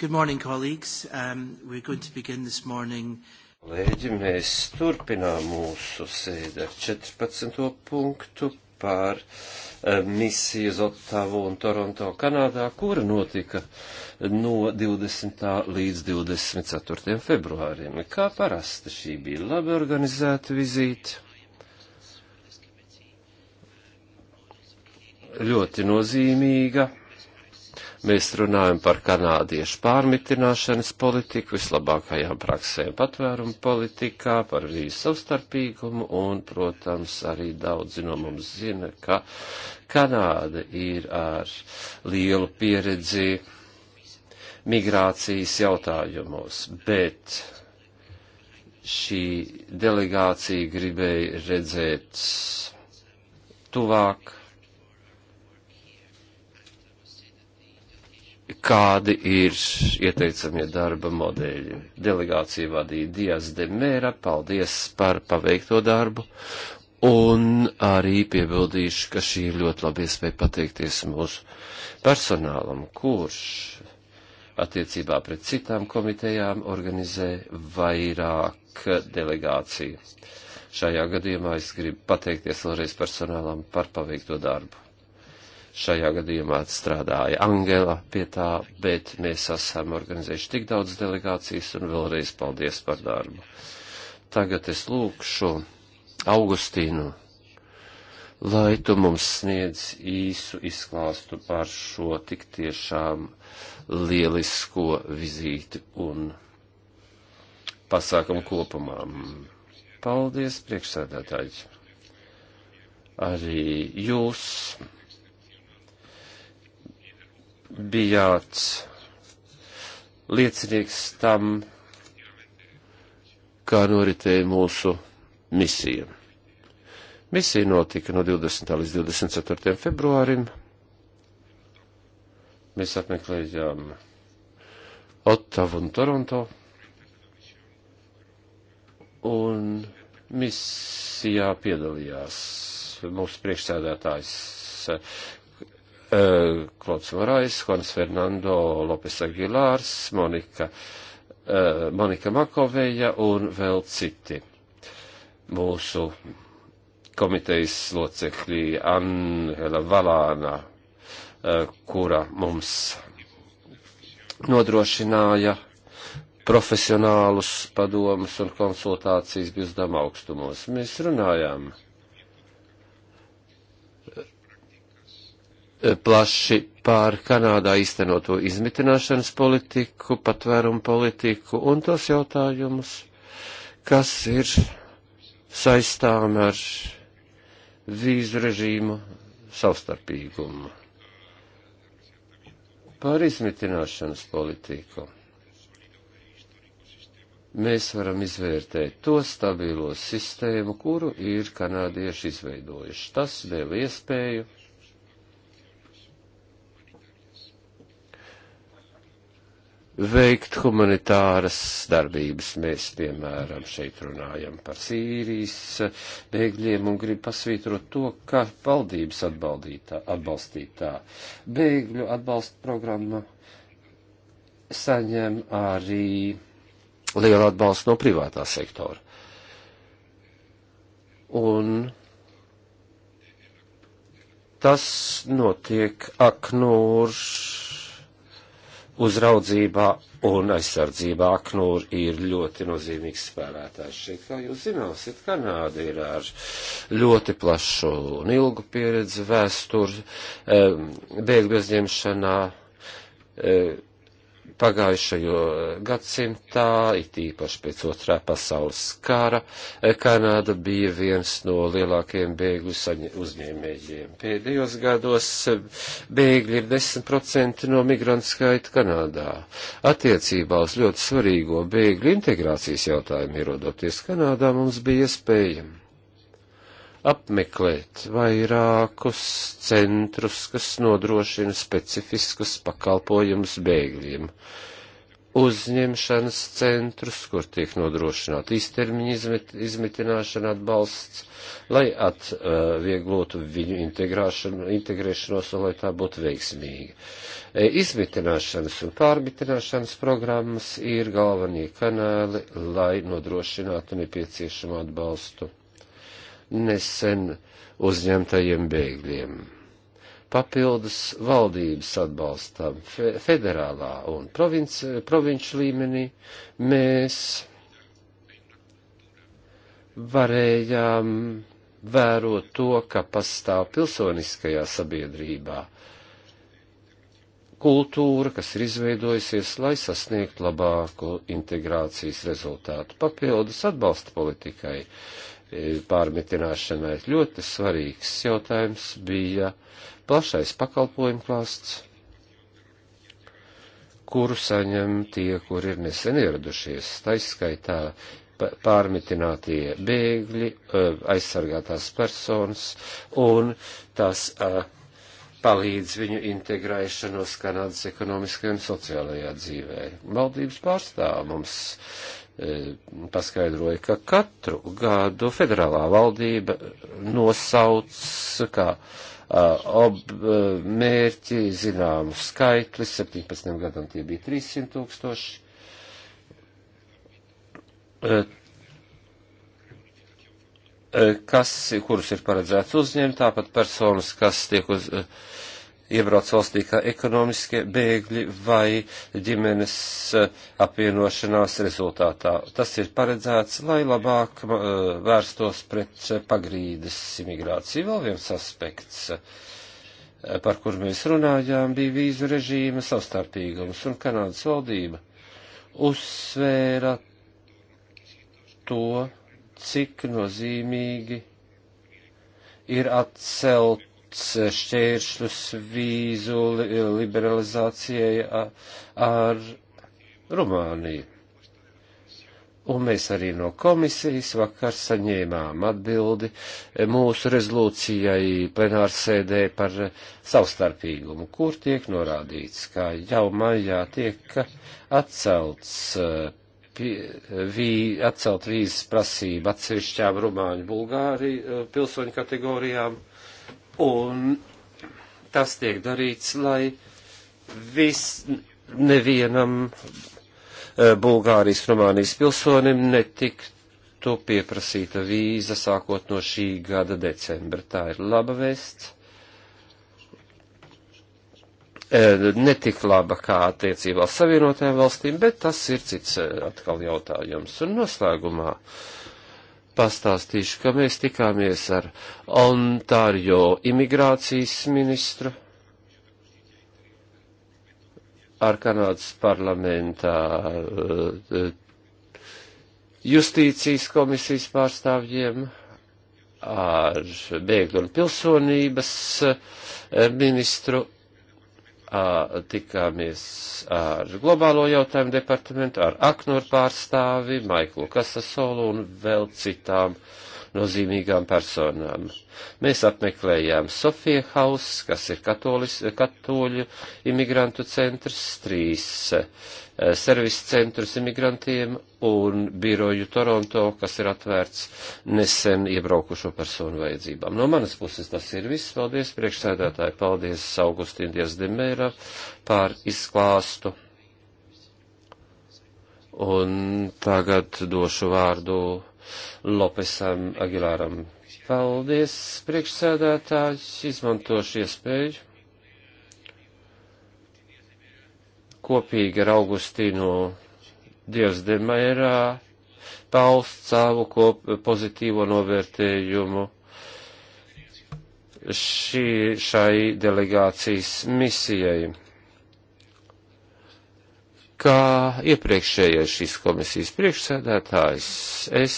Good morning, colleagues. Um, we're going to begin this morning. Lēģi, mēs turpinām mūsu sēdi ar 14. punktu par eh, misiju uz Ottavu un Toronto, Kanādā, kura notika no 20. līdz 24. februārim. Kā parasti šī bija labi organizēta vizīte. Ļoti nozīmīga Mēs runājam par kanādiešu pārmitināšanas politiku, vislabākajām praksēm patvērumu politikā, par vīzu savstarpīgumu un, protams, arī daudzi no mums zina, ka Kanāda ir ar lielu pieredzi migrācijas jautājumos, bet šī delegācija gribēja redzēt tuvāk kādi ir ieteicamie darba modeļi. Delegācija vadīja Dijas Demēra, paldies par paveikto darbu, un arī piebildīšu, ka šī ir ļoti laba iespēja pateikties mūsu personālam, kurš attiecībā pret citām komitejām organizē vairāk delegāciju. Šajā gadījumā es gribu pateikties vēlreiz personālam par paveikto darbu. Šajā gadījumā strādāja Angela pie tā, bet mēs esam organizējuši tik daudz delegācijas un vēlreiz paldies par darbu. Tagad es lūkšu Augustīnu, lai tu mums sniedz īsu izklāstu par šo tik tiešām lielisko vizīti un pasākumu kopumā. Paldies, priekšsēdētāji! Arī jūs bijāt liecinieks tam, kā noritēja mūsu misija. Misija notika no 20. līdz 24. februārim. Mēs apmeklējām Ottavu un Toronto. Un misijā piedalījās mūsu priekšsēdētājs uh, eh, Klods Morais, Juans Fernando Lopes Aguilārs, Monika, uh, eh, Monika Makoveja un vēl citi mūsu komitejas locekļi Anhela Valāna, uh, kura mums nodrošināja profesionālus padomus un konsultācijas bizdam augstumos. Mēs runājām uh, Eh, plaši pār Kanādā īstenoto izmitināšanas politiku, patvērumu politiku un tos jautājumus, kas ir saistām ar vīzu režīmu savstarpīgumu. Par izmitināšanas politiku mēs varam izvērtēt to stabilo sistēmu, kuru ir kanādieši izveidojuši. Tas deva iespēju veikt humanitāras darbības. Mēs, piemēram, šeit runājam par Sīrijas bēgļiem un grib pasvītrot to, ka valdības atbalstītā bēgļu atbalsta programma saņem arī lielu atbalstu no privātā sektora. Un tas notiek aknūrs uzraudzībā un aizsardzībā Aknūr ir ļoti nozīmīgs spēlētājs. Šeit, kā jūs zināsiet, Kanāda ir ar ļoti plašu un ilgu pieredzi vēsturi um, bēgļu uzņemšanā. Um, pagājušajo gadsimtā, it īpaši pēc otrā pasaules kara, Kanāda bija viens no lielākajiem bēgļu uzņēmējiem. Pēdējos gados bēgļi ir 10% no migrantu skaita Kanādā. Attiecībā uz ļoti svarīgo bēgļu integrācijas jautājumu ierodoties Kanādā mums bija iespējams apmeklēt vairākus centrus, kas nodrošina specifiskus pakalpojumus bēgļiem. Uzņemšanas centrus, kur tiek nodrošināta īstermiņa izmet, izmitināšana atbalsts, lai atvieglotu uh, viņu integrēšanos un lai tā būtu veiksmīga. E, izmitināšanas un pārmitināšanas programmas ir galvenie kanāli, lai nodrošinātu nepieciešamu atbalstu nesen uzņemtajiem bēgļiem. Papildus valdības atbalstam federālā un provinču līmenī mēs varējām vērot to, ka pastāv pilsoniskajā sabiedrībā kultūra, kas ir izveidojusies, lai sasniegtu labāku integrācijas rezultātu papildus atbalsta politikai pārmetināšanai. Ļoti svarīgs jautājums bija plašais pakalpojumu klāsts, kuru saņem tie, kur ir nesen ieradušies, taiskaitā pārmitinātie bēgļi, aizsargātās personas, un tas palīdz viņu integrēšanos Kanādas ekonomiskajā un sociālajā dzīvē. Valdības pārstāv mums E, paskaidroja, ka katru gadu federālā valdība nosauc kā ob, e, mērķi zināmu skaitli, 17 gadam tie bija 300 tūkstoši. E, kas, kurus ir paredzēts uzņemt, tāpat personas, kas tiek uz, uh, iebrauc valstī kā ekonomiskie bēgļi vai ģimenes eh, apvienošanās rezultātā. Tas ir paredzēts, lai labāk eh, vērstos pret eh, pagrīdes imigrāciju. Vēl viens aspekts, par kur mēs runājām, bija vīzu režīma savstarpīgums un Kanādas valdība uzsvēra to, cik nozīmīgi ir atcelt šķēršļus vīzu liberalizācijai ar Rumāniju. Un mēs arī no komisijas vakar saņēmām atbildi mūsu rezolūcijai plenārsēdē par savstarpīgumu, kur tiek norādīts, ka jau maijā tiek atcelts eh, vī, atcelt vīzas prasība atsevišķām Rumāņu Bulgāriju eh, pilsoņu kategorijām Un tas tiek darīts, lai vis nevienam e, Bulgārijas, Rumānijas pilsonim netiktu pieprasīta vīza sākot no šī gada decembra. Tā ir laba vēsts e, netik laba kā attiecībā ar savienotajām valstīm, bet tas ir cits e, atkal jautājums. Un noslēgumā pastāstīšu, ka mēs tikāmies ar Ontārio imigrācijas ministru, ar Kanādas parlamentā eh, justīcijas komisijas pārstāvjiem, ar bēgļu un pilsonības eh, ministru tikāmies ar globālo jautājumu departamentu, ar Aknur pārstāvi, Maiklu Kasasolu un vēl citām uh, nozīmīgām personām. Mēs apmeklējām Sofija Haus, kas ir katolis, katoļu imigrantu centrs, trīs eh, servisa centrus imigrantiem un biroju Toronto, kas ir atvērts nesen iebraukušo personu vajadzībām. No manas puses tas ir viss. Paldies, priekšsēdētāji, paldies Augustīn Dias Demēra par izklāstu. Un tagad došu vārdu Lopesam Agilāram. Paldies, priekšsēdētājs, izmantošu iespēju. Kopīgi ar Augustīnu Dievs Demērā paust savu pozitīvo novērtējumu šī, šai delegācijas misijai kā iepriekšējais šīs komisijas priekšsēdētājs, es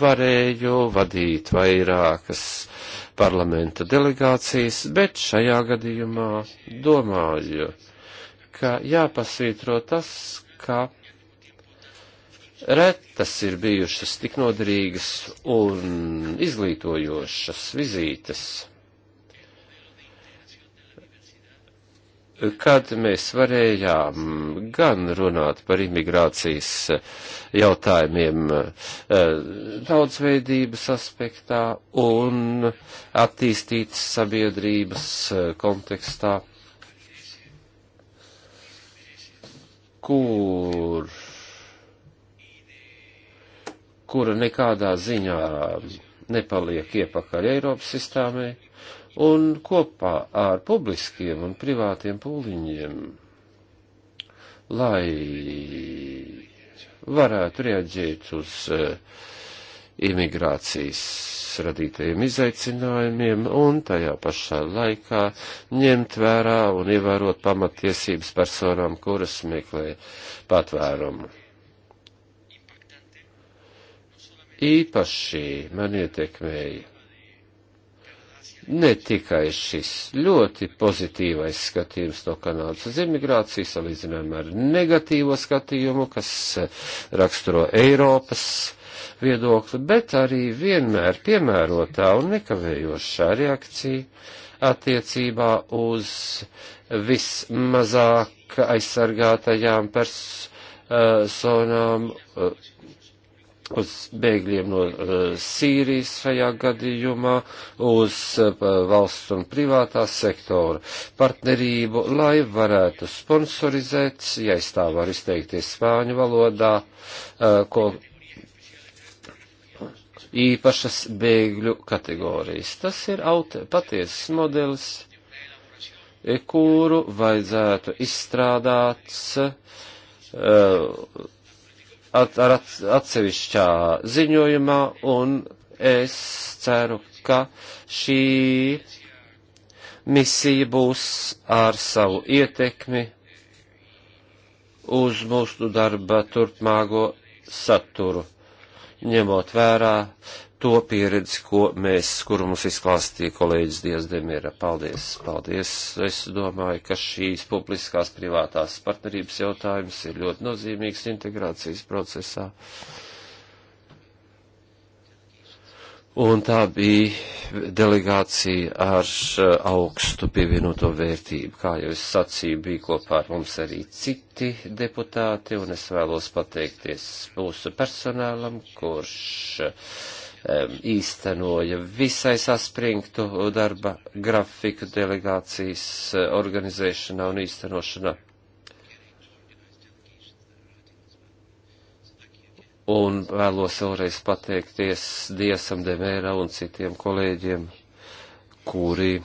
varēju vadīt vairākas parlamenta delegācijas, bet šajā gadījumā domāju, ka jāpasvītro tas, ka retas ir bijušas tik noderīgas un izglītojošas vizītes kad mēs varējām gan runāt par imigrācijas jautājumiem eh, daudzveidības aspektā un attīstītas sabiedrības eh, kontekstā, kur kura nekādā ziņā nepaliek iepakaļ Eiropas sistēmai, un kopā ar publiskiem un privātiem pūliņiem, lai varētu reaģēt uz eh, imigrācijas radītajiem izaicinājumiem un tajā pašā laikā ņemt vērā un ievērot pamatiesības personām, kuras meklē patvērumu. Īpaši man ietekmēja ne tikai šis ļoti pozitīvais skatījums no Kanādas uz imigrāciju, salīdzinājumā ar negatīvo skatījumu, kas eh, raksturo Eiropas viedokli, bet arī vienmēr piemērotā un nekavējošā reakcija attiecībā uz vismazāk aizsargātajām personām eh, eh, uz bēgļiem no uh, Sīrijas šajā gadījumā, uz uh, valsts un privātā sektora partnerību, lai varētu sponsorizēt, ja es tā varu izteikties spāņu valodā, uh, ko īpašas bēgļu kategorijas. Tas ir aute, patiesas modelis, kuru vajadzētu izstrādāt uh, at, ar at, atsevišķā ziņojumā, un es ceru, ka šī misija būs ar savu ietekmi uz mūsu darba turpmāko saturu ņemot vērā to pieredzi, ko mēs, kuru mums izklāstīja kolēģis Dievs Demira. Paldies, paldies. Es domāju, ka šīs publiskās privātās partnerības jautājums ir ļoti nozīmīgs integrācijas procesā. Un tā bija delegācija ar eh, augstu pievienoto vērtību. Kā jau es sacīju, bija kopā ar mums arī citi deputāti, un es vēlos pateikties mūsu personālam, kurš um, īstenoja visai saspringtu darba grafiku delegācijas eh, organizēšanā un īstenošanā. Un vēlos vēlreiz pateikties Diesam Demērā un citiem kolēģiem, kuri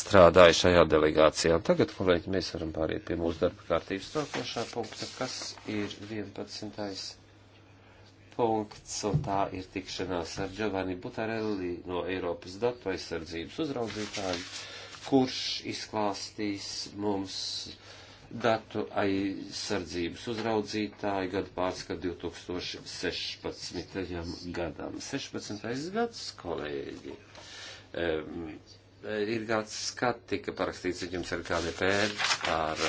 strādāja šajā delegācijā. Tagad, kolēģi, mēs varam pāriet pie mūsu darba kārtības nākošā punkta, kas ir 11. punkts, un tā ir tikšanās ar Giovanni Butarelli no Eiropas datu aizsardzības uzraudzītāju, kurš izklāstīs mums datu aizsardzības uzraudzītāja gada pārskat 2016. gadam. 16. gads, kolēģi, um, ir gads, kad tika parakstīts ziņums ar KDPR par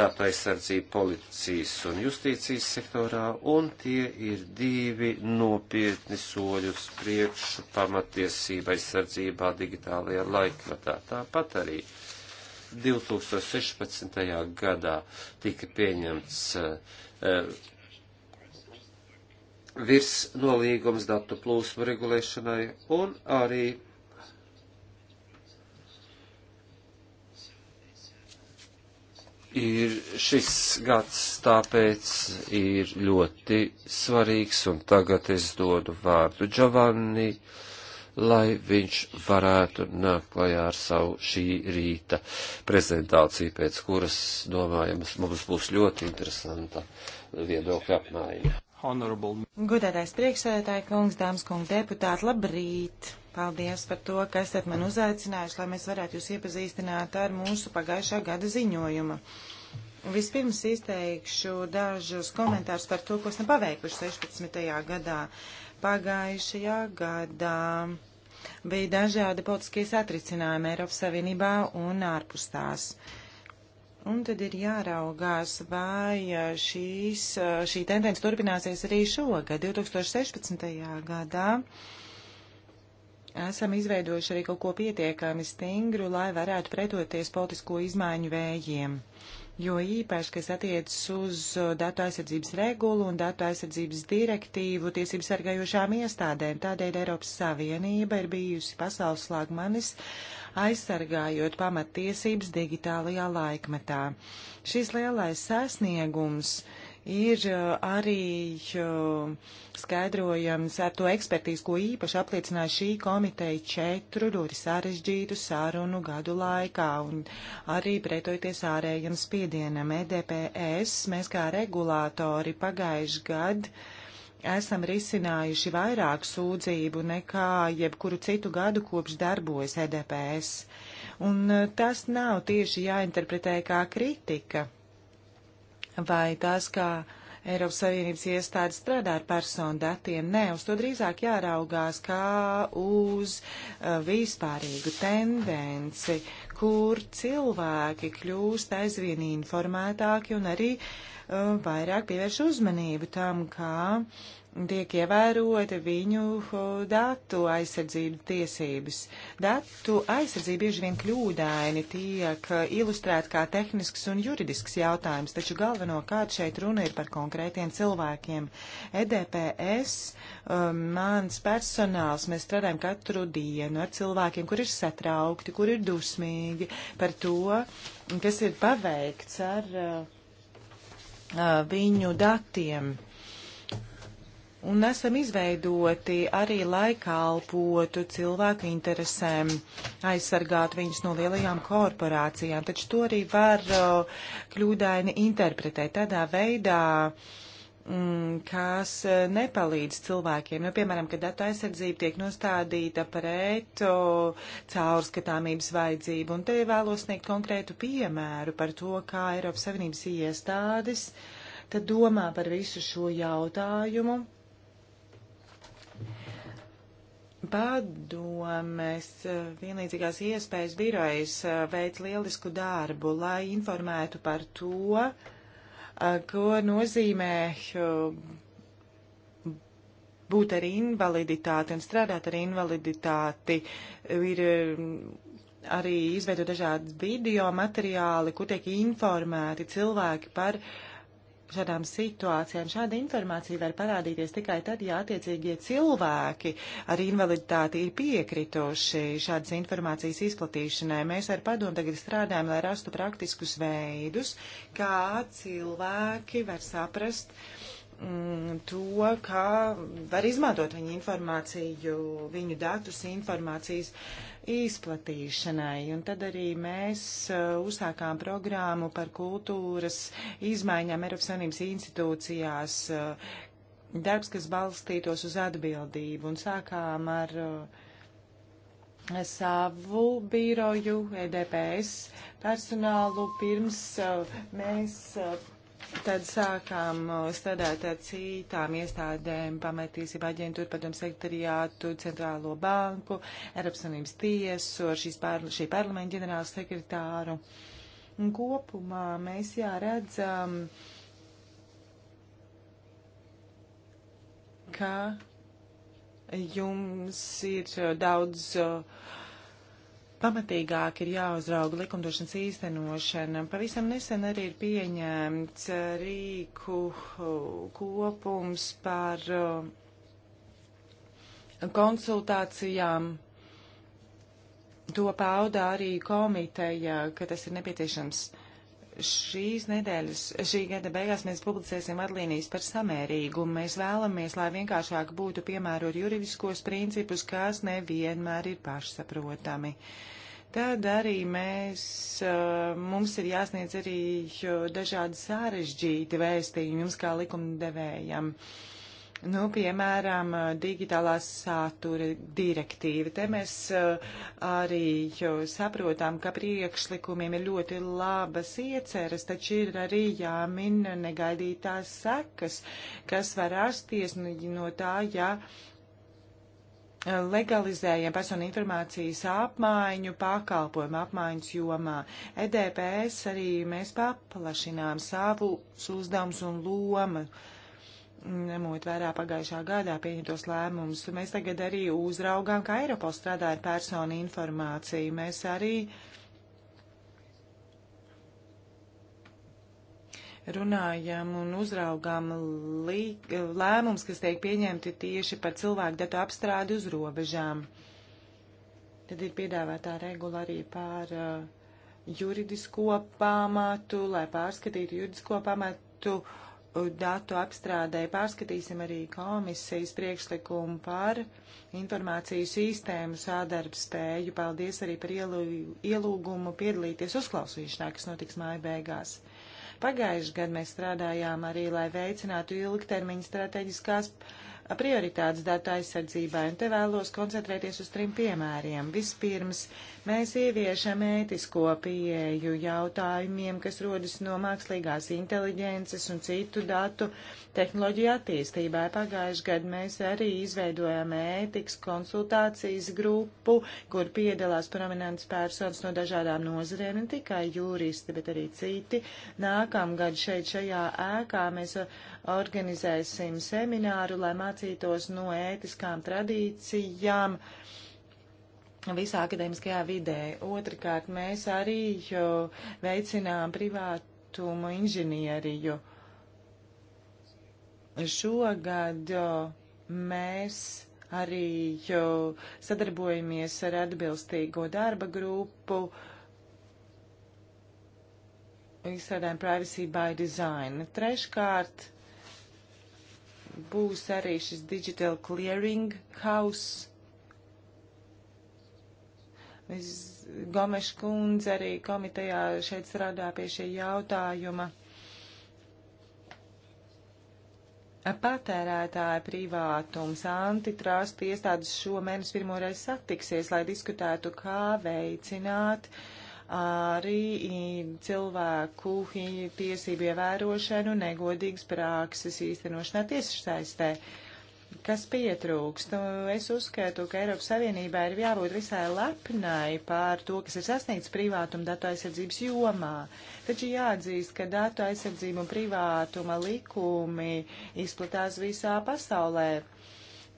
datu aizsardzību policijas un justīcijas sektorā, un tie ir divi nopietni soļi uz priekšu pamatiesība aizsardzībā digitālajā laikmatā. Tāpat arī 2016. gadā tika pieņemts eh, eh, virs nolīgums datu plūsmu regulēšanai un arī ir šis gads tāpēc ir ļoti svarīgs un tagad es dodu vārdu Giovanni. Uh, lai viņš varētu nākt klajā ar savu šī rīta prezentāciju, pēc kuras, domājam, mums būs ļoti interesanta viedokļa apmaiņa. Honorable. Godātais priekšsēdētāji, kungs, dāmas, kungi, deputāti, labrīt! Paldies par to, ka esat man uzaicinājuši, lai mēs varētu jūs iepazīstināt ar mūsu pagājušā gada ziņojumu. Vispirms izteikšu dažus komentārus par to, ko esam paveikuši 16. gadā. Pagājušajā gadā Bija dažādi politiskie satricinājumi Eiropas Savienībā un ārpus tās. Un tad ir jāraugās, vai eh, šīs, eh, šī tendence turpināsies arī šogad, 2016. gadā. Esam izveidojuši arī kaut ko pietiekami stingru, lai varētu pretoties politisko izmaiņu vējiem. Uh, jo īpaši, kas attiecas uz datu aizsardzības regulu un datu aizsardzības direktīvu tiesību sargājošām iestādēm. Tādēļ Eiropas Savienība ir bijusi pasaules slāgmanis aizsargājot pamattiesības digitālajā laikmetā. Šis lielais sasniegums uh, ir eh, arī eh, skaidrojams ar to ekspertīzi, ko īpaši apliecināja šī komiteja četru ļoti sarežģītu sarunu gadu laikā un arī pretojoties ārējam spiedienam EDPS. Mēs kā regulātori pagājuši gadu esam risinājuši vairāk sūdzību nekā jebkuru citu gadu kopš darbojas EDPS. Un eh, tas nav tieši jāinterpretē kā kritika vai tas, kā Eiropas Savienības iestādes strādā ar personu datiem. Nē, uz to drīzāk jāraugās kā uz uh, vispārīgu tendenci, kur cilvēki kļūst aizvien informētāki un arī uh, vairāk pievērš uzmanību tam, kā uh, tiek ievērota viņu eh, datu aizsardzību tiesības. Datu aizsardzība bieži vien kļūdaini tiek eh, ilustrēta kā tehnisks un juridisks jautājums, taču galvenokārt šeit runa ir par konkrētiem cilvēkiem. EDPS, um, eh, mans personāls, mēs strādājam katru dienu ar cilvēkiem, kur ir satraukti, kur ir dusmīgi par to, kas ir paveikts ar uh, viņu datiem un esam izveidoti arī, lai kalpotu cilvēku interesēm, aizsargātu viņus no lielajām korporācijām, taču to arī var kļūdaini interpretēt tādā veidā, mm, kas e, nepalīdz cilvēkiem. Nu, piemēram, kad datu aizsardzība tiek nostādīta pret caurskatāmības vajadzību, un te vēlos sniegt konkrētu piemēru par to, kā Eiropas Savienības iestādes tad domā par visu šo jautājumu Padomēs eh, vienlīdzīgās iespējas birojas eh, veic lielisku darbu, lai informētu par to, eh, ko nozīmē būt ar invaliditāti un strādāt ar invaliditāti. Ir arī izveido dažādas video materiāli, kur tiek informēti cilvēki par uh, šādām situācijām. Šāda informācija var parādīties tikai tad, ja attiecīgie cilvēki ar invaliditāti ir piekritoši šādas informācijas izplatīšanai. Mēs ar padomu tagad strādājam, lai rastu praktiskus veidus, kā cilvēki var saprast, uh, Mm, to, kā var izmantot viņu informāciju, viņu datus informācijas izplatīšanai. Un tad arī mēs uh, uzsākām programmu par kultūras izmaiņām Eiropas Savienības institūcijās, uh, darbs, kas balstītos uz atbildību, un sākām ar uh, savu biroju, EDPS personālu, pirms mēs Tad sākām uh, strādāt ar citām iestādēm, pamatīsību aģentūru, padomu sekretariātu, centrālo banku, Eiropas Unības tiesu, ar šīs pār, šī parlamenta ģenerālu sekretāru. Un kopumā mēs jā redzam, ka jums ir uh, daudz uh, Pamatīgāk ir jāuzrauga likumdošanas īstenošana. Pavisam nesen arī ir pieņemts rīku uh, kopums par uh, konsultācijām to pauda arī komiteja, ka tas ir nepieciešams šīs nedēļas, šī gada beigās mēs publicēsim atlīnijas par samērīgumu. Mēs vēlamies, lai vienkāršāk būtu piemērot juridiskos principus, kas nevienmēr ir pašsaprotami. Tad arī mēs, eh, mums ir jāsniedz arī eh, dažādi sarežģīti vēstījumi jums kā likumdevējam. Uh, Nu, piemēram, digitālā satura direktīva. Te mēs eh, arī saprotam, ka priekšlikumiem ir ļoti labas ieceras, taču ir arī jāmin negaidītās sekas, kas var rasties no tā, ja eh, legalizējiem personu informācijas apmaiņu pakalpojumu apmaiņas jomā. EDPS arī mēs paplašinām savus uzdevumus un lomu ņemot vērā pagājušā gadā pieņemtos lēmumus. Mēs tagad arī uzraugām, kā Eiropols strādā ar personu informāciju. Mēs arī runājam un uzraugām lēmums, kas tiek pieņemti tieši par cilvēku datu apstrādi uz robežām. Tad ir piedāvātā regula arī pār uh, juridisko pamatu, lai pārskatītu juridisko pamatu uh, datu apstrādē pārskatīsim arī komisijas priekšlikumu par informāciju sistēmu sādarbspēju. Paldies arī par ielu, ielūgumu piedalīties uzklausīšanā, kas notiks māja beigās. Pagājuši gadu mēs strādājām arī, lai veicinātu ilgtermiņa strateģiskās uh, prioritātes datu aizsardzībai, un te vēlos koncentrēties uz trim piemēriem. Vispirms, mēs ieviešam ētisko pieeju jautājumiem, kas rodas no mākslīgās inteliģences un citu datu tehnoloģiju attīstībai. Pagājuši gadu mēs arī izveidojam ētikas konsultācijas grupu, kur piedalās prominents personas no dažādām nozarēm, ne tikai juristi, bet arī citi. Nākamgad šeit šajā ēkā mēs organizēsim semināru, lai mācītos no ētiskām tradīcijām visā akadēmiskajā vidē. Otrakārt, mēs arī veicinām privātumu inženieriju. Šogad mēs arī sadarbojamies ar atbilstīgo darba grupu, izstrādājam Privacy by Design. Treškārt, būs arī šis Digital Clearing House. Gomeša kundze arī komitejā šeit strādā pie šī jautājuma. Patērētāja privātums antitrust iestādes šo mēnesi pirmoreiz satiksies, lai diskutētu, kā veicināt uh, arī cilvēku tiesību ievērošanu, negodīgas prākses īstenošanā tiešsaistē. Kas pietrūkst? Es uzskatu, ka Eiropas Savienībā ir jābūt visai lepnai pār to, kas ir sasniegts privātuma datu aizsardzības jomā. Taču jāatzīst, ka datu aizsardzība un privātuma likumi izplatās visā pasaulē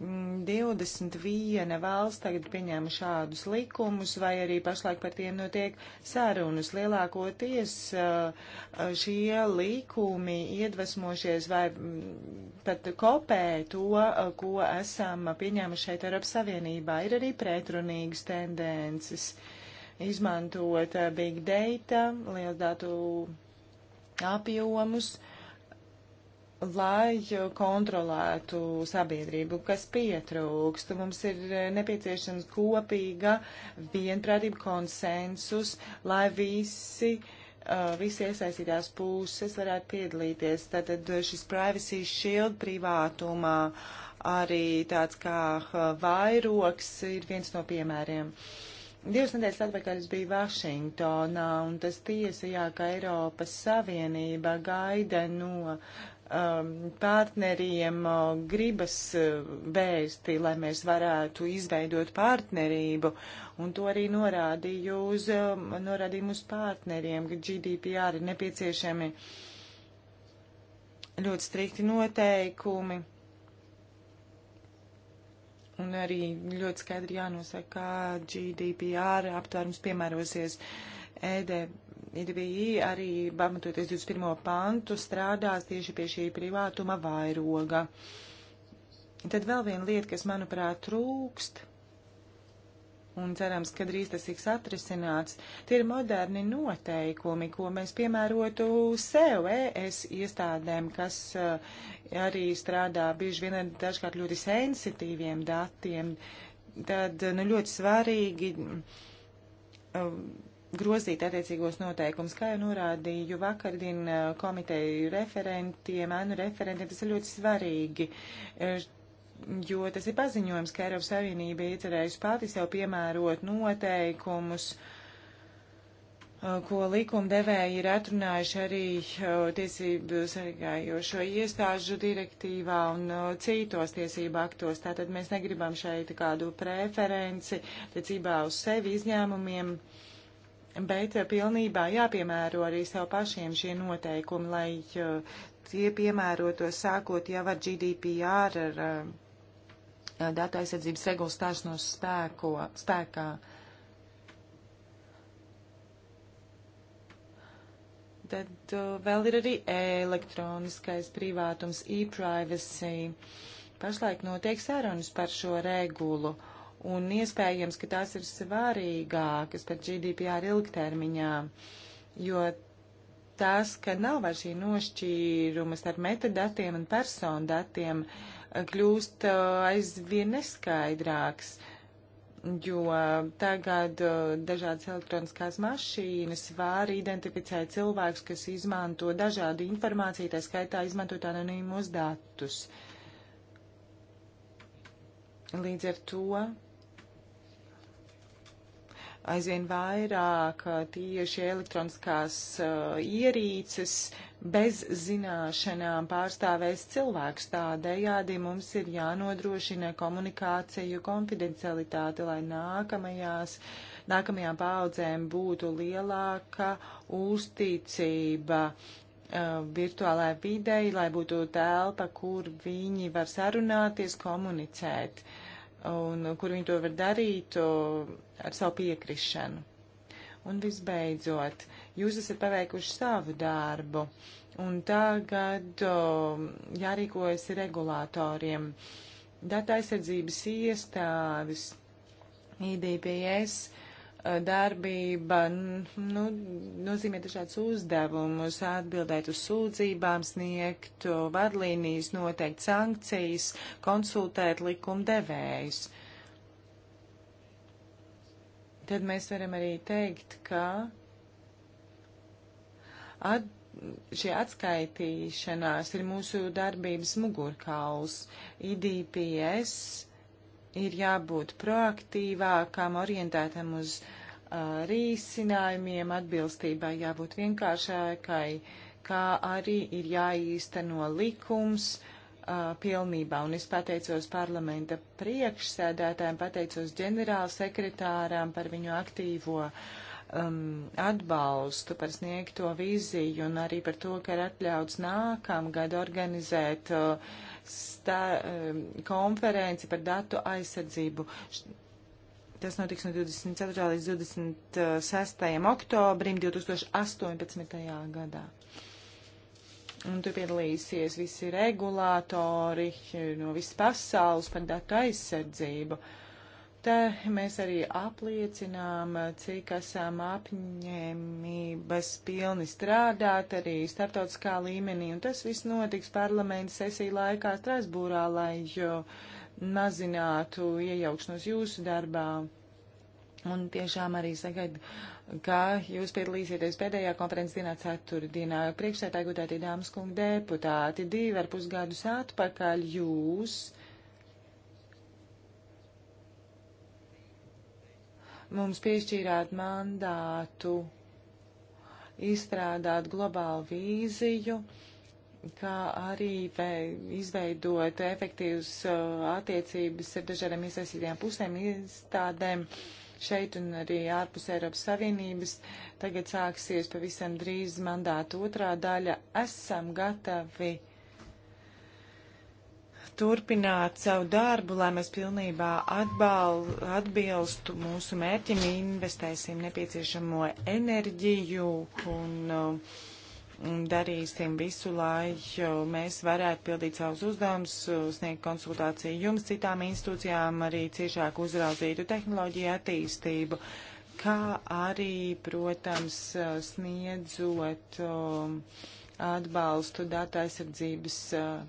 21 mm, valsts tagad pieņēma šādus likumus, vai arī pašlaik par tiem notiek sarunas. Lielākoties uh, uh, šie likumi iedvesmošies vai mm, pat kopē to, uh, ko esam pieņēmuši šeit Eiropas Savienībā. Ir arī pretrunīgas tendences izmantot big data, lieldātu apjomus. Uh, lai kontrolētu sabiedrību, kas pietrūkst. Mums ir eh, nepieciešams kopīga vienprātība konsensus, lai visi, eh, visi iesaistītās puses varētu piedalīties. Tātad šis privacy shield privātumā arī tāds kā eh, vairoks ir viens no piemēriem. Divas nedēļas atpakaļ es biju Vašingtonā, un tas tiesa, jā, ka Eiropas Savienība gaida no Um, partneriem uh, gribas uh, vērsti, lai mēs varētu izveidot partnerību, un to arī norādīju uz, um, norādīju uz partneriem, ka GDPR ir nepieciešami ļoti strikti noteikumi, un arī ļoti skaidri jānosaka, kā GDPR aptvērums piemērosies EDP IDBI arī, pamatoties 21. pantu, strādās tieši pie šī privātuma vairoga. Tad vēl viena lieta, kas, manuprāt, trūkst, un cerams, ka drīz tas tiks atrisināts, tie ir moderni noteikumi, ko mēs piemērotu sev, ES iestādēm, kas uh, arī strādā bieži vien ar dažkārt ļoti sensitīviem datiem. Tad, nu, ļoti svarīgi. Uh, grozīt attiecīgos noteikumus. Kā jau norādīju vakardien eh, komiteju referentiem, ēnu referentiem, tas ir ļoti svarīgi, eh, jo tas ir paziņojums, ka Eiropas Savienība iecerējusi pati sev piemērot noteikumus, eh, ko likumdevēji ir atrunājuši arī tiesību sargājošo iestāžu direktīvā un citos tiesību aktos. Tātad mēs negribam šeit kādu preferenci tiecībā uz sevi izņēmumiem. Uh, bet pilnībā jāpiemēro arī sev pašiem šie noteikumi, lai uh, tie piemērotos sākot jau ar GDPR, ar uh, uh, datu aizsardzības regulas stāšanos spēko, spēkā. Tad vēl ir arī elektroniskais privātums, e-privacy. Pašlaik notiek sarunas par šo regulu. Uh, un iespējams, ka tās ir svarīgākas par GDPR ilgtermiņā, jo tas, ka nav vairs šī nošķīruma starp metadatiem un personu datiem, kļūst uh, aizvien neskaidrāks, jo tagad uh, dažādas elektroniskās mašīnas var identificēt cilvēkus, kas izmanto dažādu informāciju, tā skaitā izmantot anonīmos datus. Līdz ar to aizvien vairāk tieši elektroniskās uh, ierīces bez zināšanām pārstāvēs cilvēks. Tādējādi mums ir jānodrošina komunikāciju konfidencialitāte, lai nākamajās, nākamajām paudzēm būtu lielāka uzticība uh, virtuālai videi, lai būtu telpa, kur viņi var sarunāties, komunicēt un kur viņi to var darīt. Uh, ar savu piekrišanu. Un visbeidzot, jūs esat paveikuši savu darbu, un tagad o, jārīkojas regulātoriem. Data aizsardzības iestādes, IDPS darbība nu, nozīmē dažādus uzdevumus, atbildēt uz sūdzībām, sniegt vadlīnijas, noteikt sankcijas, konsultēt likumdevējus. devējus tad mēs varam arī teikt, ka at, šī atskaitīšanās ir mūsu darbības mugurkauls. IDPS ir jābūt proaktīvākam, orientētam uz uh, risinājumiem, atbilstībai jābūt vienkāršākai, kā arī ir jāīsteno likums, uh, uh, pilnībā. Un es pateicos parlamenta priekšsēdētājiem, pateicos ģenerāla sekretārām par viņu aktīvo um, atbalstu, par sniegto viziju un arī par to, ka ir atļauts nākamgad organizēt uh, stā, um, konferenci par datu aizsardzību. Tas notiks no 24. līdz 26. oktobrim 2018. gadā. Un tur piedalīsies visi regulātori no visas pasaules par datu aizsardzību. Te mēs arī apliecinām, cik esam apņēmības pilni strādāt arī starptautiskā līmenī, un tas viss notiks parlamenta sesija laikā Strasbūrā, lai mazinātu iejaukšanos jūsu darbā. Un tiešām arī sagaidu ka jūs piedalīsieties pēdējā konferences dienā ceturtdienā. Priekšsētāji gudētie dāmas kungi deputāti, divi ar pusgadus atpakaļ jūs. Mums piešķīrāt mandātu izstrādāt globālu vīziju, kā arī izveidot efektīvas uh, attiecības ar dažādiem iesaistītajām pusēm, iestādēm. Uh, šeit un arī ārpus Eiropas Savienības. Tagad sāksies pavisam drīz mandāta otrā daļa. Esam gatavi turpināt savu darbu, lai mēs pilnībā atbal, atbilstu mūsu mērķim, investēsim nepieciešamo enerģiju un uh, darīsim visu, lai mēs varētu pildīt savus uzdevumus, sniegt konsultāciju jums, citām institūcijām, arī ciešāk uzraudzītu tehnoloģiju attīstību, kā arī, protams, sniedzot um, atbalstu data aizsardzības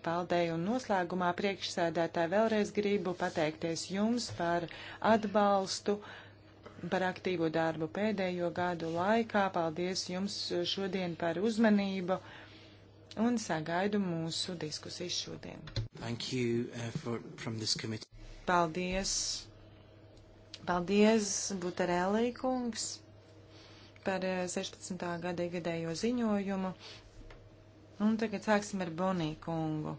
paldēju uh, un noslēgumā priekšsēdētāji vēlreiz gribu pateikties jums par atbalstu. Uh, par aktīvo darbu pēdējo gadu laikā. Paldies jums šodien par uzmanību un sagaidu mūsu diskusijas šodien. Thank you, uh, for, from this committee. Paldies. Paldies, Butarēlī kungs, par 16. Uh, gada gadējo ziņojumu. Un tagad sāksim ar Bonī kungu.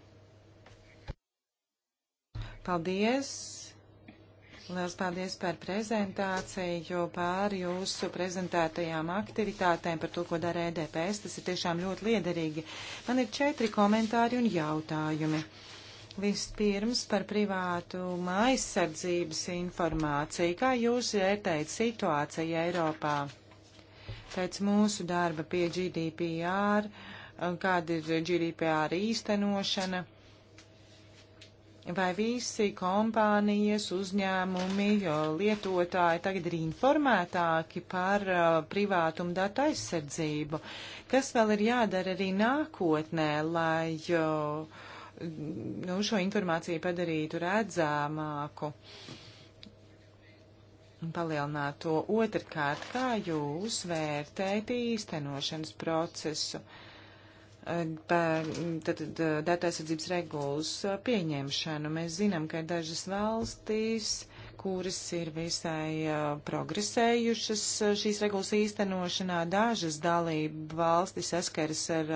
Paldies! Liels paldies par prezentāciju, pār jūsu prezentētajām aktivitātēm, par to, ko dara EDPS. Tas ir tiešām ļoti liederīgi. Man ir četri komentāri un jautājumi. Vispirms par privātu aizsardzības informāciju. Kā jūs vērtējat situāciju Eiropā pēc mūsu darba pie GDPR? Kāda ir GDPR īstenošana? vai visi kompānijas, uzņēmumi, lietotāji tagad ir informētāki par uh, privātumu datu aizsardzību. Kas vēl ir jādara arī nākotnē, lai uh, nu, šo informāciju padarītu redzamāku? Palielināt to otrkārt, kā jūs vērtējat īstenošanas procesu. Uh, datu aizsardzības regulas pieņemšanu. Mēs zinām, ka ir dažas valstīs, kuras ir visai progresējušas šīs regulas īstenošanā, dažas dalība valstis saskaras ar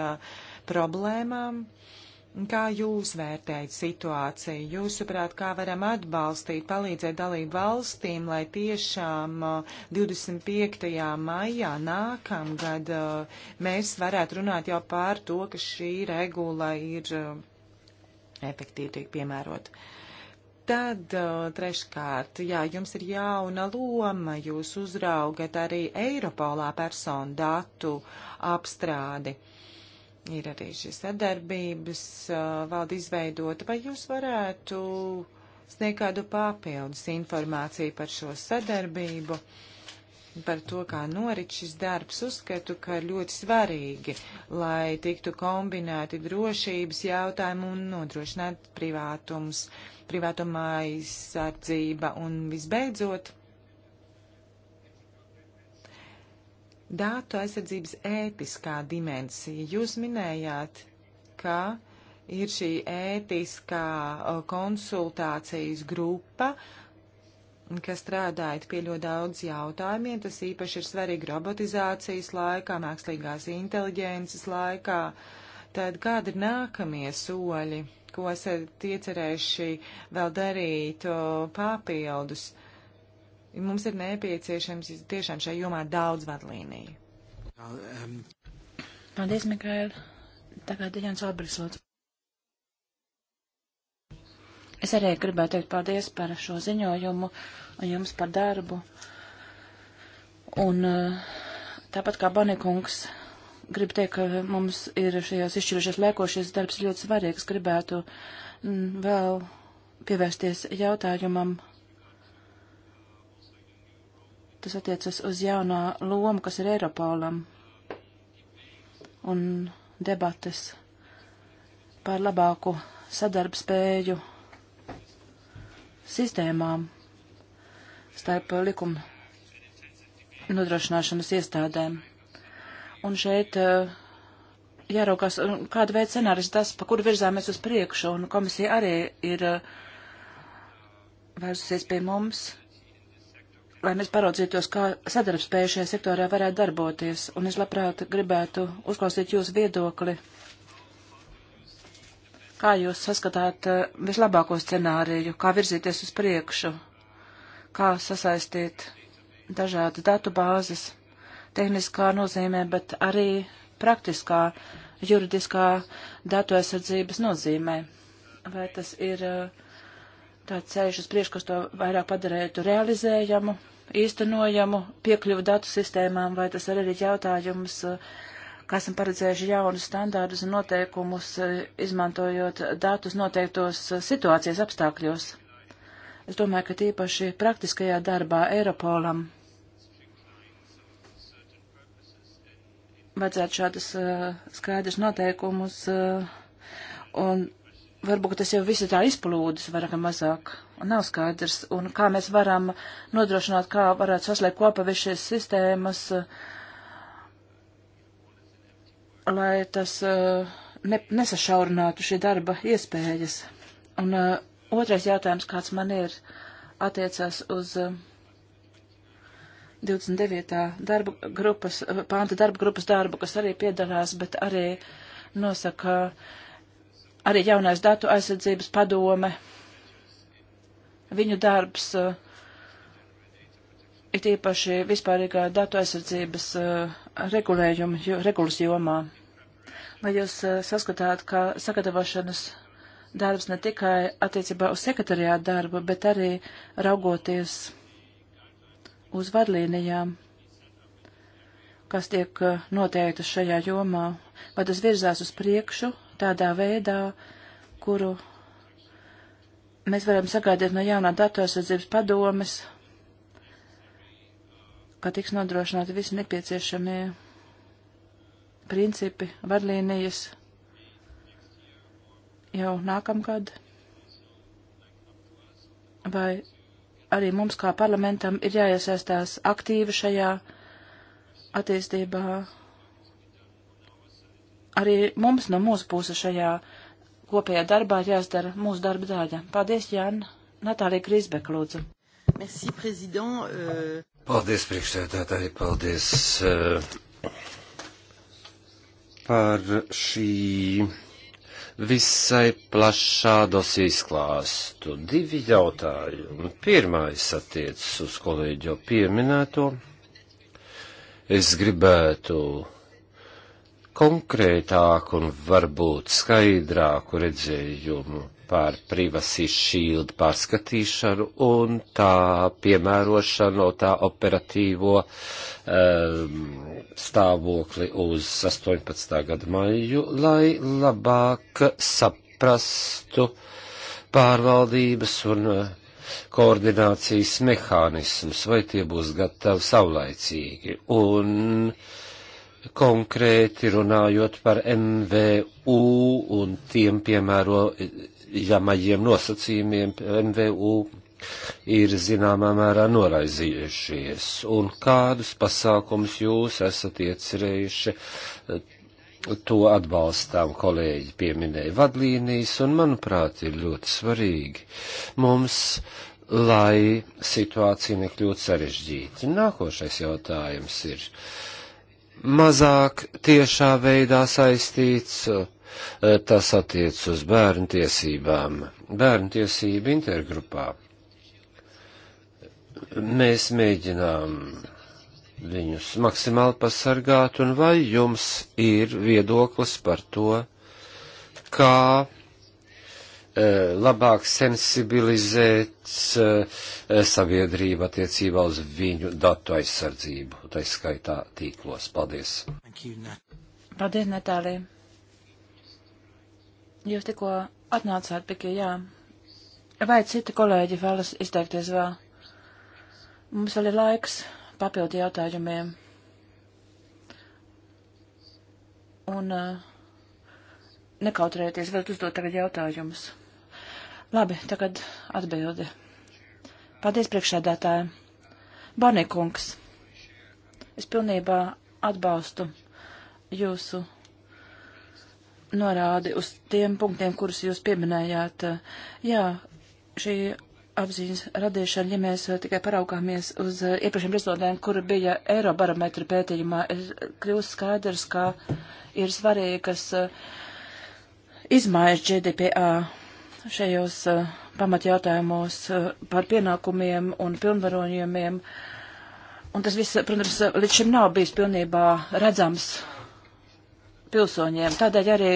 problēmām. Uh, Kā jūs vērtējat situāciju? Jūsuprāt, kā varam atbalstīt, palīdzēt dalību valstīm, lai tiešām 25. Uh, maijā nākamgad uh, mēs varētu runāt jau pār to, ka šī regula ir uh, efektīvi tiek piemērot. Tad treškārt, jā, jums ir jauna loma, jūs uzraugat arī Eiropolā personu datu apstrādi. Uh, Ir arī šī sadarbības valda izveidota. Vai jūs varētu sniegt kādu papildus informāciju par šo sadarbību, par to, kā norit šis darbs? Uzskatu, ka ļoti svarīgi, lai tiktu kombinēti drošības jautājumi un nodrošināt privātums, privātuma aizsardzība un visbeidzot Dātu aizsardzības ētiskā dimensija. Jūs minējāt, ka ir šī ētiskā konsultācijas grupa, kas strādājat pie ļoti daudz jautājumiem. Tas īpaši ir svarīgi robotizācijas laikā, mākslīgās inteliģences laikā. Tad kādi ir nākamie soļi, ko esat iecerējuši vēl darīt papildus? Uh, Mums ir nepieciešams tiešām šajā jomā daudz vadlīniju. Paldies, Mikaēl. Tagad Jānis Albris, lūdzu. Es arī gribētu teikt paldies par šo ziņojumu un jums par darbu. Un eh, tāpat kā Banikungs, gribu teikt, ka mums ir šajās izšķirošās lēkos šis darbs ļoti svarīgs. Gribētu mm, vēl pievērsties jautājumam kas attiecas uz jaunā lomu, kas ir Eiropolam un debates par labāku sadarbspēju sistēmām starp likuma nodrošināšanas iestādēm. Un šeit eh, jāraukās, kāda veida scenāris tas, pa kuru virzāmies uz priekšu, un komisija arī ir eh, vērsusies pie mums lai mēs paraudzītos, kā sadarbspēja šajā sektorā varētu darboties. Un es labprāt gribētu uzklausīt jūsu viedokli. Kā jūs saskatāt eh, vislabāko scenāriju, kā virzīties uz priekšu, kā sasaistīt dažādas datu bāzes, tehniskā nozīmē, bet arī praktiskā, juridiskā datu aizsardzības nozīmē. Vai tas ir uh, tāds ceļš uz priekšu, kas to vairāk padarētu realizējamu, īstenojamu, piekļuvu datu sistēmām, vai tas arī ir jautājums, kā esam paredzējuši jaunus standārdus un noteikumus, izmantojot datus noteiktos situācijas apstākļos. Es domāju, ka tīpaši praktiskajā darbā Eiropolam vajadzētu šādas uh, skaidrs noteikumus uh, un varbūt tas jau visu tā izplūdis vairāk vai mazāk. Nav skaidrs, un kā mēs varam nodrošināt, kā varētu saslēgt kopā visu šīs sistēmas, eh, lai tas eh, ne, nesašaurinātu šī darba iespējas. Un uh, otrais jautājums, kāds man ir, attiecās uz uh, 29. darba grupas, pānta darba grupas darbu, kas arī piedalās, bet arī nosaka, uh, arī jaunais datu aizsardzības padome, viņu darbs, eh, it īpaši vispārīgā datu aizsardzības eh, regulējuma, regulas jomā. Vai jūs eh, saskatāt, ka sagatavošanas darbs ne tikai attiecībā uz sekretariātu darbu, bet arī raugoties uz vadlīnijām, kas tiek noteiktas šajā jomā, vai tas virzās uz priekšu, tādā veidā, kuru mēs varam sagaidīt no jaunā datu aizsardzības padomes, ka tiks nodrošināti visi nepieciešamie principi, vadlīnijas jau nākamgad. Vai arī mums kā parlamentam ir jāiesaistās aktīvi šajā attīstībā arī mums no mūsu puses šajā kopējā darbā ir jāizdara mūsu darba daļa. Paldies, Jāna. Natālija Krisbek, lūdzu. Merci, prezident. Uh... Paldies, priekšsēdētāji, paldies uh, par šī visai plašā dosijas klāstu. Divi jautājumi. Pirmais attiecas uz kolēģi jau pieminēto. Es gribētu konkrētāku un varbūt skaidrāku redzējumu par privacy shield pārskatīšanu un tā piemērošanu, tā operatīvo um, stāvokli uz 18. gada maiju, lai labāk saprastu pārvaldības un eh, koordinācijas mehānismus, vai tie būs gatavi saulaicīgi. Un uh, konkrēti runājot par MVU un tiem piemērojamajiem nosacījumiem, MVU ir zināmā mērā noraizījušies, un kādus pasākumus jūs esat iecerējuši to atbalstām kolēģi pieminēja vadlīnijas, un manuprāt ir ļoti svarīgi mums, lai situācija nekļūtu sarežģīta. Nākošais jautājums ir. Uh, mazāk tiešā veidā saistīts, eh, tas attiec uz bērnu tiesībām, bērnu tiesību intergrupā. Mēs mēģinām viņus maksimāli pasargāt, un vai jums ir viedoklis par to, kā Eh, labāk sensibilizēt eh, sabiedrību attiecībā uz viņu datu aizsardzību, tā skaitā tīklos. Paldies! Paldies, Natālija! Jūs tikko atnācāt, Piki, jā. Vai citi kolēģi vēlas izteikties vēl? Mums vēl ir laiks papildu jautājumiem. Un uh, nekautrēties, varat uzdot tagad jautājumus. Labi, tagad atbildi. Paldies priekšsēdētājiem. Barnikungs, es pilnībā atbalstu jūsu norādi uz tiem punktiem, kurus jūs pieminējāt. Jā, šī apziņas radīšana, ja mēs tikai paraugāmies uz iepriekšējiem rezultātiem, kur bija Eirobarometra pētījumā, ir kļūst skaidrs, ka ir svarīgas izmaiņas GDPR šajos uh, pamatjautājumos uh, par pienākumiem un pilnvarojumiem. Un tas viss, protams, līdz šim nav bijis pilnībā redzams pilsoņiem. Tādēļ arī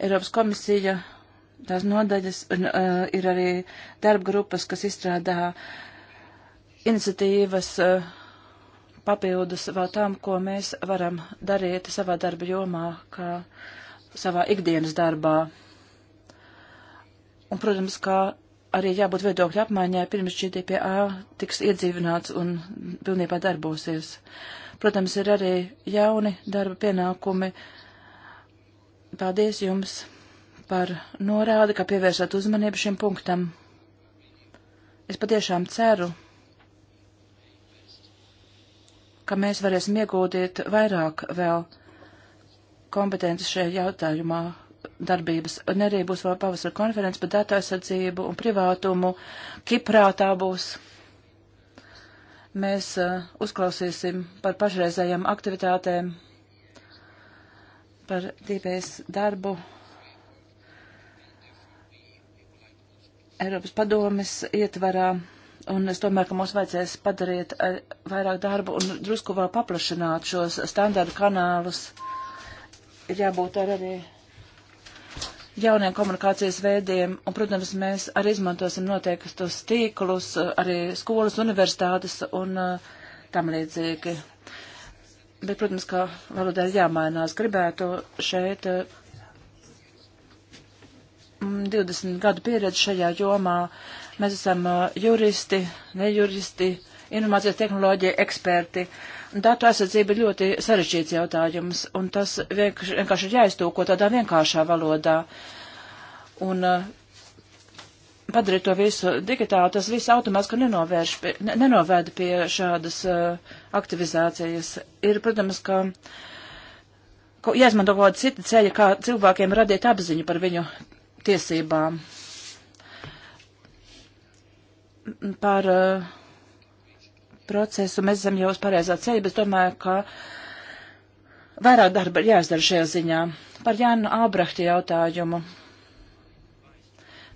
Eiropas komisija, tās nodaļas, uh, ir arī darba grupas, kas izstrādā iniciatīvas papildus vēl tam, ko mēs varam darīt savā darba jomā, kā savā ikdienas darbā. Un, protams, kā arī jābūt viedokļu apmaiņai pirms GDPR tiks iedzīvināts un pilnībā darbosies. Protams, ir arī jauni darba pienākumi. Paldies jums par norādi, ka pievērsāt uzmanību šim punktam. Es patiešām ceru, ka mēs varēsim iegūdīt vairāk vēl kompetences šajā jautājumā darbības. Un arī būs vēl pavasara konferences par datu aizsardzību un privātumu. Kiprā tā būs. Mēs uh, uzklausīsim par pašreizējām aktivitātēm, par DPS darbu. Eiropas padomes ietvarā un es domāju, ka mums vajadzēs padarīt uh, vairāk darbu un drusku vēl paplašināt šos standartu kanālus. Ir jābūt ar arī jauniem komunikācijas veidiem, un, protams, mēs arī izmantosim noteiktus tīklus, arī skolas, universitātes un uh, tam līdzīgi. Bet, protams, ka valodā ir jāmainās. Gribētu šeit uh, eh, 20 gadu pieredzi šajā jomā. Mēs esam uh, juristi, nejuristi, informācijas tehnoloģija eksperti. Uh, Datu aizsardzība ir ļoti sarežģīts jautājums, un tas vienkārši, vienkārši ir jāiztūko tādā vienkāršā valodā. Un uh, padarīt to visu digitāli, tas viss automātiski nenovērš, pie, ne, nenovēda pie šādas uh, aktivizācijas. Ir, protams, ka, ka jāizmanto kaut kāda cita ceļa, kā cilvēkiem radīt apziņu par viņu tiesībām. Par uh, procesu, mēs esam jau uz pareizā ceļa, bet domāju, ka vairāk darba ir jāizdara šajā ziņā. Par Jānu Ābrahti jautājumu.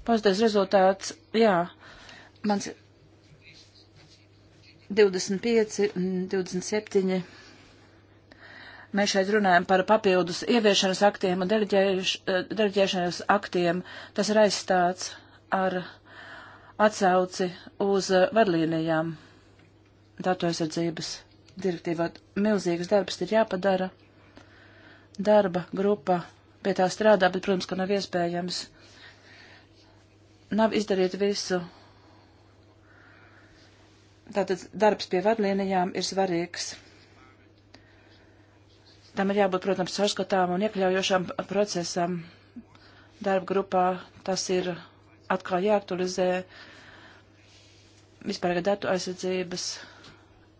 Pozitīvs rezultāts, jā, mans 25, 27. Mēs šeit runājam par papildus ieviešanas aktiem un deleģēš, eh, deleģēšanas aktiem. Tas ir aizstāts ar atsauci uz eh, vadlīnijām datu aizsardzības direktīvā. Milzīgs darbs ir jāpadara. Darba grupa pie tā strādā, bet, protams, ka nav iespējams. Nav izdarīt visu. Tātad darbs pie vadlīnijām ir svarīgs. Tam ir jābūt, protams, saskatām un iekļaujošām procesam. Darba grupā tas ir atkal jāaktualizē vispār datu aizsardzības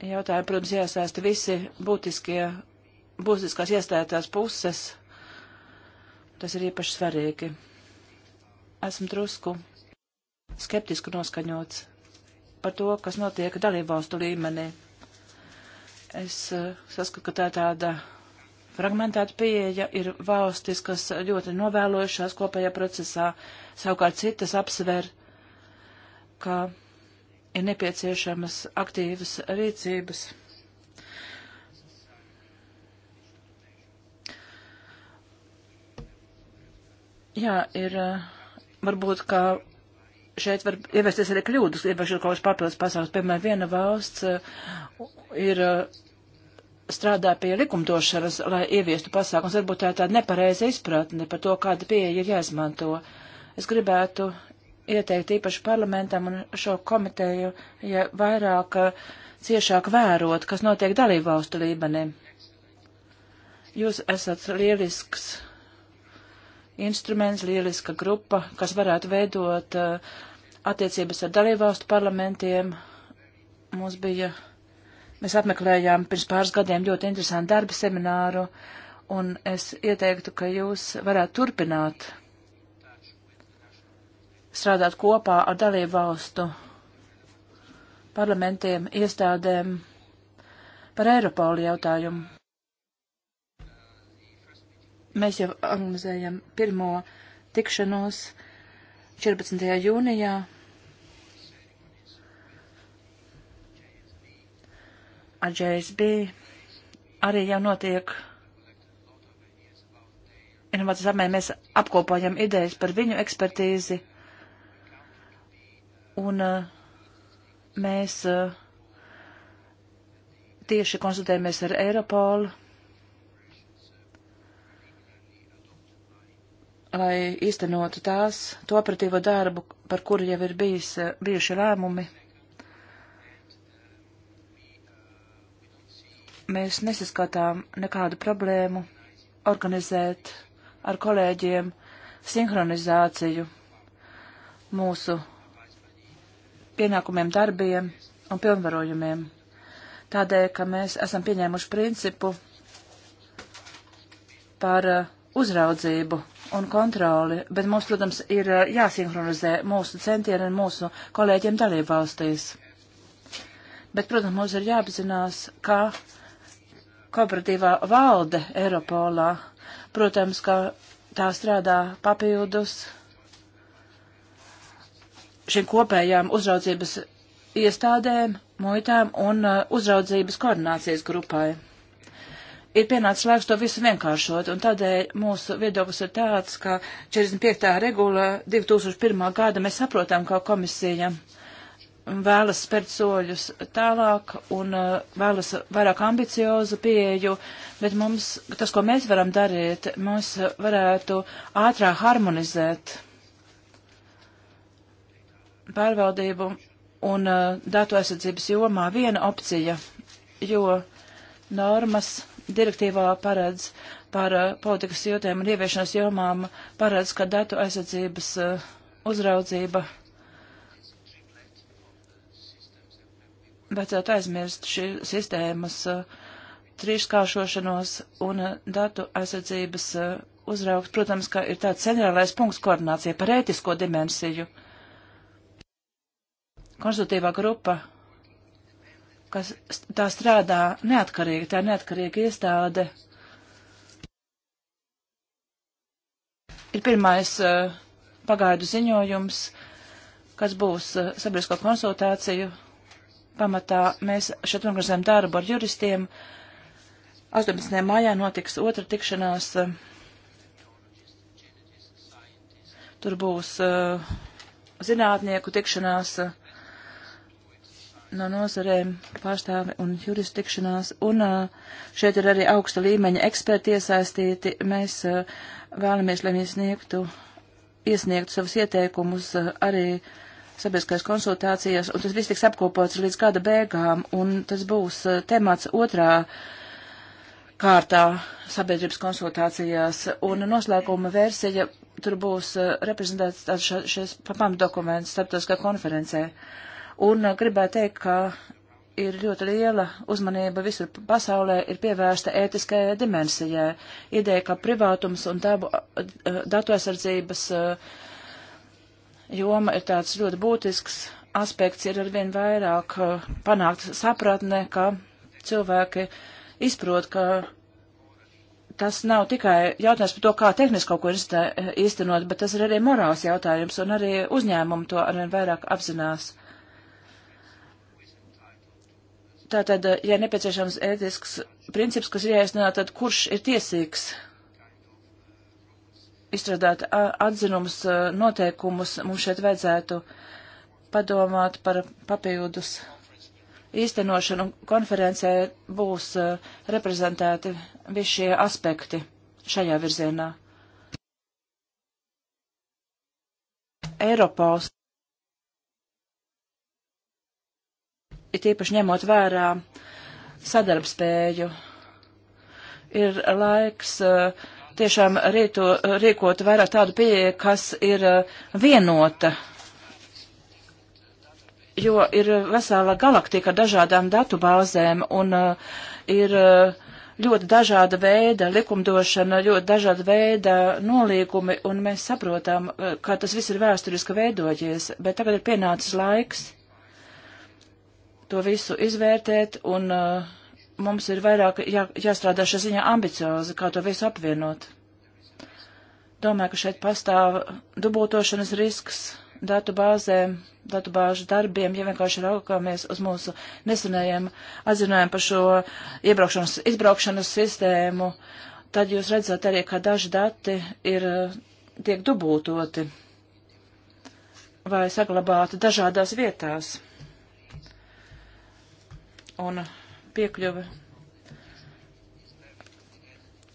jautājumu, protams, jāsēsta visi būtiskie, būtiskās iestādētās puses. Tas ir īpaši svarīgi. Esmu drusku skeptisku noskaņots par to, kas notiek dalībvalstu līmenī. Es uh, saskatu, ka tā ir tāda fragmentēta pieeja, ir valstis, kas ļoti novēlojušās kopējā procesā, savukārt citas apsver, ka ir nepieciešamas aktīvas rīcības. Jā, ir eh, varbūt, ka šeit var ievesties arī kļūdas, ievēršot kaut kādas papildus pasaules. Piemēram, viena valsts eh, ir eh, strādā pie likumdošanas, lai ieviestu pasākums. Varbūt tā ir tāda nepareiza izpratne par to, kāda pieeja ir jāizmanto. Es gribētu ieteikt īpaši parlamentam un šo komiteju, ja vairāk eh, ciešāk vērot, kas notiek dalībvalstu līmenī. Jūs esat lielisks instruments, lieliska grupa, kas varētu veidot eh, attiecības ar dalībvalstu parlamentiem. Mums bija, mēs apmeklējām pirms pāris gadiem ļoti interesantu darba semināru, un es ieteiktu, ka jūs varētu turpināt strādāt kopā ar dalību valstu parlamentiem, iestādēm par Eiropolu jautājumu. Mēs jau organizējam pirmo tikšanos 14. jūnijā. Ar JSB arī jau notiek inovācijas apmaiņa. Mēs apkopojam idejas par viņu ekspertīzi Un eh, mēs eh, tieši konsultējamies ar Eiropolu, lai īstenotu tās, to operatīvo darbu, par kuru jau ir bijis, eh, bijuši lēmumi. Mēs nesaskatām nekādu problēmu organizēt ar kolēģiem sinhronizāciju mūsu pienākumiem, darbiem un pilnvarojumiem. Tādēļ, ka mēs esam pieņēmuši principu par uh, uzraudzību un kontroli, bet mums, protams, ir uh, jāsinhronizē mūsu centieni un mūsu kolēģiem dalību valstīs. Bet, protams, mums ir jāapzinās, ka kooperatīvā valde Eiropolā, protams, ka tā strādā papildus šīm kopējām uzraudzības iestādēm, muitām un uh, uzraudzības koordinācijas grupai. Ir pienācis laiks to visu vienkāršot, un tādēļ mūsu viedoklis ir tāds, ka 45. regula 2001. gada mēs saprotam, ka komisija vēlas spērt soļus tālāk un uh, vēlas vairāk ambiciozu pieeju, bet mums, tas, ko mēs varam darīt, mums varētu ātrāk harmonizēt pārvaldību un uh, datu aizsardzības jomā viena opcija, jo normas direktīvā paredz par uh, politikas jūtēm un ieviešanas jomām paredz, ka datu aizsardzības uh, uzraudzība vajadzētu aizmirst šī sistēmas uh, trīskāršošanos un uh, datu aizsardzības uh, uzraugs. Protams, ka ir tāds centrālais punkts koordinācija par ētisko dimensiju. Uh, konsultīvā grupa, kas tā strādā neatkarīgi, tā ir neatkarīga iestāde. Ir pirmais uh, pagaidu ziņojums, kas būs uh, sabiedrisko konsultāciju pamatā. Mēs šeit organizējam darbu ar juristiem. 18. maijā notiks otra tikšanās. Uh, tur būs uh, zinātnieku tikšanās. Uh, no nozarēm pārstāvi un jurisdikšanās, un šeit ir arī augsta līmeņa eksperti iesaistīti. Mēs vēlamies, lai viņi sniegtu, iesniegtu savus ieteikumus arī sabiedriskās konsultācijas, un tas viss tiks apkopots līdz gada beigām, un tas būs temats otrā kārtā sabiedrības konsultācijās, un noslēguma versija tur būs reprezentēts šis pamatdokuments starptautiskā konferencē. Uh, Un uh, gribētu teikt, ka ir ļoti liela uzmanība visur pasaulē ir pievērsta ētiskajai dimensijai. Ideja, ka privātums un dabu, uh, uh, datu aizsardzības joma ir tāds ļoti būtisks aspekts, ir arvien vairāk panākt sapratne, ka cilvēki izprot, ka tas nav tikai jautājums par to, kā tehniski kaut ko īstenot, bet tas ir arī morāls jautājums, un arī uzņēmumi to arvien vairāk apzinās. Tātad, ja nepieciešams ētisks princips, kas ir jāiesnā, tad kurš ir tiesīgs izstrādāt atzinumus, noteikumus, mums šeit vajadzētu padomāt par papildus īstenošanu. Konferencē būs reprezentēti visi šie aspekti šajā virzienā. Eiropols. ir tīpaši ņemot vērā sadarbspēju. Ir laiks eh, tiešām rīto, eh, rīkot vairāk tādu pieeju, kas ir eh, vienota, jo ir vesela galaktika ar dažādām datu bāzēm un ir ļoti dažāda veida likumdošana, ļoti dažāda veida nolīgumi, un mēs saprotam, kā tas viss ir vēsturiski veidojies, bet tagad ir pienācis laiks to visu izvērtēt, un uh, mums ir vairāk jā, jāstrādā šajā ziņā ambiciozi, kā to visu apvienot. Domāju, ka šeit pastāv dubultošanas risks datu bāzēm, datu bāžu darbiem, ja vienkārši raukāmies uz mūsu nesenajiem atzinājumiem par šo iebraukšanas, izbraukšanas sistēmu, tad jūs redzat arī, ka daži dati ir, uh, tiek dubultoti vai saglabāti dažādās vietās un piekļuve.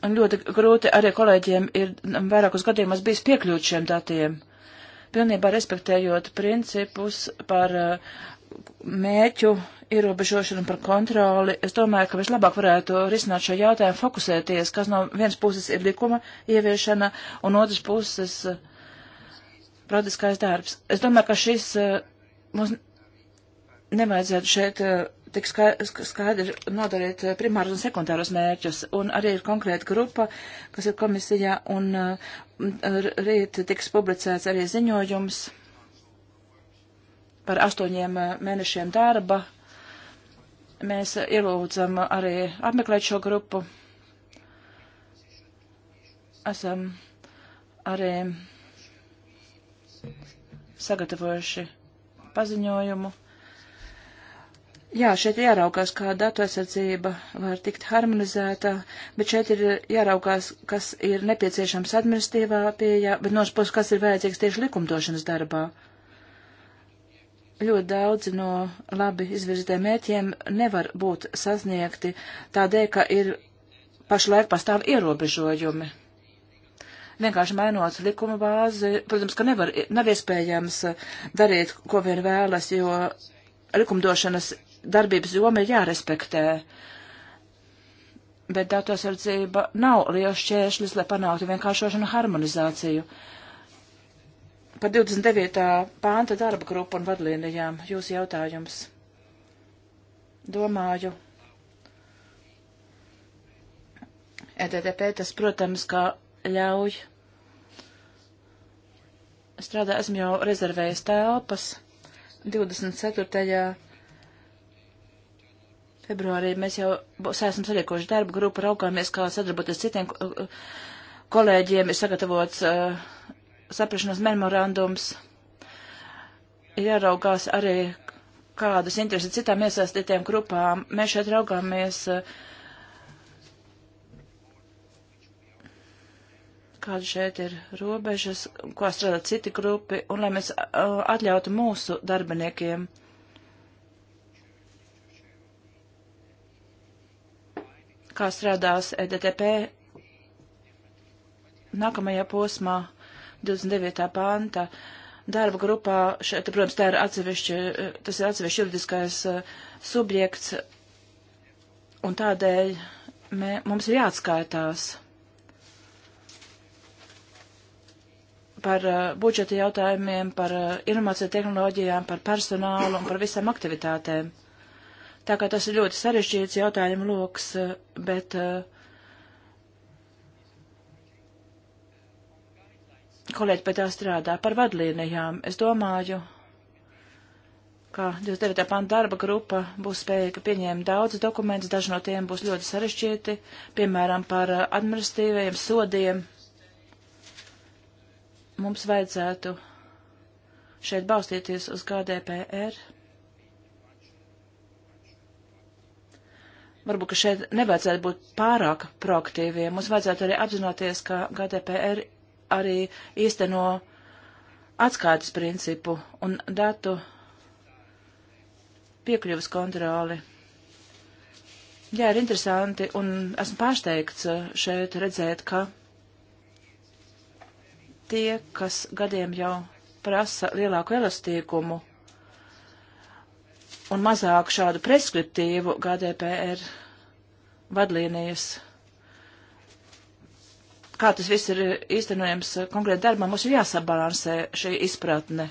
Un ļoti grūti arī kolēģiem ir vairākus gadījumos bijis piekļūt šiem datiem, pilnībā respektējot principus par uh, mēķu ierobežošanu par kontroli, es domāju, ka vislabāk varētu risināt šo jautājumu fokusēties, kas no vienas puses ir likuma ieviešana un otras puses uh, praktiskais darbs. Es domāju, ka šis uh, mums nevajadzētu šeit tik skaidri nodarīt eh, primārus un sekundārus mērķus. Un arī ir konkrēta grupa, kas ir komisijā, un eh, eh, rīt tiks publicēts arī ziņojums par astoņiem mēnešiem darba. Mēs ielūdzam arī apmeklēt šo grupu. Esam arī sagatavojuši paziņojumu. Jā, šeit ir jāraukās, kā datu aizsardzība var tikt harmonizēta, bet šeit ir jāraukās, kas ir nepieciešams administratīvā pieejā, bet no puses, kas ir vajadzīgs tieši likumdošanas darbā. Ļoti daudzi no labi izvirzītiem mēķiem nevar būt sasniegti tādēļ, ka ir pašlaik pastāv ierobežojumi. Vienkārši mainot likuma bāzi, protams, ka nevar, nav iespējams darīt, ko vien vēlas, jo likumdošanas darbības joma ir jārespektē. Bet datosardzība nav liels šķēršļis, lai panāktu vienkāršošanu harmonizāciju. Par 29. pānta darba grupu un vadlīnijām jūs jautājums. Domāju. ETTP tas, protams, kā ļauj. Strādā, esmu jau rezervējis telpas 24 Februārī mēs jau būs, esam sarīkojuši darbu grupu, raugāmies, kā sadarboties citiem kolēģiem, ir sagatavots uh, saprašanās memorandums, ir jāraugās arī, kādas intereses citām iesaistītiem grupām. Mēs šeit raugāmies, kāda šeit ir robežas, ko strādā citi grupi, un lai mēs atļautu mūsu darbiniekiem uh, kā strādās EDTP nākamajā posmā 29. panta darba grupā. Šeit, protams, tā ir atsevišķi, tas ir atsevišķi juridiskais eh, subjekts, un tādēļ mē, mums ir jāatskaitās par eh, budžeta jautājumiem, par eh, informāciju tehnoloģijām, par personālu un par visām aktivitātēm. Tā kā tas ir ļoti sarežģīts jautājumu loks, eh, bet eh, kolēģi pēc tā strādā par vadlīnijām. Es domāju, ka 29. panta darba grupa būs spējīga pieņemt daudz dokumentus, daži no tiem būs ļoti sarežģīti, piemēram, par eh, administratīvajiem sodiem. Mums vajadzētu šeit balstīties uz GDPR. varbūt, ka šeit nevajadzētu būt pārāk proaktīviem. Mums vajadzētu arī apzināties, ka GDPR arī īsteno atskaites principu un datu piekļuvas kontroli. Jā, ir interesanti, un esmu pārsteigts uh, šeit redzēt, ka tie, kas gadiem jau prasa lielāku elastīgumu, un mazāk šādu preskriptīvu GDPR vadlīnijas. Kā tas viss ir īstenojams konkrēti darbā, mums ir jāsabalansē šī izpratne,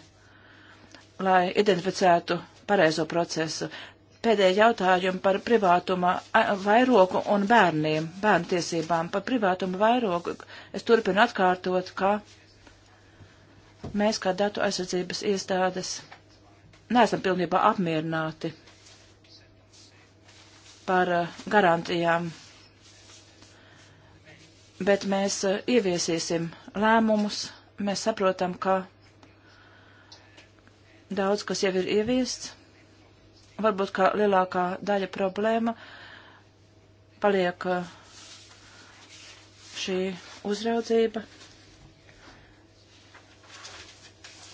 lai identificētu pareizo procesu. Pēdējie jautājumi par privātuma vairogu un bērniem, bērnu tiesībām. Par privātuma vairogu es turpinu atkārtot, ka mēs kā datu aizsardzības iestādes neesam pilnībā apmierināti par eh, garantijām, bet mēs eh, ieviesīsim lēmumus, mēs saprotam, ka daudz, kas jau ir ieviests, varbūt kā lielākā daļa problēma paliek eh, šī uzraudzība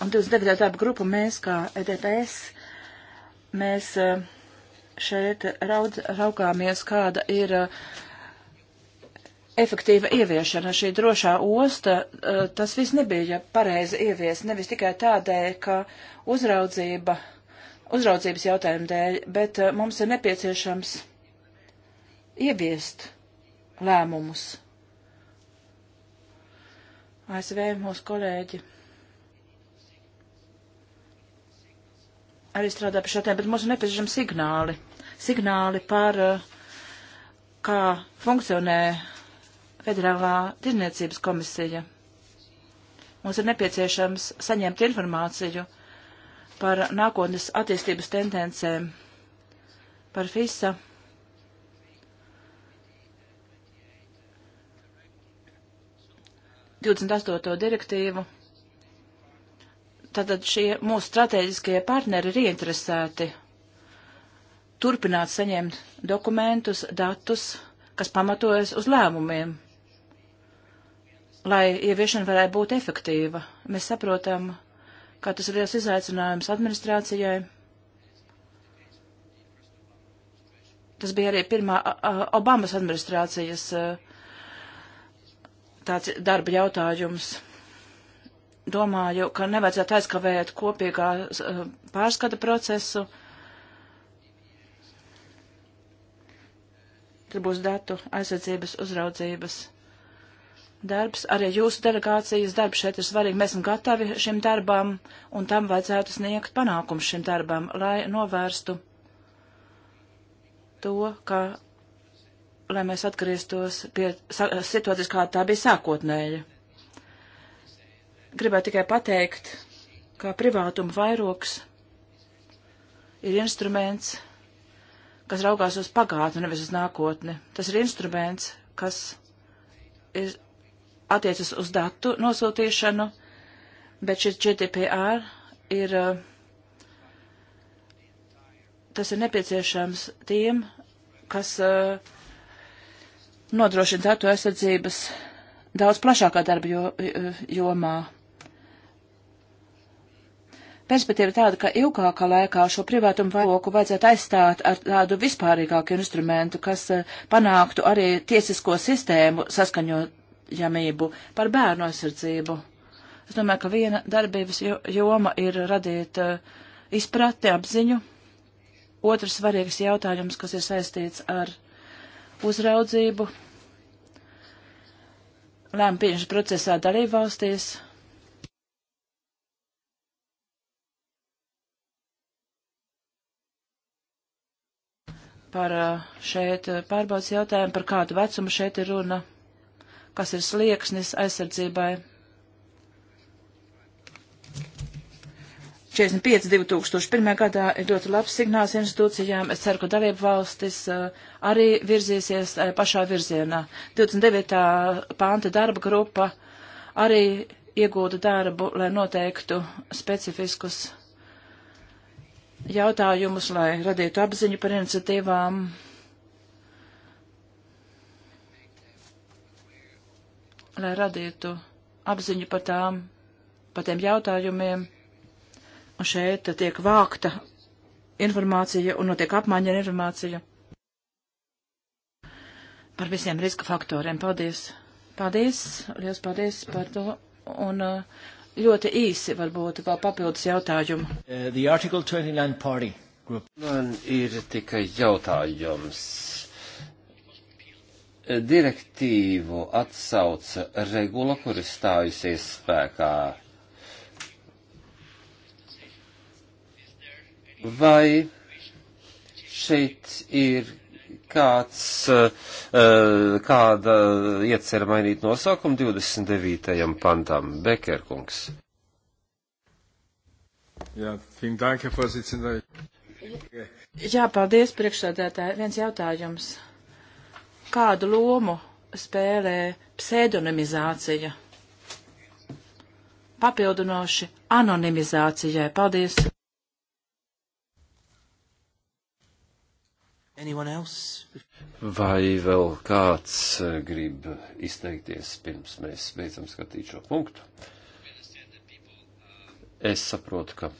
un 29. darba grupu mēs kā EDPS, mēs eh, šeit raudz, raugāmies, kāda ir eh, efektīva ieviešana. Šī drošā osta, eh, tas viss nebija pareizi ievies, nevis tikai tādēļ, ka uzraudzība, uzraudzības jautājumu dēļ, bet mums ir nepieciešams ieviest lēmumus. ASV mūsu kolēģi arī strādā pie šādiem, bet mums ir nepieciešami signāli. Signāli par, eh, kā funkcionē Federālā tirniecības komisija. Mums ir nepieciešams saņemt informāciju par nākotnes attīstības tendencēm, par FISA. direktīvu Tātad šie mūsu strateģiskie partneri ir ieinteresēti turpināt saņemt dokumentus, datus, kas pamatojas uz lēmumiem, lai ieviešana varētu būt efektīva. Mēs saprotam, ka tas ir liels izaicinājums administrācijai. Tas bija arī pirmā Obamas administrācijas tāds darba jautājums domāju, ka nevajadzētu aizkavēt kopīgā eh, pārskata procesu. Tur būs datu aizsardzības uzraudzības darbs. Arī jūsu delegācijas darbs šeit ir svarīgi. Mēs esam gatavi šim darbam un tam vajadzētu sniegt panākums šim darbam, lai novērstu to, ka, lai mēs atgrieztos pie situācijas, kā tā bija sākotnēja gribētu tikai pateikt, kā privātuma vairoks ir instruments, kas raugās uz pagātni, nevis uz nākotni. Tas ir instruments, kas ir attiecas uz datu nosūtīšanu, bet šis GDPR ir, eh, tas ir nepieciešams tiem, kas eh, nodrošina datu aizsardzības daudz plašākā darba eh, jomā. Perspektīva tāda, ka ilgākā laikā šo privātumu valoku vajadzētu aizstāt ar tādu vispārīgāku instrumentu, kas eh, panāktu arī tiesisko sistēmu saskaņojamību par bērnu aizsardzību. Es domāju, ka viena darbības joma ir radīt eh, izpratni apziņu. Otrs svarīgs jautājums, kas ir saistīts ar uzraudzību lēmu pieņemšanas procesā dalībvalstīs par šeit pārbaudas jautājumu, par kādu vecumu šeit ir runa, kas ir slieksnis aizsardzībai. 45. 2001. gadā ir ļoti labs signāls institūcijām. Es ceru, ka dalību valstis arī virzīsies pašā virzienā. 29. panta darba grupa arī iegūta darbu, lai noteiktu specifiskus jautājumus, lai radītu apziņu par iniciatīvām. Lai radītu apziņu par tām, par tiem jautājumiem. Un šeit tiek vākta informācija un notiek apmaiņa ar informāciju. Par visiem riska faktoriem. Paldies. Paldies. Lielas paldies par to. Un uh, ļoti īsi varbūt vēl papildus jautājumu. Uh, Man ir tikai jautājums. Direktīvu atsauca regula, kur ir stājusies spēkā. Vai šeit ir kāds, eh, eh, kāda iecera mainīt nosaukumu 29. pantam. Bekerkungs. Jā, dank, Jā, paldies priekšsādātāji. Viens jautājums. Kādu lomu spēlē pseidonimizācija? Papildinoši anonimizācijai. Paldies! Vai vēl kāds eh, grib izteikties pirms mēs beidzam skatīt šo punktu? Es saprotu, ka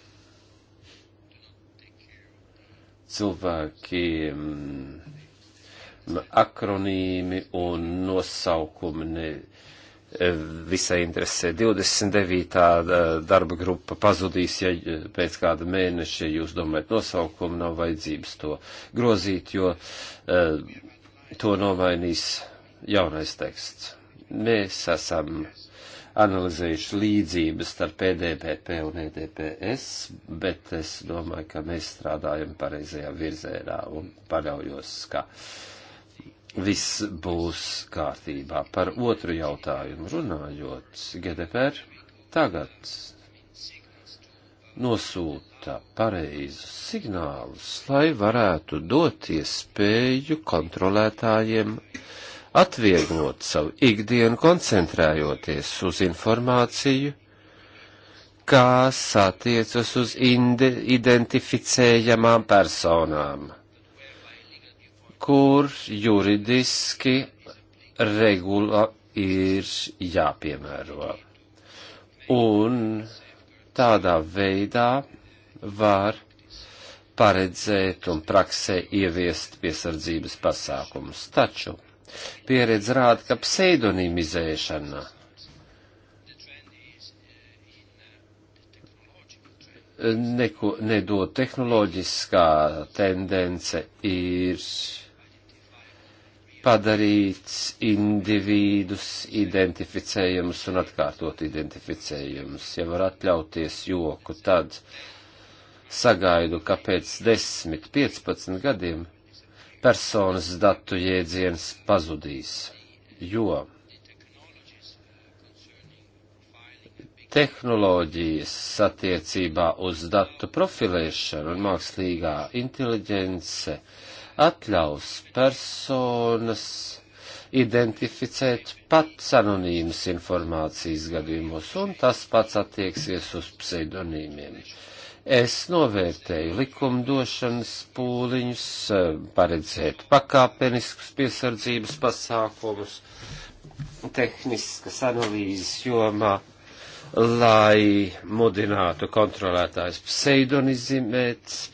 cilvēkiem akronīmi un nosaukumi ne visai interesē. 29. darba grupa pazudīs, ja pēc kāda mēneša jūs domājat nosaukumu, nav vajadzības to grozīt, jo to nomainīs jaunais teksts. Mēs esam analizējuši līdzības starp PDPP un EDPS, bet es domāju, ka mēs strādājam pareizajā virzēnā un paļaujos, ka. Uh, viss būs kārtībā. Par otru jautājumu runājot, GDPR tagad nosūta pareizus signālus, lai varētu dot iespēju kontrolētājiem atvieglot savu ikdienu, koncentrējoties uz informāciju, kas attiecas uz identificējamām personām kur juridiski regula ir jāpiemēro. Un tādā veidā var paredzēt un praksē ieviest piesardzības pasākumus. Taču pieredze rāda, ka pseidonimizēšana neko nedod tehnoloģiskā tendence ir padarīts individus identificējumus un atkārtot identificējumus. Ja var atļauties joku, tad sagaidu, ka pēc 10, 15 gadiem personas datu jēdziens pazudīs, jo tehnoloģijas attiecībā uz datu profilēšanu un mākslīgā inteliģence uh, atļaus personas identificēt pats anonīmas informācijas gadījumos, un tas pats attieksies uz pseidonīmiem. Es novērtēju likumdošanas pūliņus, eh, paredzēt pakāpeniskus piesardzības pasākumus, tehniskas analīzes jomā, lai mudinātu kontrolētājs pseidonizimēt,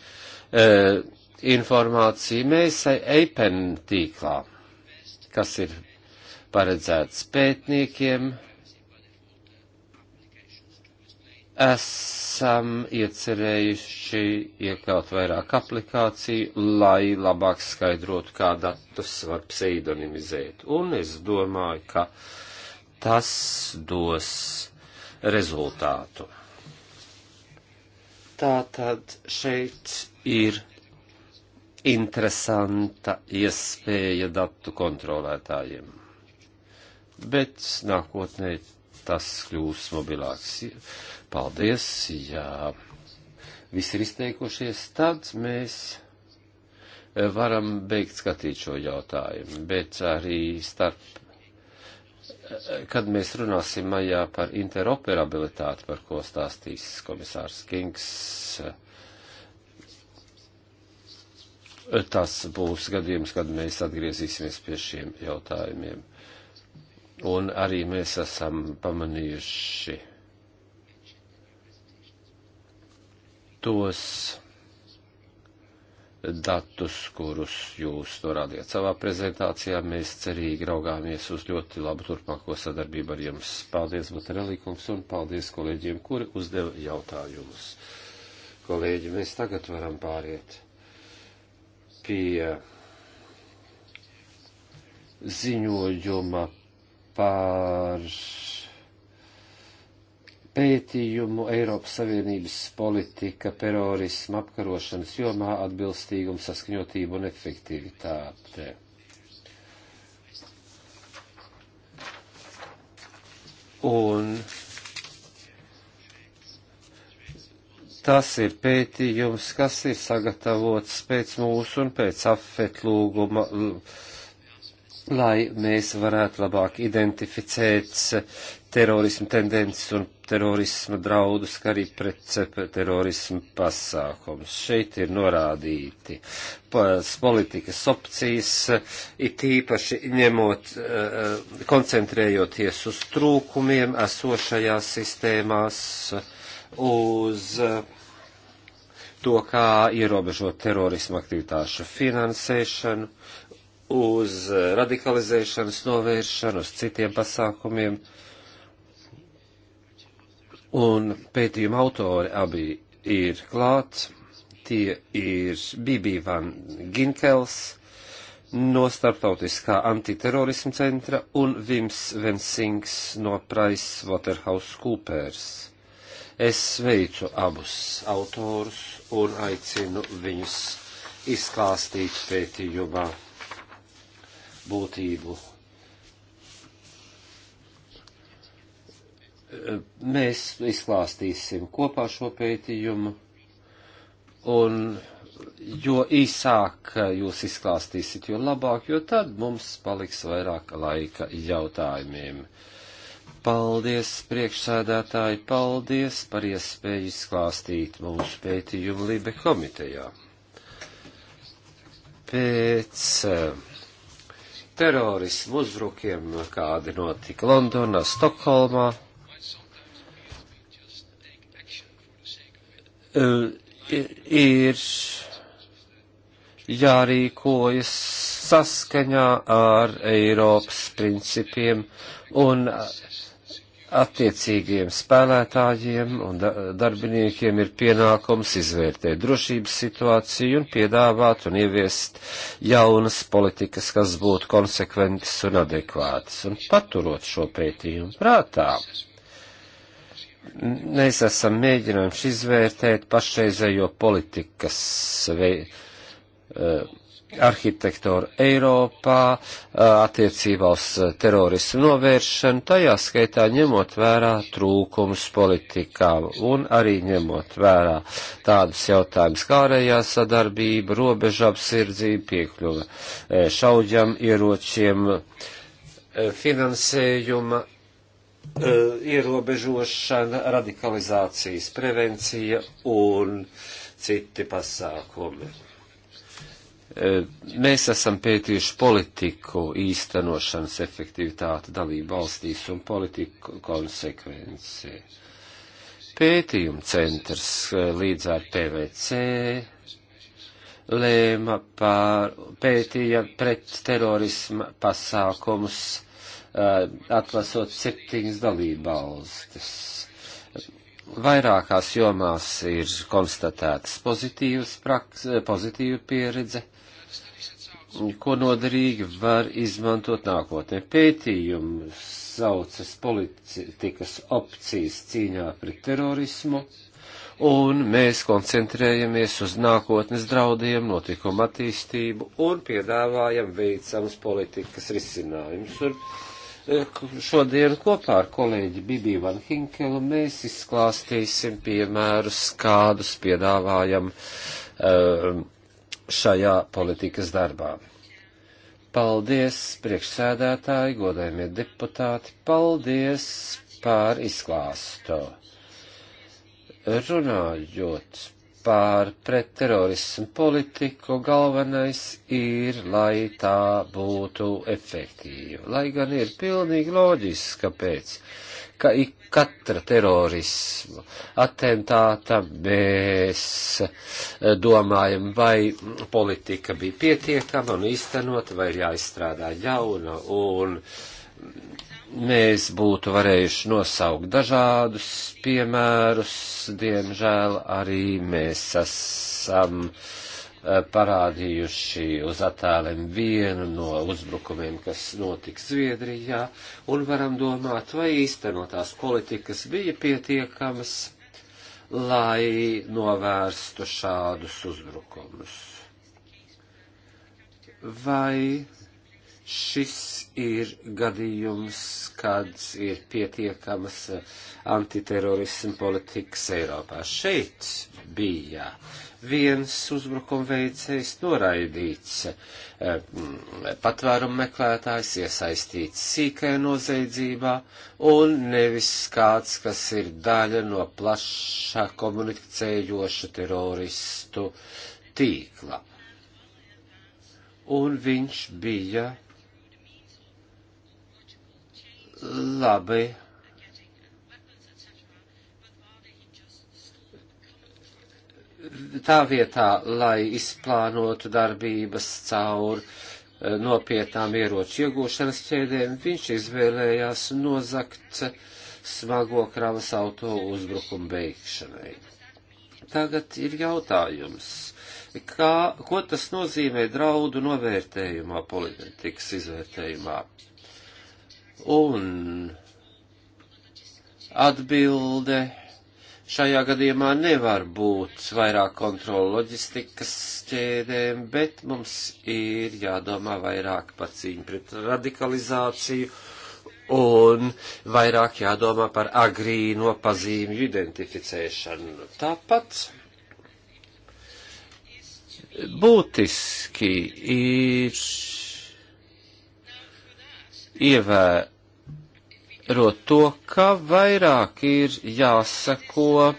e, eh, informāciju mēs EIPEN e tīklā, kas ir paredzēts pētniekiem, esam iecerējuši iekļaut vairāk aplikāciju, lai labāk skaidrotu, kā datus var pseidonimizēt. Un es domāju, ka tas dos rezultātu. Tātad šeit ir interesanta iespēja datu kontrolētājiem. Bet nākotnē tas kļūs mobilāks. Paldies, ja visi ir izteikušies, tad mēs eh, varam beigt skatīt šo jautājumu, bet arī starp, eh, kad mēs runāsim maijā par interoperabilitāti, par ko stāstīs komisārs Kings, uh, tas būs gadījums, kad mēs atgriezīsimies pie šiem jautājumiem. Un arī mēs esam pamanījuši tos datus, kurus jūs norādījāt savā prezentācijā. Mēs cerīgi raugāmies uz ļoti labu turpmāko sadarbību ar jums. Paldies, Buterelīkums, un paldies kolēģiem, kuri uzdeva jautājumus. Kolēģi, mēs tagad varam pāriet pie ziņojuma par pētījumu Eiropas Savienības politika terorisma apkarošanas jomā atbilstīgumu saskaņotību un efektivitāte. Un Tas ir pētījums, kas ir sagatavots pēc mūsu un pēc afet lūguma, lai mēs varētu labāk identificēt terorismu tendences un terorismu draudus, kā arī pret terorismu pasākums. Šeit ir norādīti politikas opcijas, it īpaši ņemot, eh, koncentrējoties uz trūkumiem esošajās sistēmās uz uh, to, kā ierobežot terorismu aktivitāšu finansēšanu, uz uh, radikalizēšanas novēršanu, uz citiem pasākumiem. Un pētījuma autori abi ir klāt. Tie ir Bibi Van Ginkels no Startautiskā antiterorisma centra un Vims Vensings no Price Waterhouse Coopers Es sveicu abus autorus un aicinu viņus izklāstīt pētījumā būtību. Mēs izklāstīsim kopā šo pētījumu, un jo īsāk jūs izklāstīsiet, jo labāk, jo tad mums paliks vairāk laika jautājumiem. Uh, Paldies, priekšsēdētāji, paldies par iespēju izklāstīt mūsu pētījumu Libe komitejā. Pēc eh, terorismu uzbrukiem, kādi notika Londonā, Stokholmā, eh, ir jārīkojas saskaņā ar Eiropas principiem un attiecīgiem spēlētājiem un darbiniekiem ir pienākums izvērtēt drošības situāciju un piedāvāt un ieviest jaunas politikas, kas būtu konsekventas un adekvātas. Un paturot šo pētījumu prātā, mēs esam mēģinājuši izvērtēt pašreizējo politikas veidu eh, arhitektūru Eiropā, attiecībā uz terorismu novēršanu, tajā skaitā ņemot vērā trūkums politikā un arī ņemot vērā tādus jautājumus kā ārējā sadarbība, robeža apsardzība, piekļuva šauģam, ieročiem, finansējuma ierobežošana, radikalizācijas prevencija un citi pasākumi E, mēs esam pētījuši politiku īstenošanas efektivitāti dalību valstīs un politiku konsekvenci. Pētījuma centrs e, līdz ar PVC lēma par pētīja pret terorisma pasākumus, e, atlasot septiņas dalību valstis. Vairākās jomās ir konstatētas pozitīvas praks, pozitīva pieredze ko noderīgi var izmantot nākotnē. Pētījums saucas politikas opcijas cīņā pret terorismu, un mēs koncentrējamies uz nākotnes draudiem, notikuma attīstību un piedāvājam veicams politikas risinājumus. Un eh, šodien kopā ar kolēģi Bibiju Van Hinkelu mēs izklāstīsim piemērus, kādus piedāvājam. Uh, um, šajā politikas darbā. Paldies, priekšsēdētāji, godējumie deputāti, paldies par izklāstu. Runājot par pretterorismu politiku, galvenais ir, lai tā būtu efektīva, lai gan ir pilnīgi loģiski, kāpēc ka ik katra terorisma atentāta mēs eh, domājam, vai politika bija pietiekama un īstenot, vai ir jāizstrādā jauna, un mēs būtu varējuši nosaukt dažādus piemērus, diemžēl arī mēs esam. Um, Eh, parādījuši uz attēliem vienu no uzbrukumiem, kas notiks Zviedrijā, un varam domāt, vai īstenotās politikas bija pietiekamas, lai novērstu šādus uzbrukumus. Vai šis ir gadījums, kad ir pietiekamas antiterorismu politikas Eiropā? Šeit bija viens uzbrukuma veicējs noraidīts, eh, patvērumu meklētājs iesaistīts sīkai nozeidzībā un nevis kāds, kas ir daļa no plašā komunicējoša teroristu tīkla. Un viņš bija labi tā vietā, lai izplānotu darbības caur eh, nopietnām ieroču iegūšanas ķēdēm, viņš izvēlējās nozakt smago kravas auto uzbrukumu beigšanai. Tagad ir jautājums, kā, ko tas nozīmē draudu novērtējumā, politikas izvērtējumā? Un atbilde šajā gadījumā nevar būt vairāk kontrola loģistikas ķēdēm, bet mums ir jādomā vairāk par cīņu pret radikalizāciju un vairāk jādomā par agrīno pazīmju identificēšanu. Tāpat būtiski ir ievērot rot to, ka vairāk ir jāsako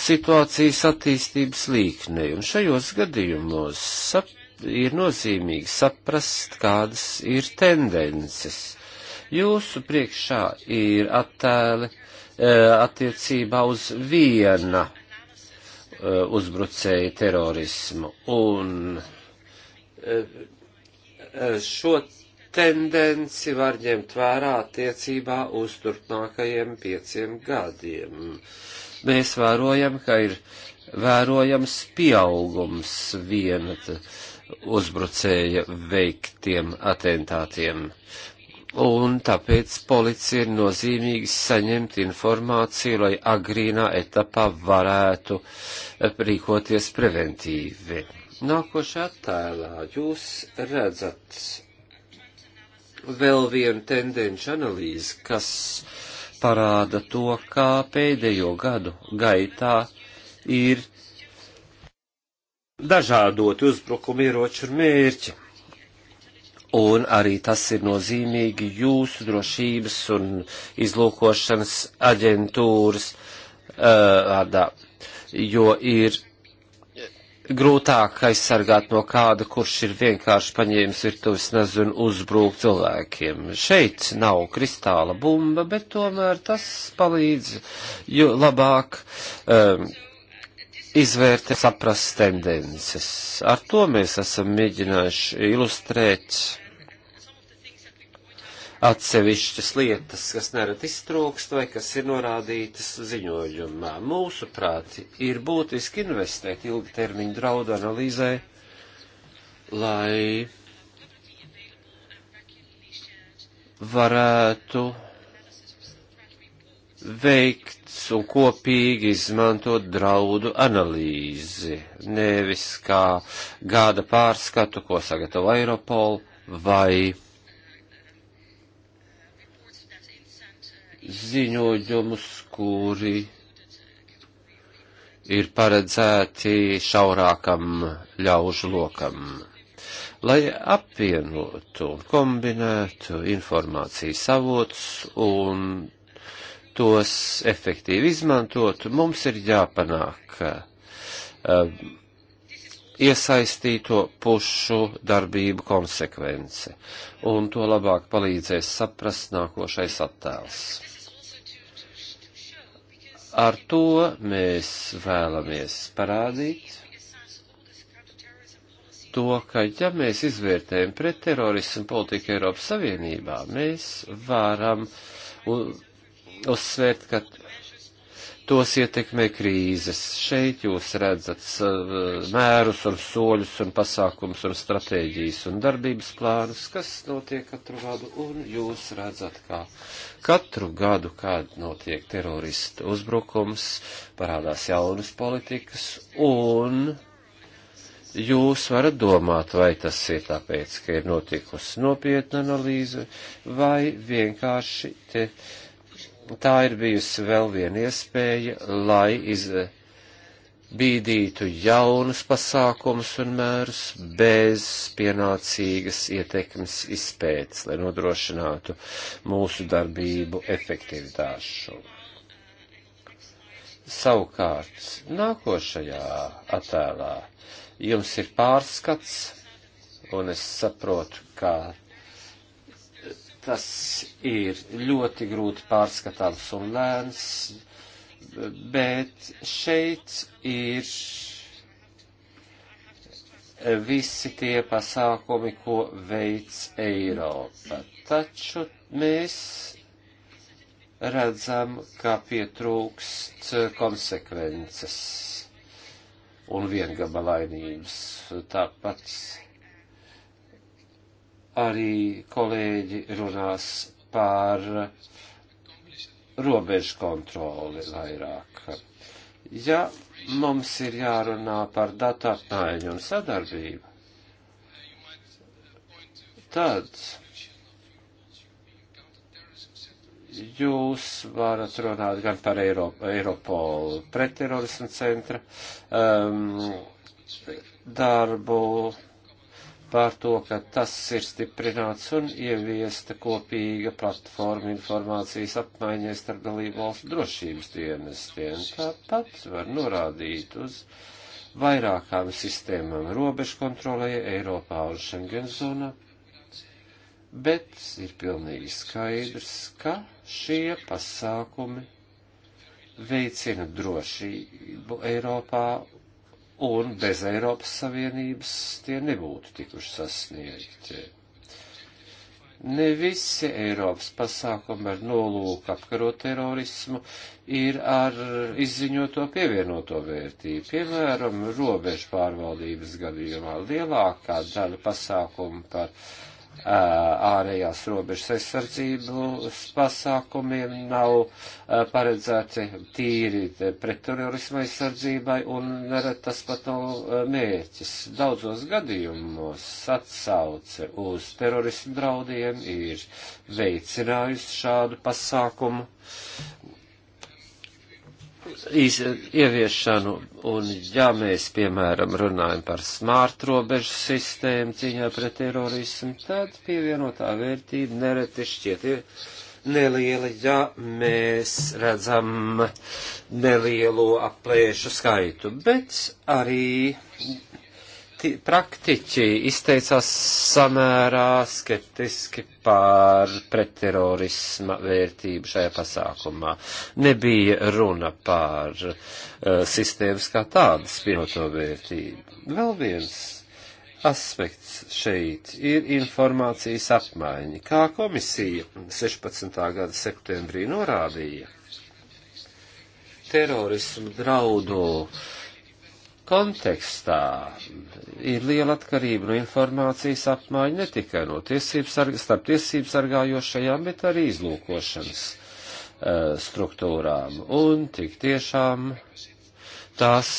situācijas attīstības līknei, un šajos gadījumos sap, ir nozīmīgi saprast, kādas ir tendences. Jūsu priekšā ir attēli e, attiecībā uz viena e, uzbrucēja terorismu, un e, e šo tendenci var ņemt vērā attiecībā uz turpmākajiem pieciem gadiem. Mēs vērojam, ka ir vērojams pieaugums viena uzbrucēja veiktiem atentātiem. Un tāpēc policija ir nozīmīgi saņemt informāciju, lai agrīnā etapā varētu eh, rīkoties preventīvi. Nākošā tēlā jūs redzat vēl vienu tendenci analīzi, kas parāda to, kā pēdējo gadu gaitā ir dažādoti uzbrukumi ieroču un mērķi. Un arī tas ir nozīmīgi jūsu drošības un izlūkošanas aģentūras uh, vārdā, jo ir grūtāk aizsargāt no kāda, kurš ir vienkārši paņēmis virtuves nezi un uzbrūk cilvēkiem. Šeit nav kristāla bumba, bet tomēr tas palīdz jo labāk um, izvērtēt, saprast tendences. Ar to mēs esam mēģinājuši ilustrēt atsevišķas lietas, kas nerad iztrūkst vai kas ir norādītas ziņojumā. Mūsuprāt, ir būtiski investēt ilgtermiņu draudu analīzē, lai varētu veikt un kopīgi izmantot draudu analīzi, nevis kā gada pārskatu, ko sagatavo Eiropol vai ziņojumus, kuri ir paredzēti šaurākam ļaužu lokam. Lai apvienotu un kombinētu informācijas avots un tos efektīvi izmantotu, mums ir jāpanāk uh, iesaistīto pušu darbību konsekvence, un to labāk palīdzēs saprast nākošais attēls. Ar to mēs vēlamies parādīt to, ka ja mēs izvērtējam pret terorismu politiku Eiropas Savienībā, mēs varam uzsvērt, ka tos ietekmē krīzes. Šeit jūs redzat mērus un soļus un pasākums un stratēģijas un darbības plānus, kas notiek katru gadu, un jūs redzat, kā katru gadu, kad notiek teroristu uzbrukums, parādās jaunas politikas, un jūs varat domāt, vai tas ir tāpēc, ka ir notikusi nopietna analīze, vai vienkārši te tā ir bijusi vēl viena iespēja, lai iz, bīdītu jaunus pasākumus un mērus bez pienācīgas ietekmes izpētes, lai nodrošinātu mūsu darbību efektivitāšu. Savukārt, nākošajā attēlā jums ir pārskats, un es saprotu, ka Tas ir ļoti grūti pārskatāms un lēns, bet šeit ir visi tie pasākumi, ko veids Eiropa. Taču mēs redzam, ka pietrūkst konsekvences un viengabalainības. Tāpat arī kolēģi runās par robežu kontroli vairāk. Ja mums ir jārunā par datu apmaiņu un sadarbību, tad jūs varat runāt gan par Eiro, Eiropolu pretterorismu centra um, darbu, par to, ka tas ir stiprināts un ieviesta kopīga platforma informācijas apmaiņai starp dalību valstu drošības dienestiem. Tāpat var norādīt uz vairākām sistēmām robežu kontrolē Eiropā un Schengen zonā, bet ir pilnīgi skaidrs, ka šie pasākumi veicina drošību Eiropā un bez Eiropas Savienības tie nebūtu tikuši sasniegti. Ne visi Eiropas pasākumi ar nolūku apkarot terorismu ir ar izziņoto pievienoto vērtību. Piemēram, robežu pārvaldības gadījumā lielākā daļa pasākumu par uh, ārējās robežas aizsardzības pasākumiem, nav paredzēti tīri pretterorisma aizsardzībai un nerad tas pat nav mērķis. Daudzos gadījumos atsauce uz terorismu draudiem ir veicinājusi šādu pasākumu ieviešanu, un ja mēs, piemēram, runājam par smārt robežu sistēmu cīņā pret terorismu, tad pievienotā vērtība nereti šķiet ir neliela, ja mēs redzam nelielo aplēšu skaitu, bet arī prakti, praktiķi izteicās samērā skeptiski par pretterorisma vērtību šajā pasākumā. Nebija runa par uh, eh, sistēmas kā tādas pienoto vērtību. Vēl viens aspekts šeit ir informācijas apmaiņa, kā komisija 16. gada septembrī norādīja. Terorismu draudu uh, kontekstā ir liela atkarība no informācijas apmaiņa ne tikai no tiesības, starp tiesības sargājošajām, bet arī izlūkošanas uh, struktūrām. Un tik tiešām tas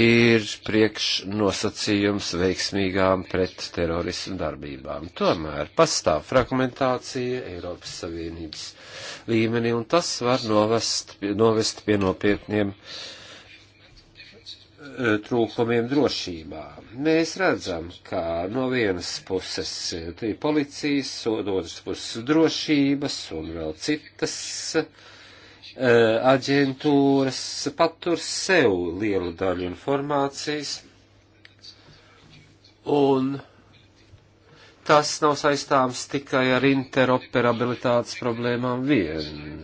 ir priekšnosacījums veiksmīgām pret terorismu darbībām. Tomēr pastāv fragmentācija Eiropas Savienības līmenī, un tas var novest, novest pie nopietniem uh, trūkumiem drošībā. Mēs redzam, ka no vienas puses ir policijas, no otras puses drošības un vēl citas eh, aģentūras patur sev lielu daļu informācijas, un tas nav saistāms tikai ar interoperabilitātes problēmām vien.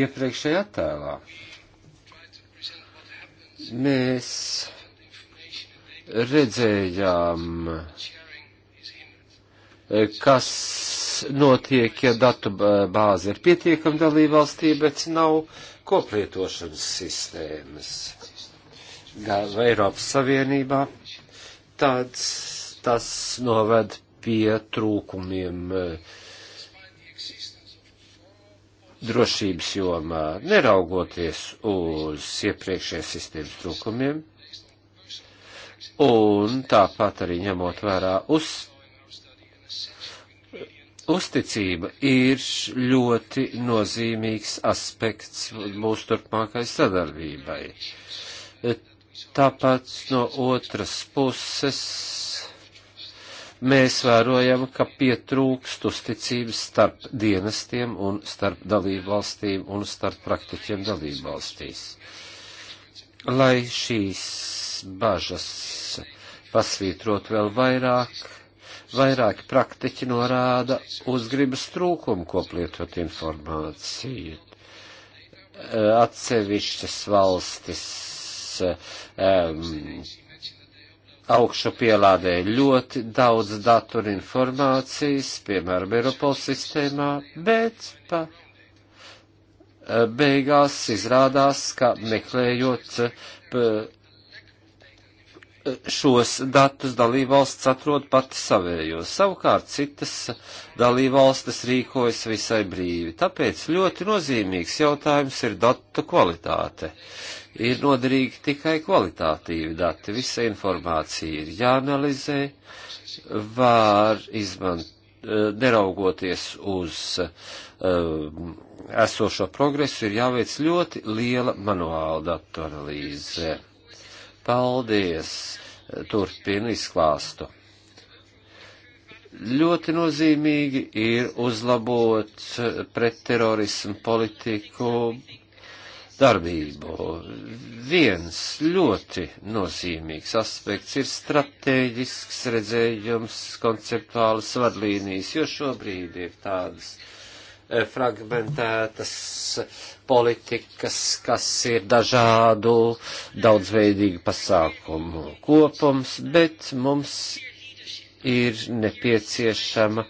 Iepriekšējā attēlā mēs redzējām, kas notiek, ja datu bāze ir pietiekama dalībvalstī, bet nav koplietošanas sistēmas. Gan Eiropas Savienībā tāds tas noved pie trūkumiem eh, drošības jomā, neraugoties uz iepriekšējās sistēmas trūkumiem un tāpat arī ņemot vērā uz. Uzticība ir ļoti nozīmīgs aspekts mūsu turpmākai sadarbībai. Tāpat no otras puses mēs vērojam, ka pietrūkst uzticības starp dienestiem un starp dalību valstīm un starp praktiķiem dalību valstīs. Lai šīs bažas pasvītrot vēl vairāk. Vairāki praktiķi norāda uz gribas trūkumu, ko lietot informāciju. Atsevišķas valstis um, augšu pielādē ļoti daudz datu un informācijas, piemēram, Eiropas sistēmā, bet pa eh, beigās izrādās, ka meklējot šos datus dalībvalsts atrod pati savējos. Savukārt citas dalībvalstis rīkojas visai brīvi. Tāpēc ļoti nozīmīgs jautājums ir datu kvalitāte. Ir noderīgi tikai kvalitatīvi dati. Visa informācija ir jāanalizē, var izmantot eh, neraugoties uz um, esošo progresu, ir jāveic ļoti liela manuāla datu analīze. Paldies! Turpinu izklāstu. Ļoti nozīmīgi ir uzlabot pretterorismu politiku darbību. Viens ļoti nozīmīgs aspekts ir strateģisks redzējums, konceptuālas vadlīnijas, jo šobrīd ir tādas eh, fragmentētas politikas, kas ir dažādu daudzveidīgu pasākumu kopums, bet mums ir nepieciešama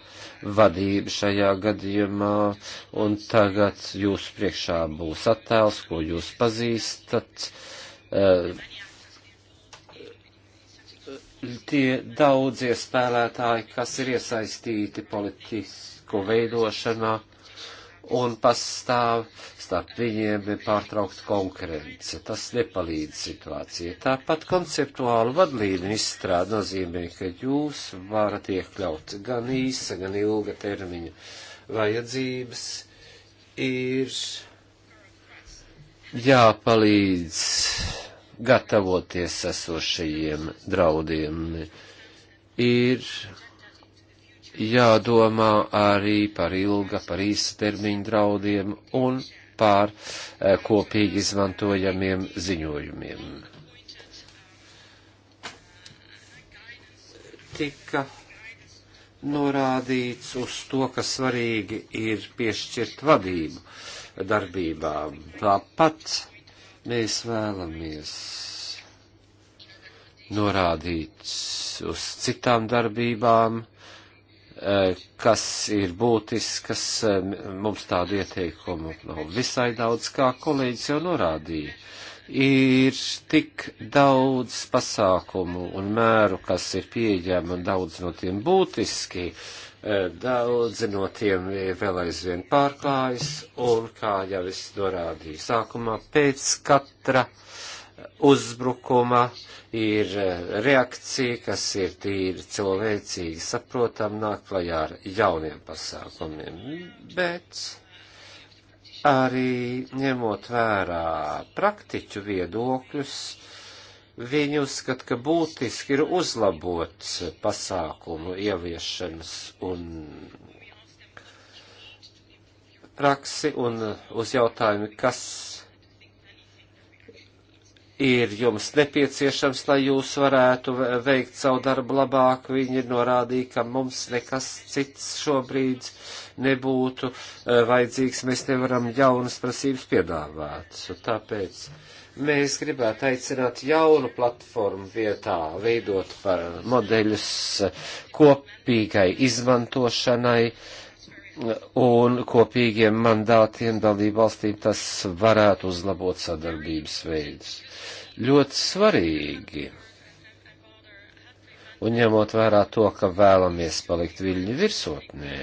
vadība šajā gadījumā, un tagad jūs priekšā būs attēls, ko jūs pazīstat. Uh, tie daudzie spēlētāji, kas ir iesaistīti politisko veidošanā, uh, un pastāv starp viņiem pārtraukta konkurence. Tas nepalīdz situācijai. Tāpat konceptuālu vadlīnu izstrāde nozīmē, ka jūs varat iekļaut gan īsa, gan ilga termiņa vajadzības. Ir jāpalīdz gatavoties esošajiem draudiem. Ir jādomā arī par ilga, par īsa termiņa draudiem un par eh, kopīgi izmantojamiem ziņojumiem. Tika norādīts uz to, ka svarīgi ir piešķirt vadību darbībām. Tāpat mēs vēlamies norādīt uz citām darbībām, Eh, kas ir būtiskas, eh, mums tādu ieteikumu nav visai daudz, kā kolēģis jau norādīja. Ir tik daudz pasākumu un mēru, kas ir pieejami un daudz no tiem būtiski, eh, daudzi no tiem vēl aizvien pārklājas, un kā jau es norādīju sākumā, pēc katra uh, uzbrukuma, ir e, reakcija, kas ir tīri cilvēcīgi saprotam, nāk klajā ar jauniem pasākumiem, bet arī ņemot vērā praktiķu viedokļus, viņi uzskata, ka būtiski ir uzlabot pasākumu ieviešanas un praksi un uz jautājumu, kas ir jums nepieciešams, lai jūs varētu veikt savu darbu labāk. Viņi ir norādīja, ka mums nekas cits šobrīd nebūtu e, vajadzīgs, mēs nevaram jaunas prasības piedāvāt. Tāpēc mēs gribētu aicināt jaunu platformu vietā, veidot par modeļus kopīgai izmantošanai un kopīgiem mandātiem dalībvalstīm tas varētu uzlabot sadarbības veidus. Ļoti svarīgi. Un ņemot vērā to, ka vēlamies palikt viļņu virsotnē,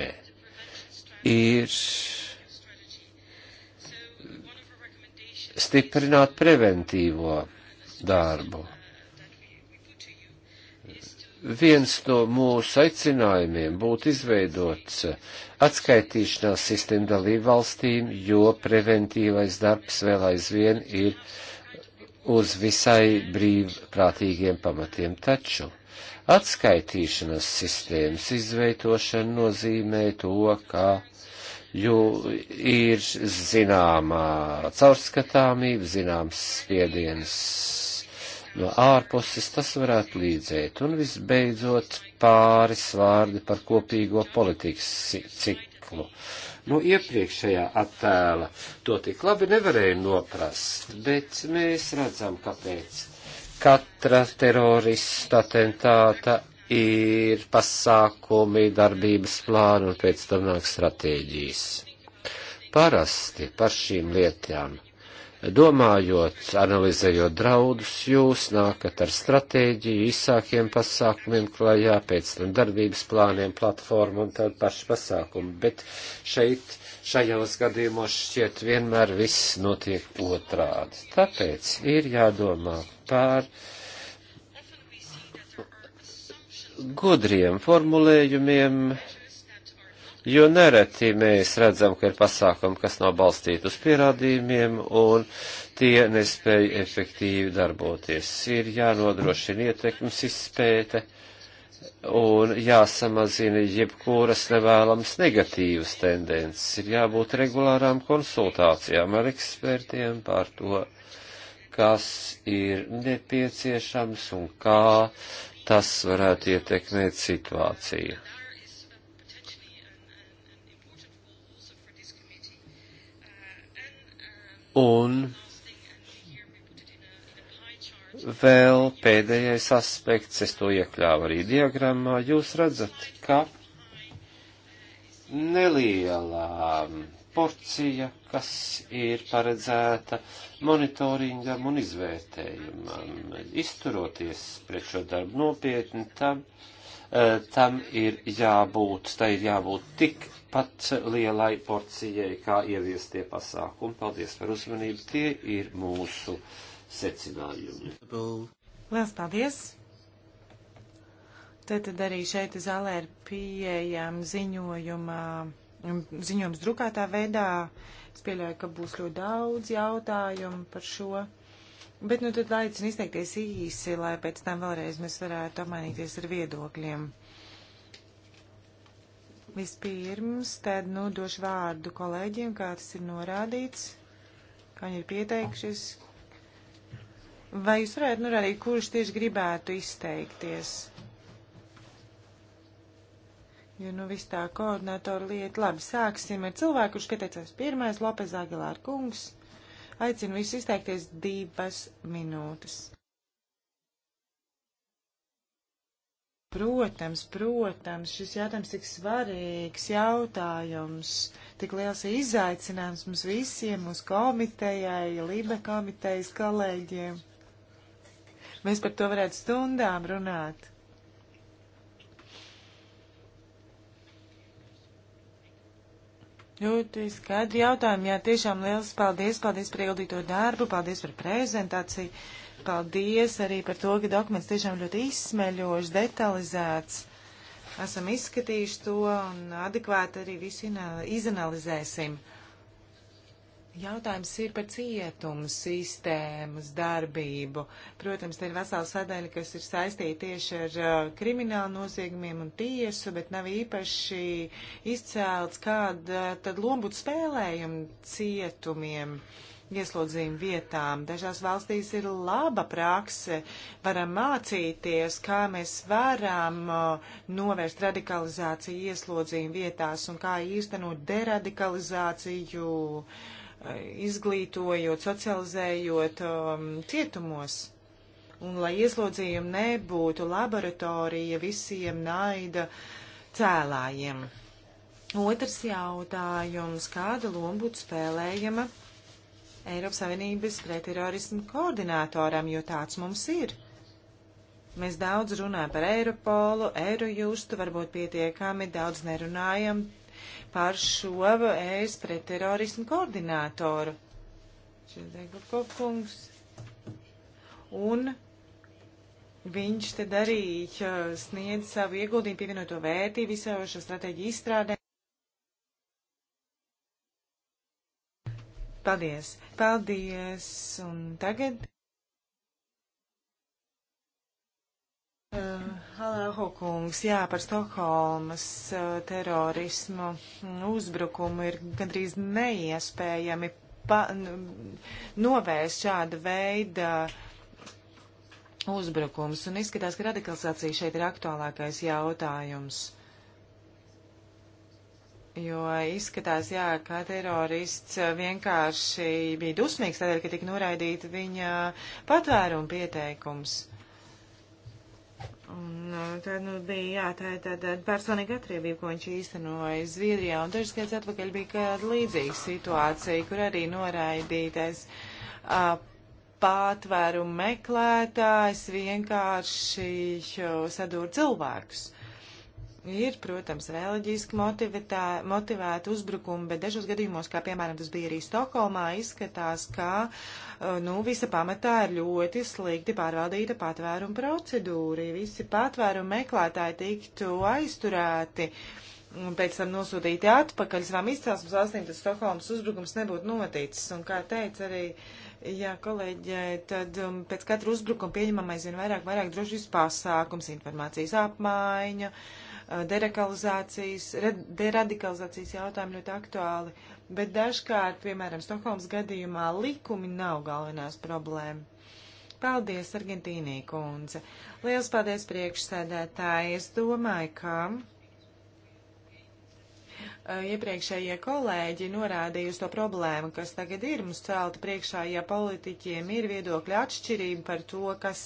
ir stiprināt preventīvo darbu viens no mūsu aicinājumiem būtu izveidots atskaitīšanās sistēma dalību valstīm, jo preventīvais darbs vēl aizvien ir uz visai brīvprātīgiem pamatiem. Taču atskaitīšanās sistēmas izveidošana nozīmē to, ka jo ir zināmā caurskatāmība, zināms spiediens no ārpuses, tas varētu līdzēt. Un visbeidzot pāris vārdi par kopīgo politikas ciklu. No nu, iepriekšējā attēla to tik labi nevarēja noprast, bet mēs redzam, kāpēc katra terorista atentāta ir pasākumi, darbības plāni un pēc tam nāk stratēģijas. Parasti par šīm lietām domājot, analizējot draudus, jūs nākat ar stratēģiju, īsākiem pasākumiem klajā, pēc tam darbības plāniem, platformu un tad paši pasākumi, bet šeit, šajos gadījumos šķiet vienmēr viss notiek otrādi. Tāpēc ir jādomā pār gudriem formulējumiem, jo nereti mēs redzam, ka ir pasākumi, kas nav balstīti uz pierādījumiem, un tie nespēja efektīvi darboties. Ir jānodrošina ietekmes izpēte un jāsamazina jebkuras nevēlamas negatīvas tendences. Ir jābūt regulārām konsultācijām ar ekspertiem par to, kas ir nepieciešams un kā tas varētu ietekmēt situāciju. Un vēl pēdējais aspekts, es to iekļāvu arī diagrammā, jūs redzat, ka nelielā porcija, kas ir paredzēta monitoringam un izvērtējumam, izturoties pret šo darbu nopietni, tam, eh, tam ir jābūt, tai ir jābūt tik tikpat lielai porcijai kā ieviestie pasākumi. Paldies par uzmanību. Tie ir mūsu secinājumi. Lielas paldies! Tad, tad arī šeit zālē ir pieejama ziņojuma, ziņojums drukātā veidā. Es pieļauju, ka būs ļoti daudz jautājumu par šo. Bet nu tad aicinu izteikties īsi, lai pēc tam vēlreiz mēs varētu apmainīties ar viedokļiem. Vispirms tad nu došu vārdu kolēģiem, kā tas ir norādīts, kā viņi ir pieteikušies. Vai jūs varētu norādīt, kurš tieši gribētu izteikties? Jo nu viss tā koordinātora lieta. Labi, sāksim ar cilvēku, kurš pieteicās pirmais, Lopez Agilār kungs. Aicinu visus izteikties divas minūtes. Protams, protams, šis jautājums tik svarīgs jautājums, tik liels izaicinājums mums visiem, mūsu komitejai, Libe komitejas kolēģiem. Mēs par to varētu stundām runāt. Ļoti skaidri jautājumi. Jā, tiešām liels paldies, paldies par ieguldīto darbu, paldies par prezentāciju. Paldies arī par to, ka dokuments tiešām ļoti izsmeļošs, detalizēts. Esam izskatījuši to un adekvāti arī visu izanalizēsim. Jautājums ir par cietumu sistēmas darbību. Protams, te ir vesela sadaļa, kas ir saistīta tieši ar uh, kriminālu noziegumiem un tiesu, bet nav īpaši izcēlts, kāda tad lombudu spēlējuma cietumiem. Uh, ieslodzījuma vietām. Dažās valstīs ir laba prakse, varam mācīties, kā mēs varam novērst radikalizāciju ieslodzījuma vietās un kā īstenot deradikalizāciju, e, izglītojot, socializējot um, cietumos un lai ieslodzījumi nebūtu laboratorija visiem naida cēlājiem. Otrs jautājums - kāda loma būtu spēlējama Eiropas Savienības pretterorismu koordinātoram, jo tāds mums ir. Mēs daudz runājam par Eiropolu, Eirojustu, varbūt pietiekami daudz nerunājam par šo ES pretterorismu koordinātoru. Kopkungs. Un viņš tad arī sniedz savu ieguldījumu pievienoto vērtību visā šo stratēģiju izstrādē. Paldies! Paldies! Un tagad. Halāho uh, kungs, jā, par Stokholmas uh, terorismu uzbrukumu ir gandrīz neiespējami pa, novērst šāda veida uzbrukums, un izskatās, ka radikalizācija šeit ir aktuālākais jautājums jo izskatās, jā, ka terorists eh, vienkārši bija dusmīgs tādēļ, ka tika noraidīta viņa eh, patvēruma pieteikums. Un eh, tā nu, bija jā, tā, tā, tā personīga atriebība, ko viņš īstenoja Zviedrijā. Un dažas gadus atpakaļ bija kāda līdzīga situācija, kur arī noraidītais uh, pātvērumu meklētājs vienkārši sadūr cilvēkus. Uh, Ir, protams, reliģiski motivēti uzbrukumi, bet dažos gadījumos, kā piemēram tas bija arī Stokholmā, izskatās, ka uh, nu, visa pamatā ir ļoti slikti pārvaldīta patvēruma procedūra. Ja visi patvērumu meklētāji tiktu aizturēti un pēc tam nosūtīti atpakaļ savām izcelsmes valstīm, tad Stokholmas uzbrukums nebūtu noticis. Un, kā teica arī uh, Jā, kolēģi, tad um, pēc katra uzbrukuma pieņemam aizvien vairāk, vairāk drošības pasākums, informācijas apmaiņa, uh, deradikalizācijas, deradikalizācijas jautājumi ļoti aktuāli, bet dažkārt, piemēram, Stokholmas gadījumā likumi nav galvenās problēma. Paldies, Argentīnī kundze. Liels paldies priekšsēdētāji. Es domāju, ka Eh, iepriekšējie kolēģi norādīja uz to problēmu, kas tagad ir mums celta priekšā, ja politiķiem ir viedokļa atšķirība par to, kas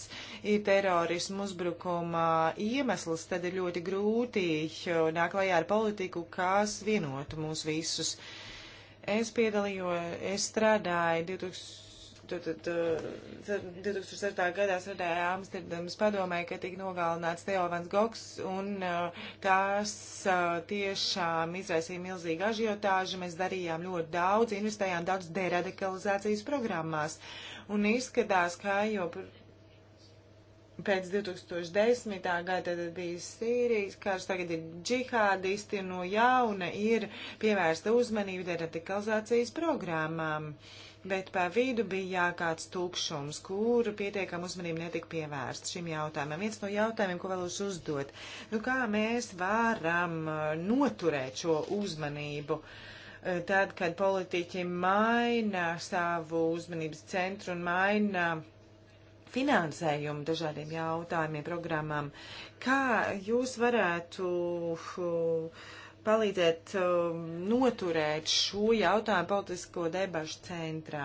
ir terorismu uzbrukuma iemesls, tad ir ļoti grūti eh, nāk lajā ar politiku, kas vienotu mūs visus. Es piedalījos, es strādāju 2000. Tātad 2006. gadā strādāja Amsterdamas padomē, ka tika nogalināts Teovans Goks, un uh, tās uh, tiešām izraisīja milzīgu ažiotāžu. Mēs darījām ļoti daudz, investējām daudz deradikalizācijas programmās, un izskatās, ka jau pēc 2010. gada tad bija Sīrijas karš, tagad ir džihādisti no nu jauna ir pievērsta uzmanība deradikalizācijas programmām. Uh, bet pa vidu bija kāds tukšums, kur pietiekam uzmanību netika pievērsts šim jautājumam. Viens no jautājumiem, ko vēlos uzdot, nu kā mēs varam uh, noturēt šo uzmanību? Uh, tad, kad politiķi maina savu uzmanības centru un maina finansējumu dažādiem jautājumiem, programmām, kā jūs varētu uh, palīdzēt um, noturēt šo jautājumu politisko debašu centrā.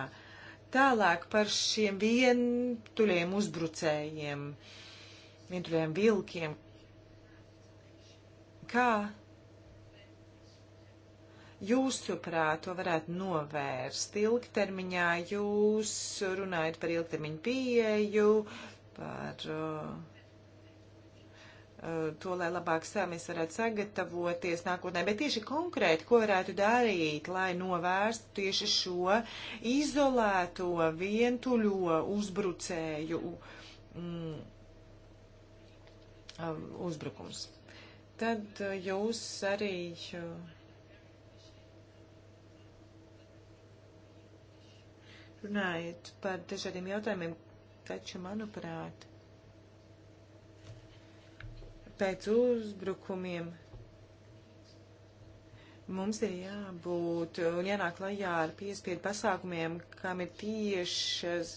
Tālāk par šiem vientuļiem uzbrucējiem, vientuļiem vilkiem. Kā jūsuprāt, to varētu novērst ilgtermiņā? Jūs runājat par ilgtermiņu pieeju, par uh, Eh, to, lai labāk mēs varētu sagatavoties nākotnē, bet tieši konkrēti, ko varētu darīt, lai novērstu tieši šo izolēto, vientuļo uzbrucēju mm, eh, uzbrukums. Tad eh, jūs arī. Runājot par dažādiem jautājumiem, taču, manuprāt, pēc uzbrukumiem mums ir jābūt un jānāk lajā ar piespiedu pasākumiem, kam ir tiešas,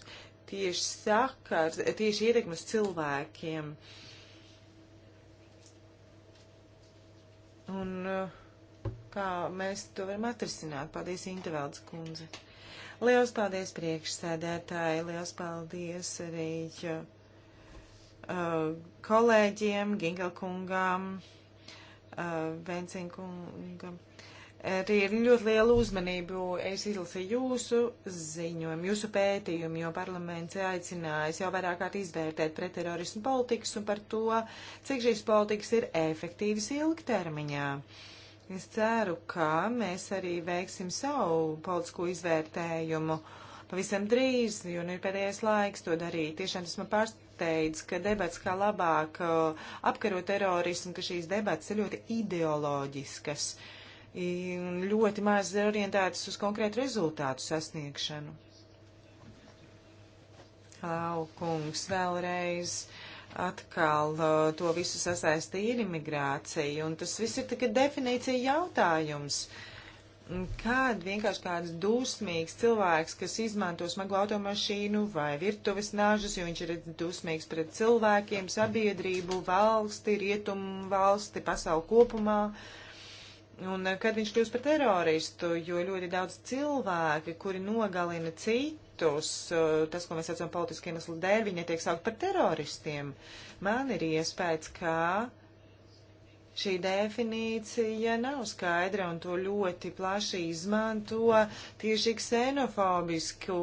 tieši sakars, tieši ietekmes cilvēkiem. Un kā mēs to varam atrisināt? Paldies, Intervalds kundze. Liels paldies priekšsēdētāji, liels paldies arī. Jo uh, kolēģiem, Gingelkungam, uh, Bensinkungam. Arī ir ļoti liela uzmanība. Es izlasīju jūsu ziņojumu, jūsu pētījumu, jo parlaments ir aicinājis jau vairāk kārt izvērtēt pretterorismu politikas un par to, cik šīs politikas ir efektīvas ilgtermiņā. Es ceru, ka mēs arī veiksim savu politisko izvērtējumu pavisam drīz, jo ir pēdējais laiks to darīt. Tiešām tas man pārs jāsteidz, ka debats kā labāk apkarot terorismu, ka šīs debats ir ļoti ideoloģiskas un ļoti maz orientētas uz konkrētu rezultātu sasniegšanu. Aukungs vēlreiz atkal to visu sasaistīja imigrācija, un tas viss ir tikai definīcija jautājums. Uh, Kād vienkārši kāds dusmīgs cilvēks, kas izmanto smagu automašīnu vai virtuves nāžas, jo viņš ir dusmīgs pret cilvēkiem, sabiedrību, valsti, rietumu valsti, pasauli kopumā, un kad viņš kļūst par teroristu, jo ļoti daudz cilvēki, kuri nogalina citus, tas, ko mēs saucam politiskiem iemeslu dēļ, viņi netiek saukt par teroristiem. Man ir iespējas, ka. Kā Šī definīcija nav skaidra un to ļoti plaši izmanto tieši ksenofobisku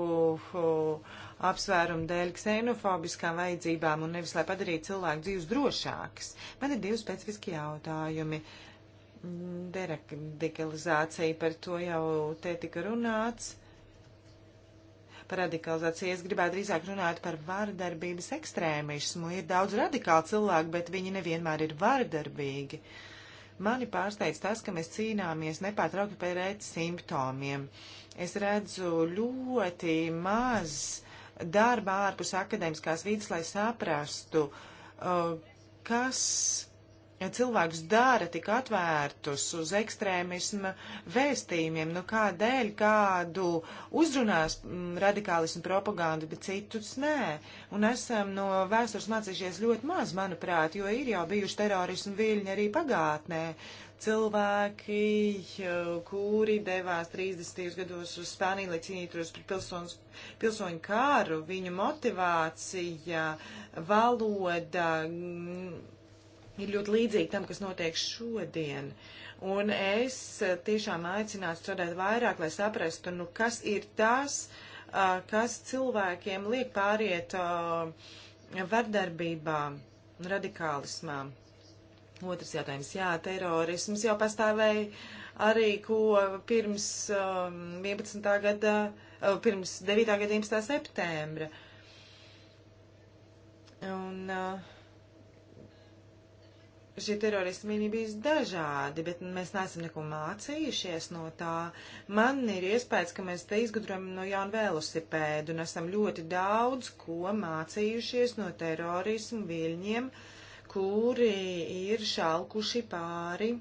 apsvērumu dēļ, ksenofobiskām vajadzībām un nevis, lai padarītu cilvēku dzīves drošākas. Man ir divi specifiski jautājumi. Deradikalizācija par to jau te tika runāts. Uh, par radikalizāciju. Es gribētu drīzāk runāt par vardarbības ekstrēmismu. Ir daudz radikāli cilvēku, bet viņi nevienmēr ir vardarbīgi. Mani pārsteidz tas, ka mēs cīnāmies nepārtraukti pēc simptomiem. Es redzu ļoti maz darba ārpus akadēmiskās vidas, lai saprastu, uh, kas cilvēkus dara tik atvērtus uz ekstrēmisma vēstījumiem, nu kādēļ kādu uzrunās m, mm, radikālismu propagandu, bet citus nē. Un esam no vēstures mācījušies ļoti maz, manuprāt, jo ir jau bijuši terorismu viļņi arī pagātnē. Cilvēki, kuri devās 30. gados uz Spāniju, lai cīnītos pret pilsons, pilsoņu kāru, viņu motivācija, valoda, m, mm, ir ļoti līdzīgi tam, kas notiek šodien. Un es tiešām aicinātu strādāt vairāk, lai saprastu, nu, kas ir tas, kas cilvēkiem liek pāriet vardarbībā, radikālismā. Otrs jautājums. Jā, terorisms jau pastāvēja arī, ko pirms 11. gada, pirms 9. gada 11. septembra. Un uh, šie teroristi mīnī bijis dažādi, bet mēs neesam neko mācījušies no tā. Man ir iespējas, ka mēs te izgudrojam no jauna velosipēdu un esam ļoti daudz ko mācījušies no terorismu viļņiem, kuri ir šalkuši pāri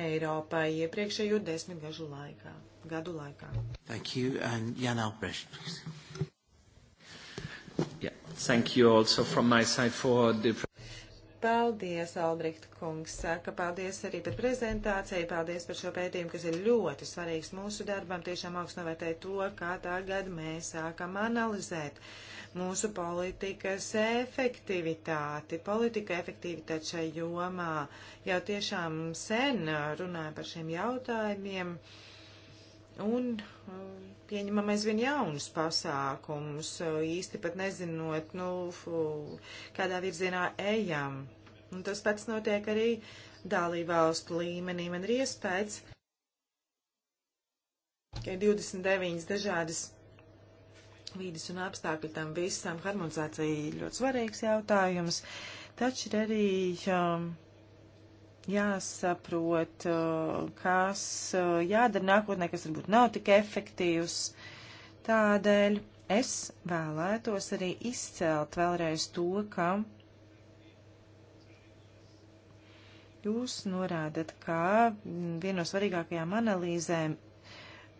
Eiropai iepriekšējo desmit gažu laikā, gadu laikā. Thank you, and Jan Albrecht, please. Yeah, thank you also from my side for the Paldies, Albrecht kungs, ka paldies arī par prezentāciju, paldies par šo pētījumu, kas ir ļoti svarīgs mūsu darbam. Tiešām augstu novērtēju to, kā tagad mēs sākam analizēt mūsu politikas efektivitāti, politika efektivitāti šai jomā. Jau tiešām sen runāju par šiem jautājumiem. Uh, un um, pieņemam aizvien jaunus pasākumus, uh, īsti pat nezinot, nu, fū, kādā virzienā ejam. Un tas pats notiek arī dalībvalstu līmenī. Man ir iespējas, ka ir 29 dažādas vīdes un apstākļi tam visam. Harmonizācija ļoti svarīgs jautājums, taču ir arī. Um, jāsaprot, uh, kas uh, jādara nākotnē, kas varbūt nav tik efektīvs. Tādēļ es vēlētos arī izcelt vēlreiz to, ka jūs norādat, ka viena no svarīgākajām analīzēm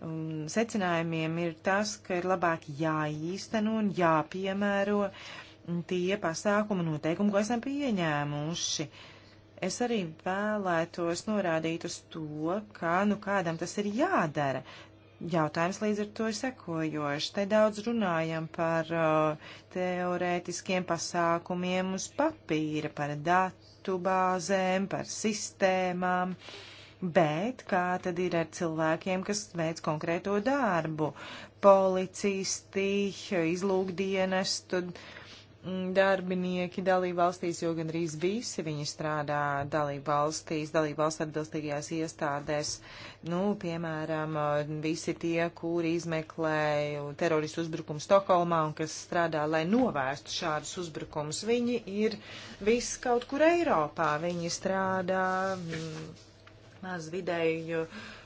un secinājumiem ir tas, ka ir labāk jāīsteno un jāpiemēro tie pasākumi noteikumi, ko esam pieņēmuši. Uh, Es arī vēlētos norādīt uz to, kā nu kādam tas ir jādara. Jautājums līdz ar to ir sekojošs. Te daudz runājam par uh, teorētiskiem pasākumiem uz papīra, par datu bāzēm, par sistēmām, bet kā tad ir ar cilvēkiem, kas veic konkrēto darbu? Policisti, izlūkdienestu. Uh, Mm, darbinieki dalībvalstīs, jo gandrīz visi viņi strādā dalībvalstīs, dalībvalsts atbilstīgajās iestādēs. Nu, piemēram, mm, visi tie, kuri izmeklē teroristu uzbrukumu Stokholmā un kas strādā, lai novērstu šādus uzbrukumus, viņi ir viss kaut kur Eiropā. Viņi strādā mm, maz vidēju. Uh,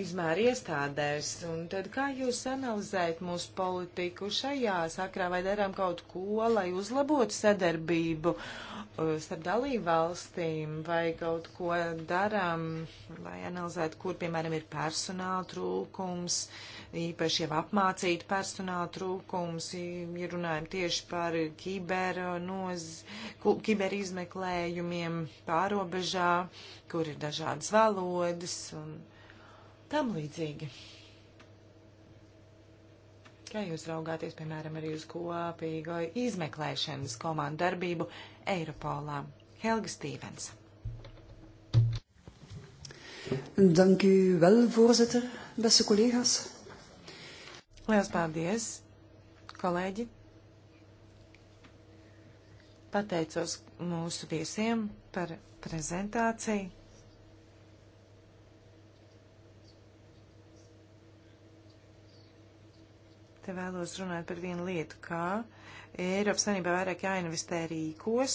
izmēru iestādēs. Un tad kā jūs analizējat mūsu politiku šajā sakrā vai darām kaut ko, lai uzlabotu sadarbību uh, starp dalību valstīm vai kaut ko darām, lai analizētu, kur, piemēram, ir personāla trūkums, īpaši jau apmācīt personāla trūkums, ja runājam tieši par kiber, noz, kiber izmeklējumiem pārobežā, kur ir dažādas valodas un tam līdzīgi. Kā jūs raugāties, piemēram, arī uz kopīgo izmeklēšanas komandu darbību Eiropolā? Helga Stīvens. Dank u wel, voorzitter, beste collega's. Liels paldies, kolēģi. Pateicos mūsu viesiem par prezentāciju. Te vēlos runāt par vienu lietu, kā Eiropas Sanībā vairāk jāinvestē rīkos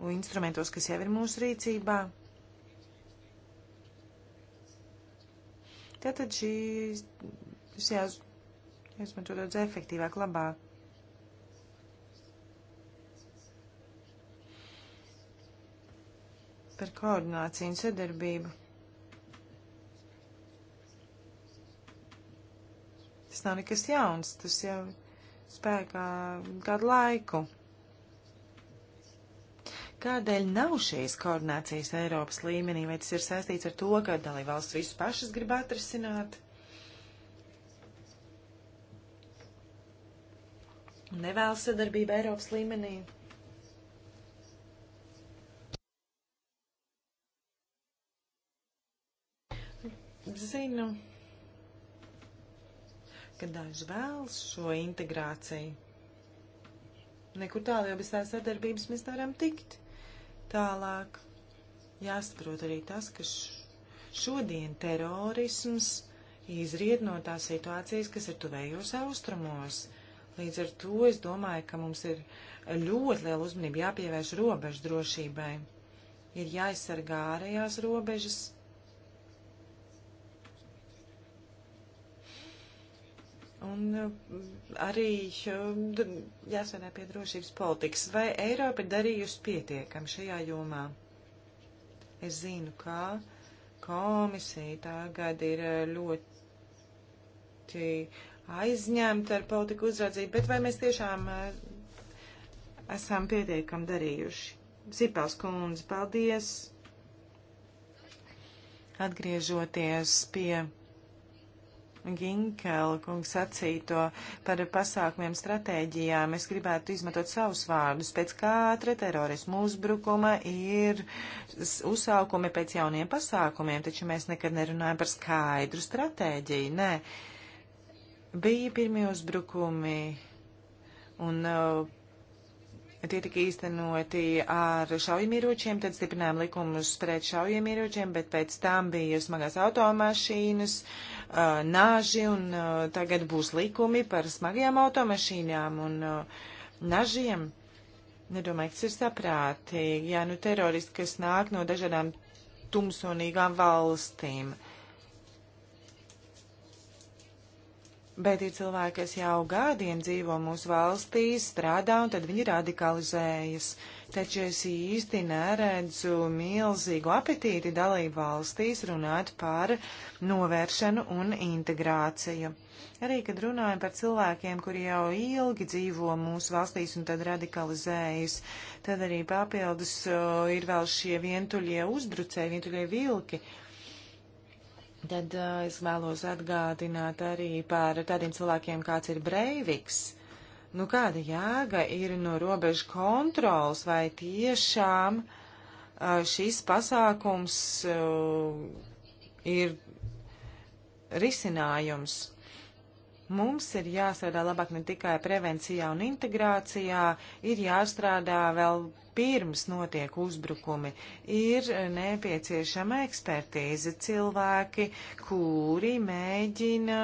un instrumentos, kas jau ir mūsu rīcībā. Tātad šīs jās, jāizmanto daudz efektīvāk, labāk. Par koordināciju un sadarbību. Tas nav nekas jauns, tas jau spēkā kādu laiku. Kādēļ nav šīs koordinācijas Eiropas līmenī, vai tas ir saistīts ar to, ka dalībvalsts visus pašas grib atrisināt? Nevēlas sadarbību Eiropas līmenī. Zinu ka daži vēlas šo integrāciju. Nekur tālu jau bez tās sadarbības mēs nevaram tikt. Tālāk jāsaprot arī tas, ka šodien terorisms izriet no tās situācijas, kas ir tuvējos austrumos. Līdz ar to es domāju, ka mums ir ļoti liela uzmanība jāpievērš robežu drošībai. Ir jāaizsargā ārējās robežas Un eh, arī eh, jāsvēnē pie drošības politikas. Vai Eiropa ir darījusi pietiekami šajā jomā? Es zinu, ka komisija tagad ir eh, ļoti aizņemta ar politiku uzraudzību, bet vai mēs tiešām esam pietiekami darījuši? Zipels kundze, paldies! Atgriežoties pie Ginkela kungs sacīto par pasākumiem stratēģijām, es gribētu izmantot savus vārdus. Pēc katra terorismu uzbrukuma ir uzsaukumi pēc jauniem pasākumiem, taču mēs nekad nerunājam par skaidru stratēģiju. Nē, bija pirmie uzbrukumi un uh, Tie tika īstenoti ar šaujamieročiem, tad stiprinājām likumus pret šaujamieročiem, bet pēc tam bija smagās automašīnas, nāži un tagad būs likumi par smagajām automašīnām un nažiem. Nedomāju, kas ir saprātīgi. Jā, nu teroristi, kas nāk no dažādām tumsonīgām valstīm. Bet ir cilvēki, kas jau gadiem dzīvo mūsu valstīs, strādā un tad viņi radikalizējas. Taču es īsti neredzu milzīgu apetīti dalību valstīs runāt par novēršanu un integrāciju. Arī, kad runājam par cilvēkiem, kuri jau ilgi dzīvo mūsu valstīs un tad radikalizējas, tad arī papildus ir vēl šie vientuļie uzdrucēji, vientuļie vilki. Uh, Tad uh, es vēlos atgādināt arī par tādiem cilvēkiem, kāds ir Breiviks. Nu, kāda jēga ir no robežu kontrols vai tiešām uh, šis pasākums uh, ir risinājums? Mums ir jāstrādā labāk ne tikai prevencijā un integrācijā, ir jāstrādā vēl pirms notiek uzbrukumi, ir nepieciešama ekspertīze cilvēki, kuri mēģina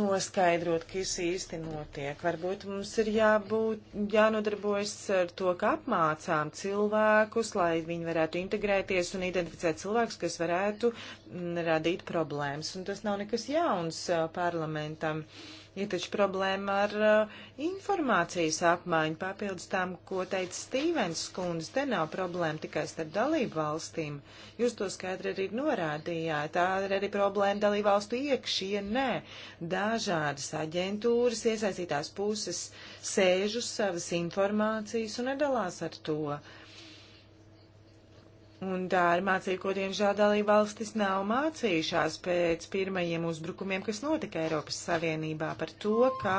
noskaidrot, kas īsti notiek. Varbūt mums ir jābūt, jānodarbojas ar to, ka apmācām cilvēkus, lai viņi varētu integrēties un identificēt cilvēkus, kas varētu mm, radīt problēmas. Un tas nav nekas jauns uh, parlamentam. Uh, Ir taču problēma ar uh, informācijas apmaiņu papildus tām, ko teica Stīvens Skundze. Te nav problēma tikai starp dalību valstīm. Jūs to skaidri arī norādījāt. Tā ir arī problēma dalību valstu iekšienē. Dažādas aģentūras iesaistītās puses sēž uz savas informācijas un nedalās ar to. Uh, Un tā ir mācība, ko diemžēl dalībvalstis nav mācījušās pēc pirmajiem uzbrukumiem, kas notika Eiropas Savienībā par to, ka,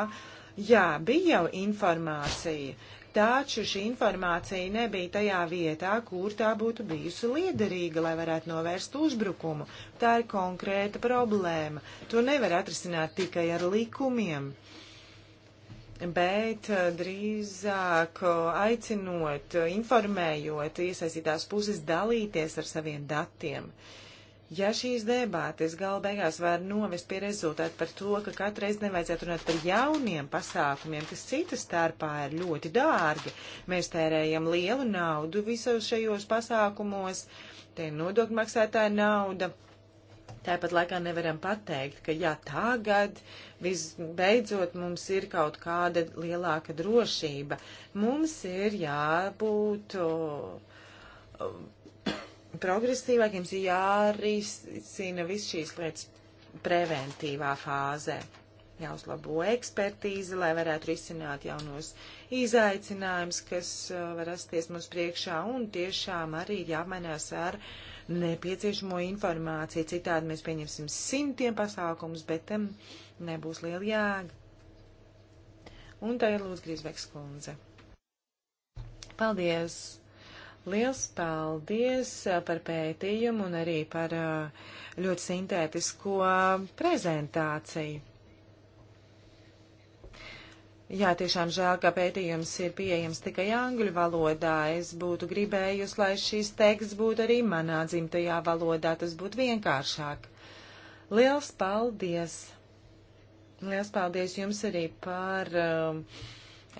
jā, bija jau informācija, taču šī informācija nebija tajā vietā, kur tā būtu bijusi liederīga, lai varētu novērst uzbrukumu. Tā ir konkrēta problēma. To nevar atrisināt tikai ar likumiem. Uh, bet eh, drīzāk eh, aicinot, eh, informējot iesaistītās puses dalīties ar saviem datiem. Ja šīs debātes gala beigās var novest pie rezultātu par to, ka katreiz nevajadzētu runāt par jauniem pasākumiem, kas citas starpā ir ļoti dārgi, mēs tērējam lielu naudu visos šajos pasākumos, te ir nodokmaksātāja nauda. Tāpat laikā nevaram pateikt, ka jā, tagad uh, visbeidzot mums ir kaut kāda lielāka drošība. Mums ir jābūt uh, progresīvākiem, jārisina viss šīs lietas preventīvā fāzē. Jāuzlabo ekspertīze, lai varētu risināt jaunos izaicinājumus, kas uh, var rasties mums priekšā, un tiešām arī jāmainās ar uh, nepieciešamo informāciju. Citādi mēs pieņemsim simtiem pasākumus, bet tam nebūs liela jēga. Un tā ir Lūdzu Grīsbeks kundze. Paldies! Liels paldies par pētījumu un arī par uh, ļoti sintētisko prezentāciju. Jā, tiešām žēl, ka pētījums ir pieejams tikai angļu valodā. Es būtu gribējusi, lai šis teksts būtu arī manā dzimtajā valodā. Tas būtu vienkāršāk. Liels paldies! Liels paldies jums arī par um,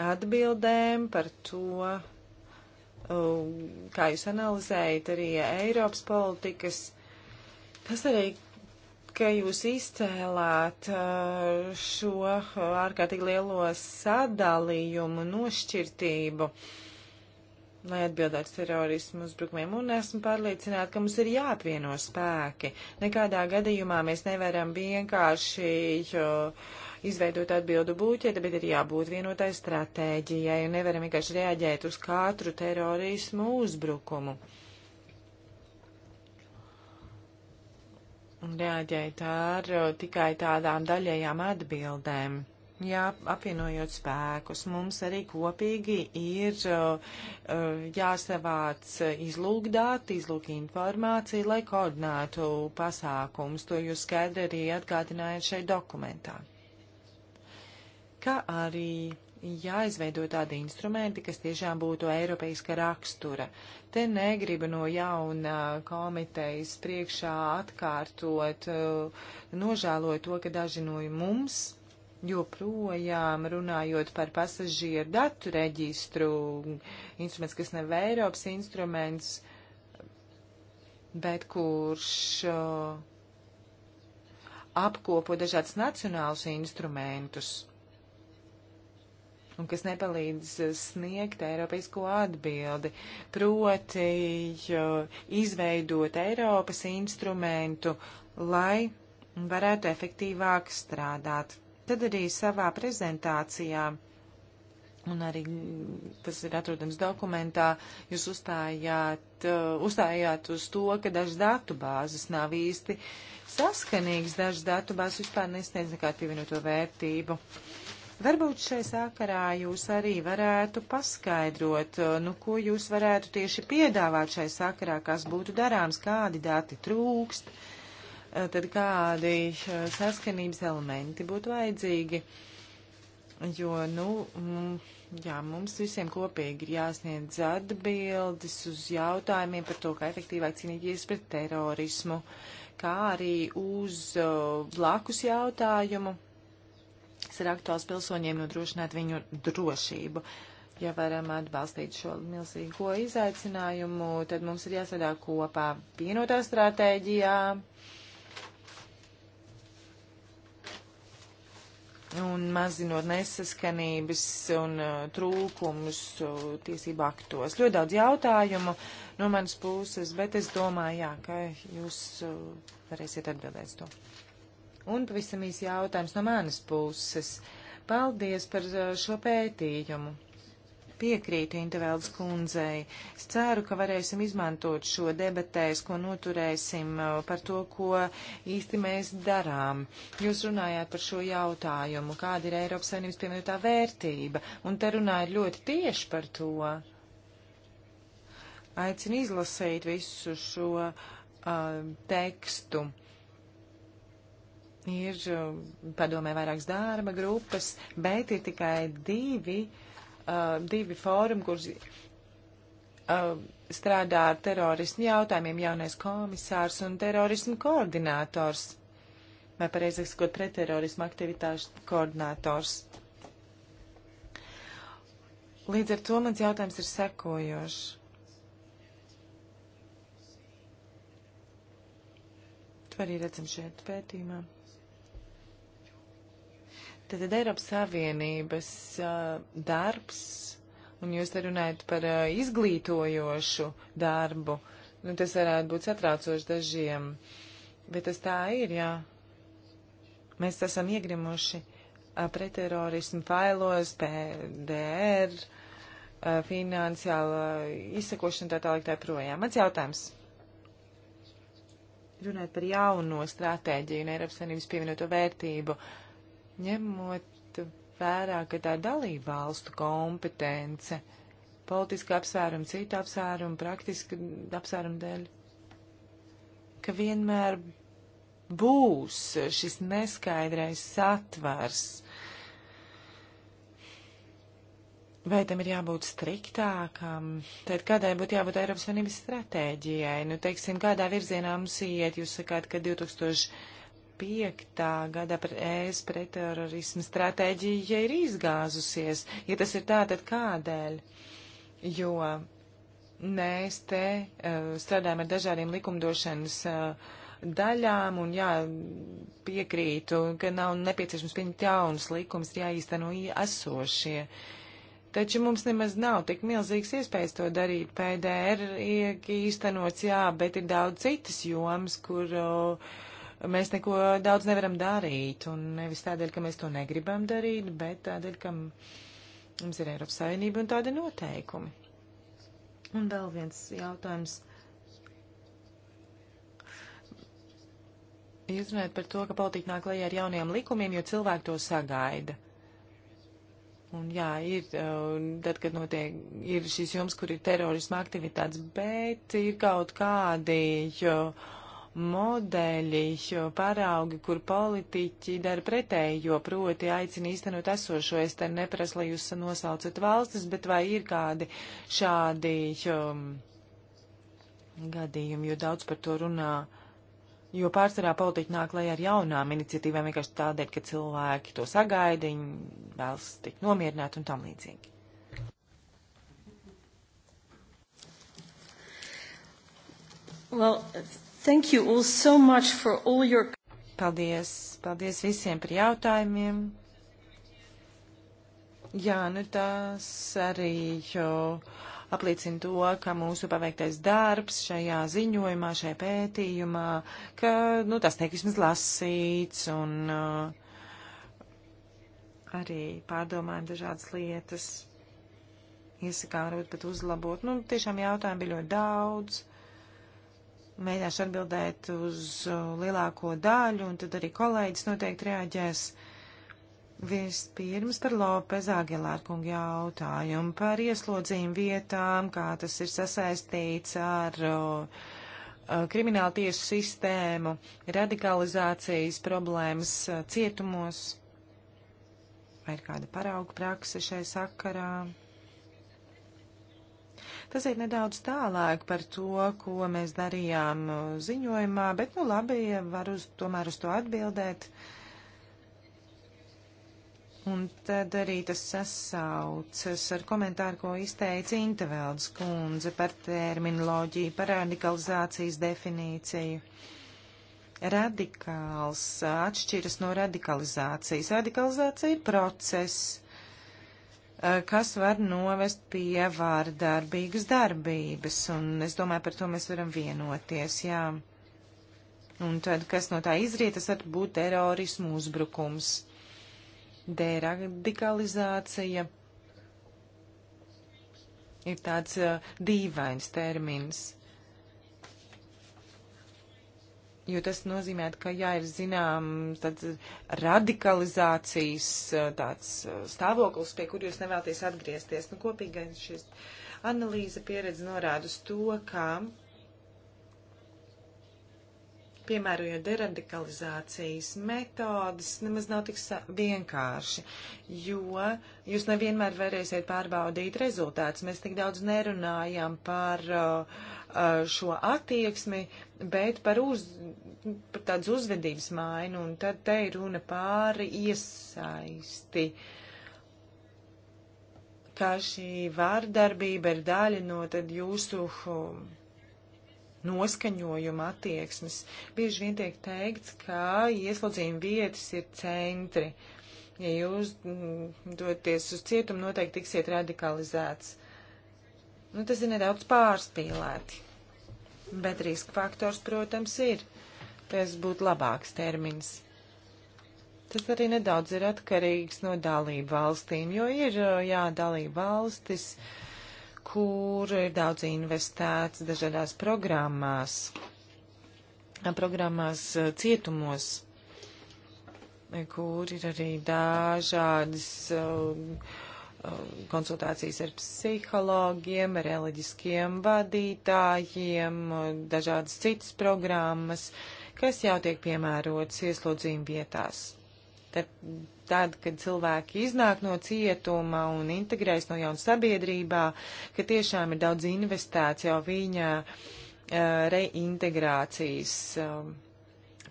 atbildēm, par to, um, kā jūs analizējat arī Eiropas politikas. Tas arī ka jūs izcēlāt uh, šo uh, ārkārtīgi lielo sadalījumu, nošķirtību, lai atbildētu terorismu uzbrukumiem, un esmu pārliecināta, ka mums ir jāapvieno spēki. Nekādā gadījumā mēs nevaram vienkārši uh, izveidot atbildu būķieti, bet ir jābūt vienotai stratēģijai, un nevaram vienkārši reaģēt uz katru terorismu uzbrukumu. un reaģēt ar uh, tikai tādām daļējām atbildēm. Jā, apvienojot spēkus, mums arī kopīgi ir uh, uh, jāsavāc izlūgdāti, izlūk informāciju, lai koordinātu pasākums. To jūs skaidri arī atgādinājāt šeit dokumentā. Kā arī jāizveido tādi instrumenti, kas tiešām būtu eiropeiska rakstura. Te negribu no jauna komitejas priekšā atkārtot, eh, nožēloju to, ka daži no mums joprojām runājot par pasažieru datu reģistru, instruments, kas nav Eiropas instruments, bet kurš eh, apkopo dažādas nacionālus instrumentus un kas nepalīdz sniegt Eiropisko atbildi, proti izveidot Eiropas instrumentu, lai varētu efektīvāk strādāt. Tad arī savā prezentācijā, un arī tas ir atrodams dokumentā, jūs uzstājāt, uh, uzstājāt uz to, ka dažas datu bāzes nav īsti saskanīgas, dažas datu bāzes vispār nesniedz nekādu pievienoto vērtību. Varbūt šai sakarā jūs arī varētu paskaidrot, uh, nu, ko jūs varētu tieši piedāvāt šai sakarā, kas būtu darāms, kādi dati trūkst, uh, tad kādi uh, saskanības elementi būtu vajadzīgi. Jo, nu, mm, jā, mums visiem kopīgi ir jāsniedz atbildes uz jautājumiem par to, kā efektīvāk cīnīties pret terorismu, kā arī uz blakus jautājumu kas ir aktuāls pilsoņiem, nodrošināt viņu drošību. Ja varam atbalstīt šo milzīgo izaicinājumu, tad mums ir jāsadā kopā vienotā stratēģijā. Un mazinot nesaskanības un uh, trūkumus uh, tiesību aktos. Ļoti daudz jautājumu no manas puses, bet es domāju, jā, ka jūs uh, varēsiet atbildēt to. Un pavisam īsi jautājums no manas puses. Paldies par uh, šo pētījumu. Piekrītu Intevēldas kundzei. Es ceru, ka varēsim izmantot šo debatēs, ko noturēsim uh, par to, ko īsti mēs darām. Jūs runājāt par šo jautājumu, kāda ir Eiropas Savienības pievienotā vērtība, un te runājat ļoti tieši par to aicinu izlasīt visu šo uh, tekstu. Ir um, padomē vairākas darba grupas, bet ir tikai divi, uh, divi fórumi, kurus uh, strādā ar terorismu jautājumiem jaunais komisārs un terorismu koordinators. Vai pareizāk sakot, pretterorismu aktivitāšu koordinators. Līdz ar to mans jautājums ir sekojošs. Tu arī redzam šeit pētījumā. Tātad Eiropas Savienības uh, darbs, un jūs te runājat par uh, izglītojošu darbu, nu, tas varētu būt satraucoši dažiem, bet tas tā ir, jā. Mēs esam iegrimuši uh, preterorismu failos, PDR, uh, finansiāla izsakošana tā tālāk tā projām. Mans jautājums runāt par jauno stratēģiju un Eiropas Savienības pievienoto vērtību. Ņemot vērā, ka tā dalība valstu kompetence, politiska apsvēruma, cita apsvēruma, praktiska apsvēruma dēļ, ka vienmēr būs šis neskaidrais satvers. Vai tam ir jābūt striktākam? Tad kādai būtu jābūt Eiropas Savienības stratēģijai? Nu, teiksim, kādā virzienā mums iet? Jūs sakāt, ka 2000. 2005. gada ES pretterorisma stratēģija ir izgāzusies. Ja tas ir tā, tad kādēļ? Jo mēs te uh, strādājam ar dažādiem likumdošanas uh, daļām, un jā, piekrītu, ka nav nepieciešams pieņemt jaunus likumus, jāīsteno esošie. Taču mums nemaz nav tik milzīgs iespējas to darīt. PDR ir īstenots, jā, bet ir daudz citas jomas, kur uh, mēs neko daudz nevaram darīt, un nevis tādēļ, ka mēs to negribam darīt, bet tādēļ, ka mums ir Eiropas Savienība un tādi noteikumi. Un vēl viens jautājums. Jūs runājat par to, ka politika nāk lejā ar jauniem likumiem, jo cilvēki to sagaida. Un jā, ir, tad, kad notiek, ir šīs jums, kur ir terorisma aktivitātes, bet ir kaut kādi, jo. Uh, modeļi, paraugi, kur politiķi dara pretēji, jo proti aicina īstenot esošo. Es te neprasu, lai jūs nosaucat valstis, bet vai ir kādi šādi um, gadījumi, jo daudz par to runā. Jo pārsvarā politiķi nāk lai ar jaunām iniciatīvām vienkārši tādēļ, ka cilvēki to sagaida, viņi vēlas tikt nomierināti un tam līdzīgi. Well, it's... Thank you all so much for all your... Paldies, paldies visiem par jautājumiem. Jā, nu tas arī jo apliecina to, ka mūsu paveiktais darbs šajā ziņojumā, šajā pētījumā, ka, nu, tas tiek vismaz lasīts un uh, arī pārdomājam dažādas lietas, iesakām varbūt pat uzlabot. Nu, tiešām jautājumu bija ļoti daudz. Uh, mēģināšu atbildēt uz uh, lielāko daļu, un tad arī kolēģis noteikti reaģēs. Vispirms par Lopez Agelāru kungu jautājumu par ieslodzījumu vietām, kā tas ir sasaistīts ar uh, uh krimināla tiesu sistēmu, radikalizācijas problēmas uh, cietumos, vai ir kāda parauga prakse šai sakarā. Tas ir nedaudz tālāk par to, ko mēs darījām ziņojumā, bet, nu, labi, varu uz, tomēr uz to atbildēt. Un tad arī tas sasaucas ar komentāru, ko izteica Intevelds kundze par terminoloģiju, par radikalizācijas definīciju. Radikāls atšķiras no radikalizācijas. Radikalizācija ir process. Eh, kas var novest pie vārdarbīgas darbības, un es domāju, par to mēs varam vienoties, jā. Un tad, kas no tā izriet, tas var būt terorismu uzbrukums, deradikalizācija. Ir tāds uh, dīvains termins. jo tas nozīmē, ka, ja ir zināms tāds radikalizācijas tāds stāvoklis, pie kur jūs nevēlaties atgriezties, nu kopīgais šis analīze pieredze norāda uz to, ka piemērojot deradikalizācijas metodas, nemaz nav tik vienkārši, jo jūs nevienmēr varēsiet pārbaudīt rezultātus. Mēs tik daudz nerunājam par uh, uh, šo attieksmi, bet par, uz, par tādas uzvedības mainu, un tad te ir runa pāri iesaisti ka šī vārdarbība ir daļa no tad jūsu uh, noskaņojuma attieksmes. Bieži vien tiek teikts, ka ieslodzījuma vietas ir centri. Ja jūs mm, doties uz cietumu, noteikti tiksiet radikalizēts. Nu, tas ir nedaudz pārspīlēti. Bet riska faktors, protams, ir. Tas būtu labāks termins. Tas arī nedaudz ir atkarīgs no dalību valstīm, jo ir jā, dalību valstis. Uh, kur ir daudz investēts dažādās programmās, programmās cietumos, e, kur ir arī dažādas konsultācijas ar psihologiem, reliģiskiem vadītājiem, dažādas citas programmas, kas jau tiek piemērotas ieslodzījuma vietās tad, kad cilvēki iznāk no cietuma un integrēs no jauna sabiedrībā, ka tiešām ir daudz investēts jau viņa uh, reintegrācijas um,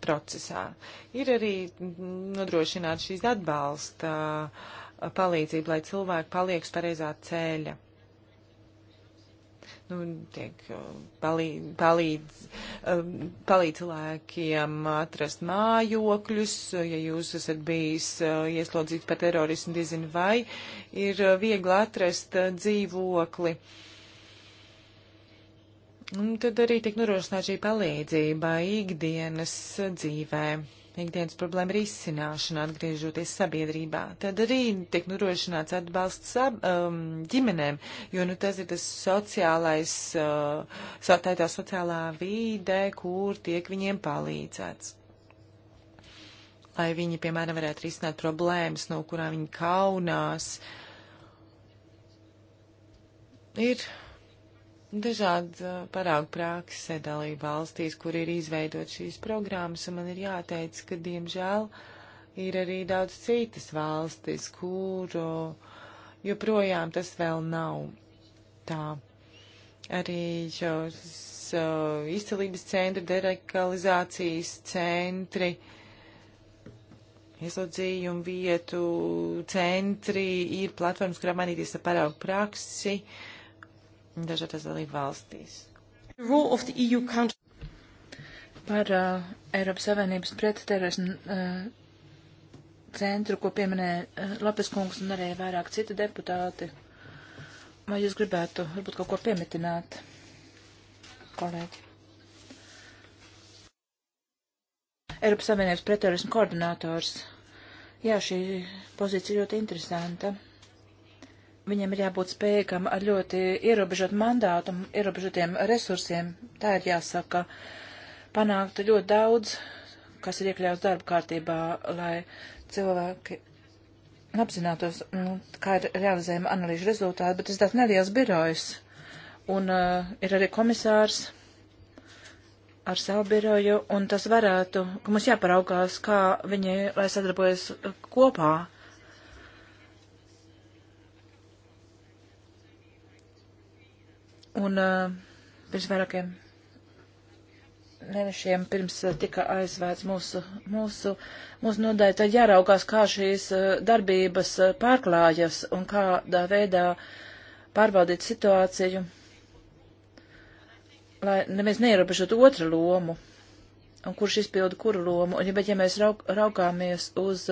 procesā. Ir arī nodrošināts šīs atbalsta uh, palīdzība, lai cilvēki paliek uz pareizā ceļa nu, tiek uh, palīdz, palīdz, um, palīdz cilvēkiem atrast mājokļus, ja jūs esat bijis uh, ieslodzīts par terorismu, diezinu vai, ir uh, viegli atrast dzīvokli. Un tad arī tiek norošināta šī palīdzība ikdienas dzīvē ikdienas problēma risināšana, atgriežoties sabiedrībā. Tad arī tiek nodrošināts atbalsts sab, um, ģimenēm, jo nu, tas ir tas sociālais, uh, tā ir tā sociālā vīde, kur tiek viņiem palīdzēts. Lai viņi, piemēram, varētu risināt problēmas, no kurām viņi kaunās. Ir dažāda parāga prakse dalība valstīs, kur ir izveidot šīs programmas, un man ir jāteic, ka, diemžēl, ir arī daudz citas valstis, kur joprojām tas vēl nav tā. Arī šos uh, izcelības centri, derekalizācijas centri, ieslodzījumu vietu centri ir platformas, kurā mainīties ar paraugu praksi. Uh, dažādās dalību valstīs. E Par uh, Eiropas Savienības pretterorismu uh, centru, ko pieminēja uh, Lapis kungs un arī vairāk citi deputāti. Vai jūs gribētu varbūt kaut ko piemitināt, kolēģi? Eiropas Savienības pretterorismu koordinators. Jā, šī pozīcija ļoti interesanta viņam ir jābūt spējīgam ar ļoti ierobežotu mandātu un ierobežotiem resursiem, tā ir jāsaka, panākt ļoti daudz, kas ir iekļauts darba kārtībā, lai cilvēki apzinātos, nu, kā ir realizējama analīžu rezultāti, bet tas tāds neliels birojs. Un uh, ir arī komisārs ar savu biroju, un tas varētu, ka mums jāparaugās, kā viņi, lai sadarbojas kopā Un eh, pirms vairākiem mēnešiem pirms eh, tika aizvēts mūsu, mūsu, mūsu nodaļa, tad jāraugās, kā šīs eh, darbības pārklājas un kādā veidā pārbaudīt situāciju, lai neviens neierobežotu otru lomu un kurš izpilda kuru lomu. Un, ja, bet, ja mēs raug, raugāmies uz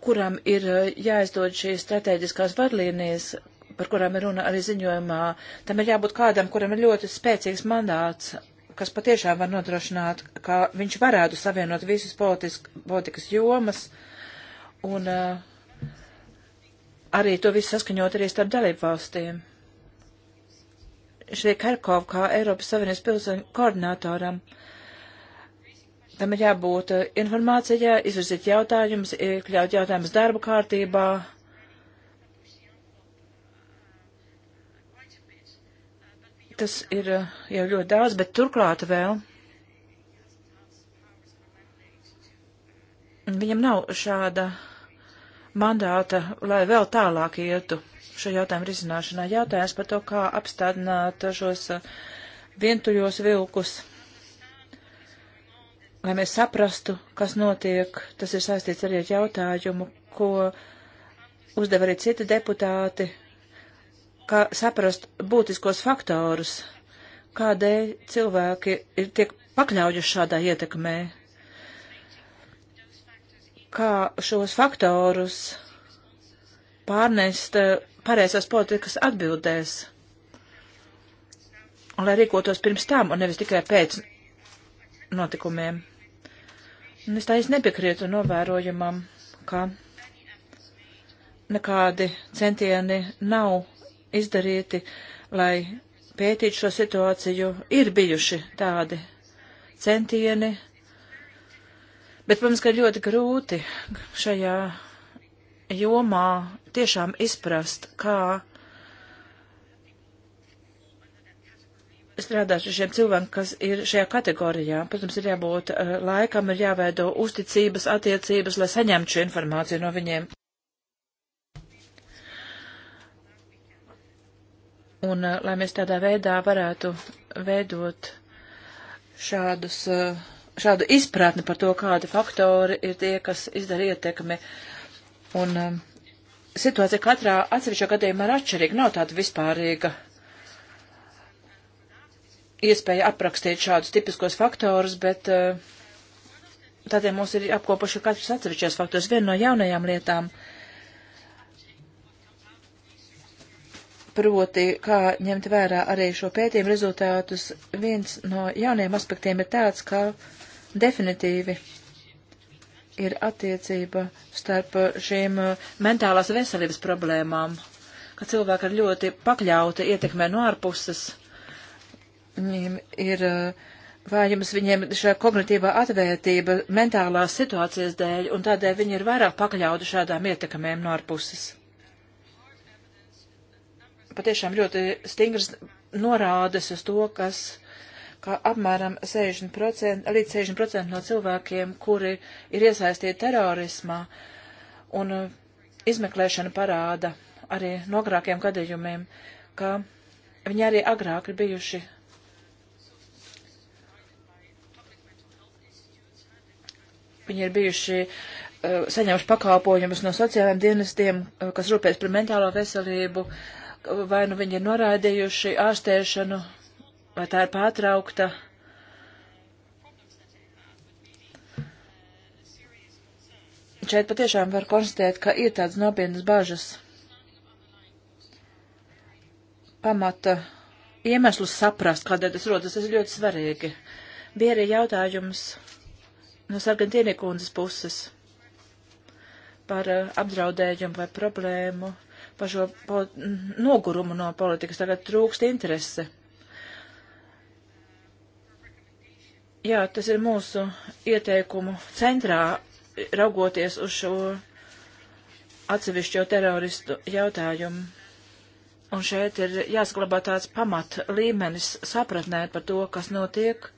kuram ir jāizdod šīs strateģiskās vadlīnijas, par kurām ir runa arī ziņojumā, tam ir jābūt kādam, kuram ir ļoti spēcīgs mandāts, kas patiešām var nodrošināt, ka viņš varētu savienot visus politisk, politikas jomas un uh, arī to visu saskaņot arī starp dalību valstīm. Šī Kerkov kā Eiropas Savienības pilsoņu koordinatoram. Tam ir jābūt eh, informācijā, izvirzīt jautājumus, iekļaut jautājumus darba kārtībā, tas ir eh, jau ļoti daudz, bet turklāt vēl viņam nav šāda mandāta, lai vēl tālāk ietu šo jautājumu risināšanā. Jautājums par to, kā apstādināt šos eh, vientuļos vilkus, lai mēs saprastu, kas notiek. Tas ir saistīts arī ar jautājumu, ko uzdev arī citi deputāti kā saprast būtiskos faktorus, kādēļ cilvēki ir tiek pakļaujuši šādā ietekmē, kā šos faktorus pārnest pareizās politikas atbildēs, lai rīkotos pirms tam un nevis tikai pēc notikumiem. Un es tā es nepiekrietu novērojumam, ka nekādi centieni nav izdarīti, lai pētītu šo situāciju. Ir bijuši tādi centieni, bet, protams, ka ļoti grūti šajā jomā tiešām izprast, kā strādāt ar šiem cilvēkiem, kas ir šajā kategorijā. Protams, ir jābūt eh, laikam, ir jāveido uzticības attiecības, lai saņemtu šo informāciju no viņiem. Un eh, lai mēs tādā veidā varētu veidot šādus, eh, šādu izpratni par to, kādi faktori ir tie, kas izdara ietekmi. Un eh, situācija katrā atsevišķā gadījumā ir atšķirīga, nav tāda vispārīga iespēja aprakstīt šādus tipiskos faktorus, bet tādēļ mums ir apkopoši katrs atsevišķies faktors. Viena no jaunajām lietām, uh, proti, kā ņemt vērā arī šo pētījumu rezultātus, viens no jauniem aspektiem ir tāds, ka definitīvi ir attiecība starp šīm uh, mentālās veselības problēmām, ka cilvēki ir ļoti pakļauti ietekmē no ārpuses. Viņiem ir uh, vājums, viņiem šā kognitīvā atvērtība mentālās situācijas dēļ, un tādēļ viņi ir vairāk pakļauti šādām ietekmēm no ārpuses patiešām ļoti stingras norādes uz to, kas ka apmēram 60% līdz 60% no cilvēkiem, kuri ir iesaistīti terorismā, un uh, izmeklēšana parāda arī no agrākiem gadījumiem, ka viņi arī agrāk ir bijuši viņi ir bijuši uh, saņēmuši pakalpojumus no sociālajiem dienestiem, uh, kas rūpēs par mentālo veselību, uh, vai nu viņi ir noraidījuši ārstēšanu, vai tā ir pārtraukta. Šeit patiešām var konstatēt, ka ir tādas nopietnas bažas. Pamata iemeslus saprast, kādēļ tas rodas, tas ir ļoti svarīgi. Bija arī jautājums no Sargantīnī kundzes puses par eh, apdraudējumu vai problēmu par šo po, nogurumu no politikas. Tagad trūkst interese. Jā, tas ir mūsu ieteikumu centrā, raugoties uz šo atsevišķo teroristu jautājumu. Un šeit ir jāsaglabā tāds pamat līmenis sapratnē par to, kas notiek,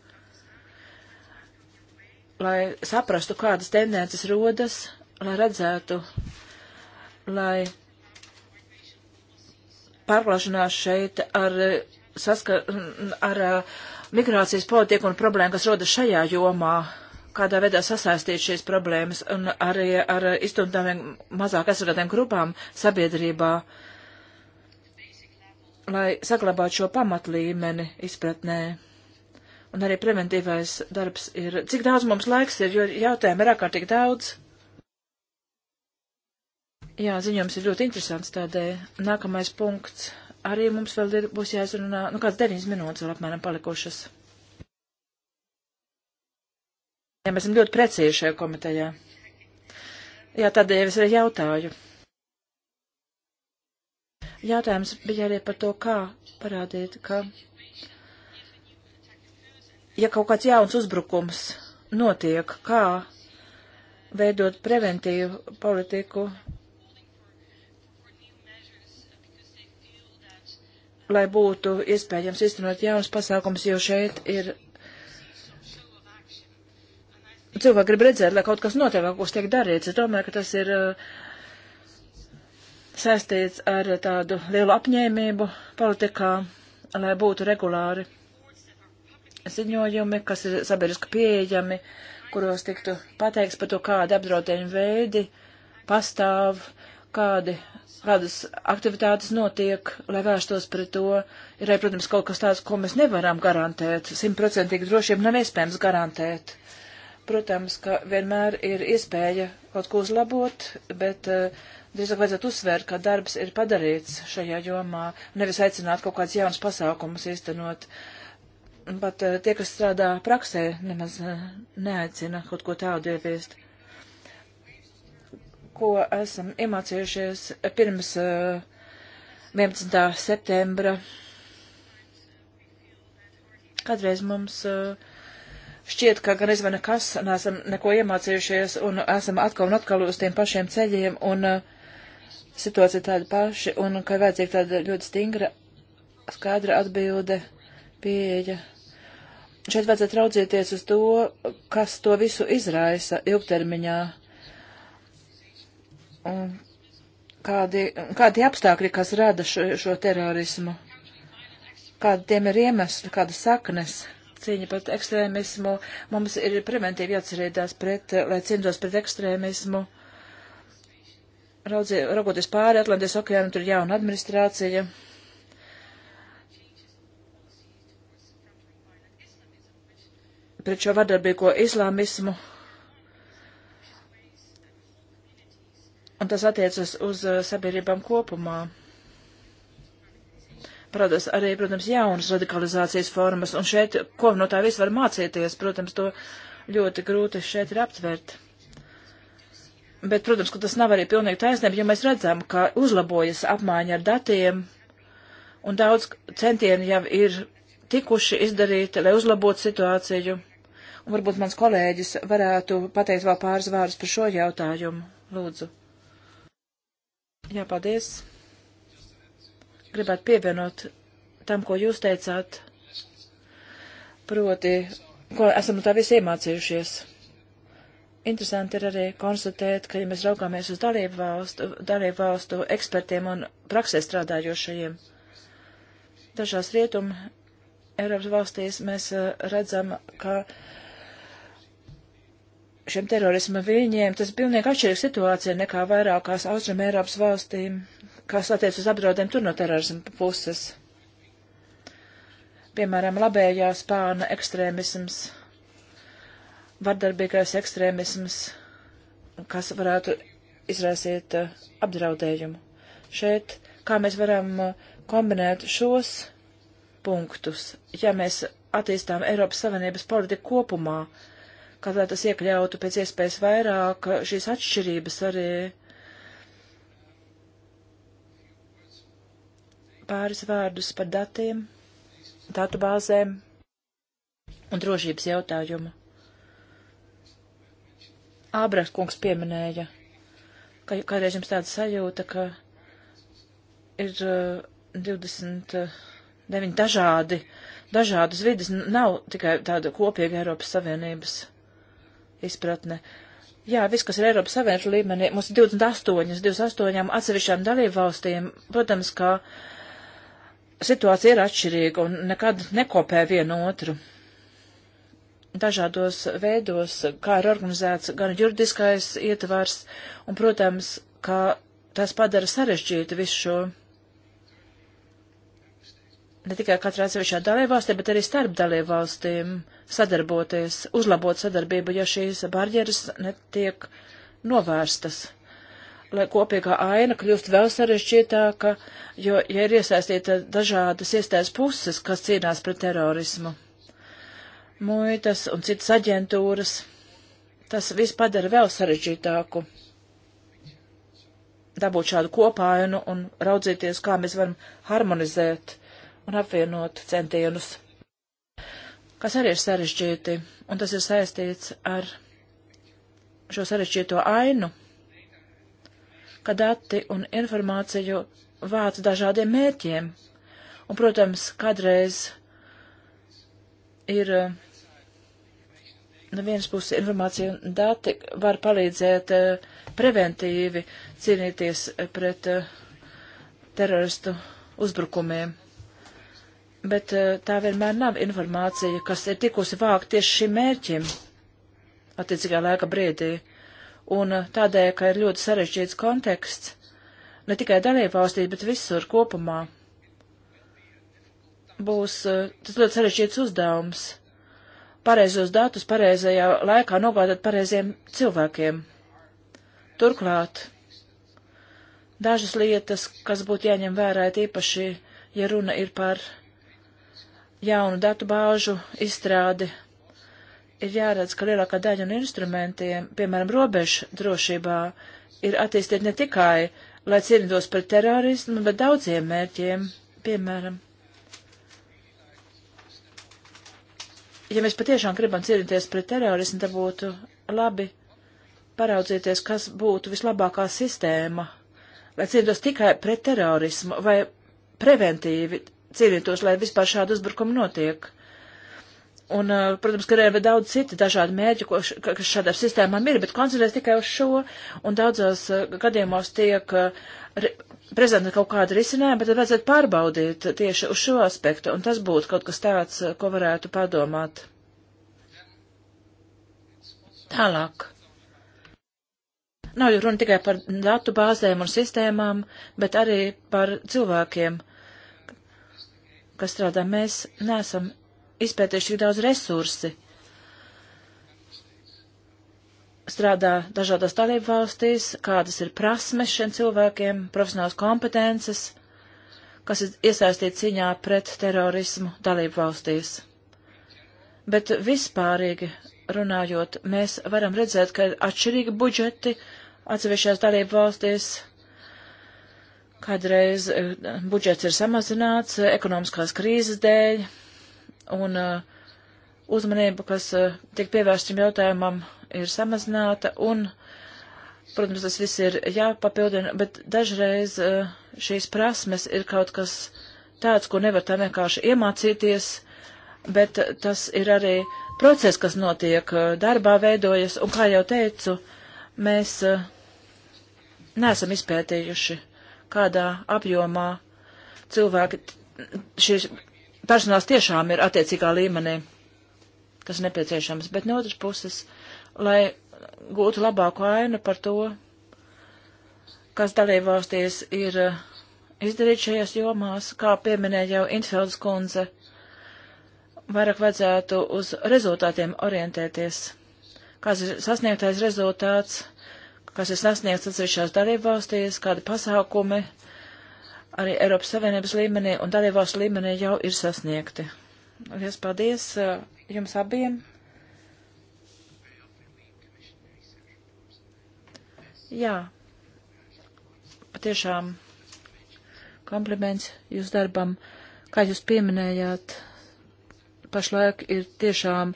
lai saprastu, kādas tendences rodas, lai redzētu, lai pārklāšanās šeit ar, saskar, ar uh, migrācijas politiku un problēmu, kas rodas šajā jomā, kādā veidā sasaistīt šīs problēmas un arī ar iztumtāmiem mazāk aizsargātiem grupām sabiedrībā, lai saglabātu šo pamatlīmeni izpratnē. Un arī preventīvais darbs ir, cik daudz mums laiks ir, jo jautājumu ir ārkārtīgi daudz. Jā, ziņojums ir ļoti interesants tādēļ. Nākamais punkts arī mums vēl ir, būs jāizrunā, nu kāds 9 minūtes vēl apmēram palikušas. Jā, mēs esam ļoti precīzi šajā komitejā. Jā, tādēļ es arī jautāju. Jautājums bija arī par to, kā parādīt, ka ja kaut kāds jauns uzbrukums notiek, kā veidot preventīvu politiku lai būtu iespējams iztenot jaunas pasākums, jo šeit ir cilvēki grib redzēt, lai kaut kas notiek, kaut kas tiek darīts. Es domāju, ka tas ir uh, saistīts ar tādu lielu apņēmību politikā, lai būtu regulāri ziņojumi, kas ir sabiedriski pieejami, kuros tiktu pateikts par to, kāda apdraudējuma veidi pastāv, uh, kādi, kādas aktivitātes notiek, lai vērstos pret to. Ir arī, protams, kaut kas tāds, ko mēs nevaram garantēt. Simtprocentīgi drošību nav iespējams garantēt. Protams, ka vienmēr ir iespēja kaut ko uzlabot, bet uh, drīzāk vajadzētu uzsvērt, ka darbs ir padarīts šajā jomā, nevis aicināt kaut kāds jauns pasākums īstenot. Pat uh, tie, kas strādā praksē, nemaz uh, neaicina kaut ko tādu ieviest ko esam iemācījušies pirms uh, eh, 11. septembra. Kādreiz mums uh, šķiet, ka gan izvana kas, neesam neko iemācījušies un esam atkal un atkal uz tiem pašiem ceļiem un uh, situācija tāda paša un ka vajadzīga tāda ļoti stingra, skaidra atbilde, pieeja. Šeit vajadzētu raudzīties uz to, kas to visu izraisa ilgtermiņā kādi, kādi apstākļi, kas rada šo, šo terorismu, kādi tiem ir iemesli, kādas saknes. Cīņa pret ekstrēmismu mums ir preventīvi jāatcerētās pret, lai cīnītos pret ekstrēmismu. Raudzie, raugoties pāri Atlantijas okeānu, tur ir jauna administrācija. Pret šo vardarbīgo islāmismu un tas attiecas uz uh, sabiedrībām kopumā. Protams, arī, protams, jaunas radikalizācijas formas, un šeit, ko no tā viss var mācīties, protams, to ļoti grūti šeit ir aptvert. Bet, protams, ka tas nav arī pilnīgi taisnība, jo mēs redzam, ka uzlabojas apmaiņa ar datiem, un daudz centieni jau ir tikuši izdarīti, lai uzlabotu situāciju. Un varbūt mans kolēģis varētu pateikt vēl pāris vārdus par šo jautājumu. Lūdzu. Jā, paldies. Gribētu pievienot tam, ko jūs teicāt, proti, ko esam no tā visi iemācījušies. Interesanti ir arī konstatēt, ka, ja mēs raugāmies uz dalību valstu, dalību valstu ekspertiem un praksē strādājošajiem, dažās rietumu Eiropas valstīs mēs eh, redzam, ka uh, šiem terorisma viļņiem, tas bija nieku atšķirīga situācija nekā vairākās Austrum Eiropas valstīm, kas attiec uz apdraudēm tur no terorisma puses. Piemēram, labējā spāna ekstrēmisms, vardarbīgais ekstrēmisms, kas varētu izraisīt uh, apdraudējumu. Šeit, kā mēs varam uh, kombinēt šos punktus, ja mēs attīstām Eiropas Savienības politiku kopumā, uh, kad lai tas iekļautu pēc iespējas vairāk šīs atšķirības arī pāris vārdus par datiem, datu bāzēm un drošības jautājumu. Ābraks kungs pieminēja, ka kādreiz jums tāda sajūta, ka ir uh, 29 uh, dažādi, dažādas vidas, nav tikai tāda kopīga Eiropas Savienības izpratne. Jā, viss, kas ir Eiropas Savienības līmenī, mums ir 28, 28 atsevišķām dalībvalstīm, protams, ka situācija ir atšķirīga un nekad nekopē vienu otru. Dažādos veidos, kā ir organizēts gan juridiskais ietvars, un, protams, ka tas padara sarežģītu visu šo ne tikai katrā atsevišķā dalībvalstī, bet arī starp dalībvalstīm sadarboties, uzlabot sadarbību, ja šīs barjeras netiek novērstas. Lai kopīgā aina kļūst vēl sarežģītāka, jo, ja ir iesaistīta dažādas iestājas puses, kas cīnās pret terorismu, muitas un citas aģentūras, tas viss padara vēl sarežģītāku dabūt šādu kopāinu un raudzīties, kā mēs varam harmonizēt un apvienot centienus, kas arī ir sarežģīti, un tas ir saistīts ar šo sarežģīto ainu, ka dati un informāciju vāc dažādiem mērķiem, un, protams, kādreiz ir no vienas puses informācija un dati var palīdzēt eh, preventīvi cīnīties eh, pret eh, teroristu uzbrukumiem bet eh, tā vienmēr nav informācija, kas ir tikusi vākt tieši šim mērķim attiecīgā laika brīdī. Un eh, tādēļ, ka ir ļoti sarežģīts konteksts, ne tikai dalībvalstī, bet visur kopumā, būs eh, tas ļoti sarežģīts uzdevums pareizos datus pareizajā laikā nogādāt pareiziem cilvēkiem. Turklāt, dažas lietas, kas būtu jāņem vērā, īpaši, ja runa ir par jaunu datu bāžu izstrādi, ir jāredz, ka lielākā daļa no instrumentiem, piemēram, robežu drošībā, ir attīstīti ne tikai, lai cīnītos pret terorismu, bet daudziem mērķiem, piemēram. Ja mēs patiešām gribam cīnīties pret terorismu, tad būtu labi paraudzīties, kas būtu vislabākā sistēma, lai cīnītos tikai pret terorismu vai preventīvi cīnītos, lai vispār šādi uzbrukumi notiek. Un, uh, protams, ka ir vēl daudz citi dažādi mērķi, ko, kas šādām sistēmām ir, bet koncentrēs tikai uz šo, un daudzos uh, gadījumos tiek uh, prezentēta kaut kāda risinājuma, bet tad vajadzētu pārbaudīt tieši uz šo aspektu, un tas būtu kaut kas tāds, ko varētu padomāt. Tālāk. Nav jau runa tikai par datu bāzēm un sistēmām, bet arī par cilvēkiem kas strādā. Mēs neesam izpētījuši tik daudz resursi. Strādā dažādās dalību valstīs, kādas ir prasmes šiem cilvēkiem, profesionāls kompetences, kas ir iesaistīti cīņā pret terorismu dalību valstīs. Bet vispārīgi runājot, mēs varam redzēt, ka ir atšķirīgi budžeti atsevišķās dalību valstīs Kādreiz eh, budžets ir samazināts eh, ekonomiskās krīzes dēļ, un eh, uzmanība, kas tiek pievērsta šim jautājumam, ir samazināta, un, protams, tas viss ir jāpapildina, bet dažreiz šīs prasmes ir kaut kas tāds, ko nevar tā vienkārši iemācīties, bet tas ir arī process, kas notiek darbā, veidojas, un, kā jau teicu, mēs neesam izpētījuši kādā apjomā cilvēki, šīs personāls tiešām ir attiecīgā līmenī, kas nepieciešams, bet no otras puses, lai gūtu labāku ainu par to, kas dalībvalstīs ir eh, izdarīt šajās jomās, kā pieminēja jau Infeldes kundze, vairāk vajadzētu uz rezultātiem orientēties. Kāds ir sasniegtais rezultāts, kas ir sasniegts atsevišķās dalībvalstīs, kādi pasākumi arī Eiropas Savienības līmenī un dalībvalstu līmenī jau ir sasniegti. Liels paldies uh, jums abiem! Jā, patiešām kompliments jūs darbam, kā jūs pieminējāt, pašlaik ir tiešām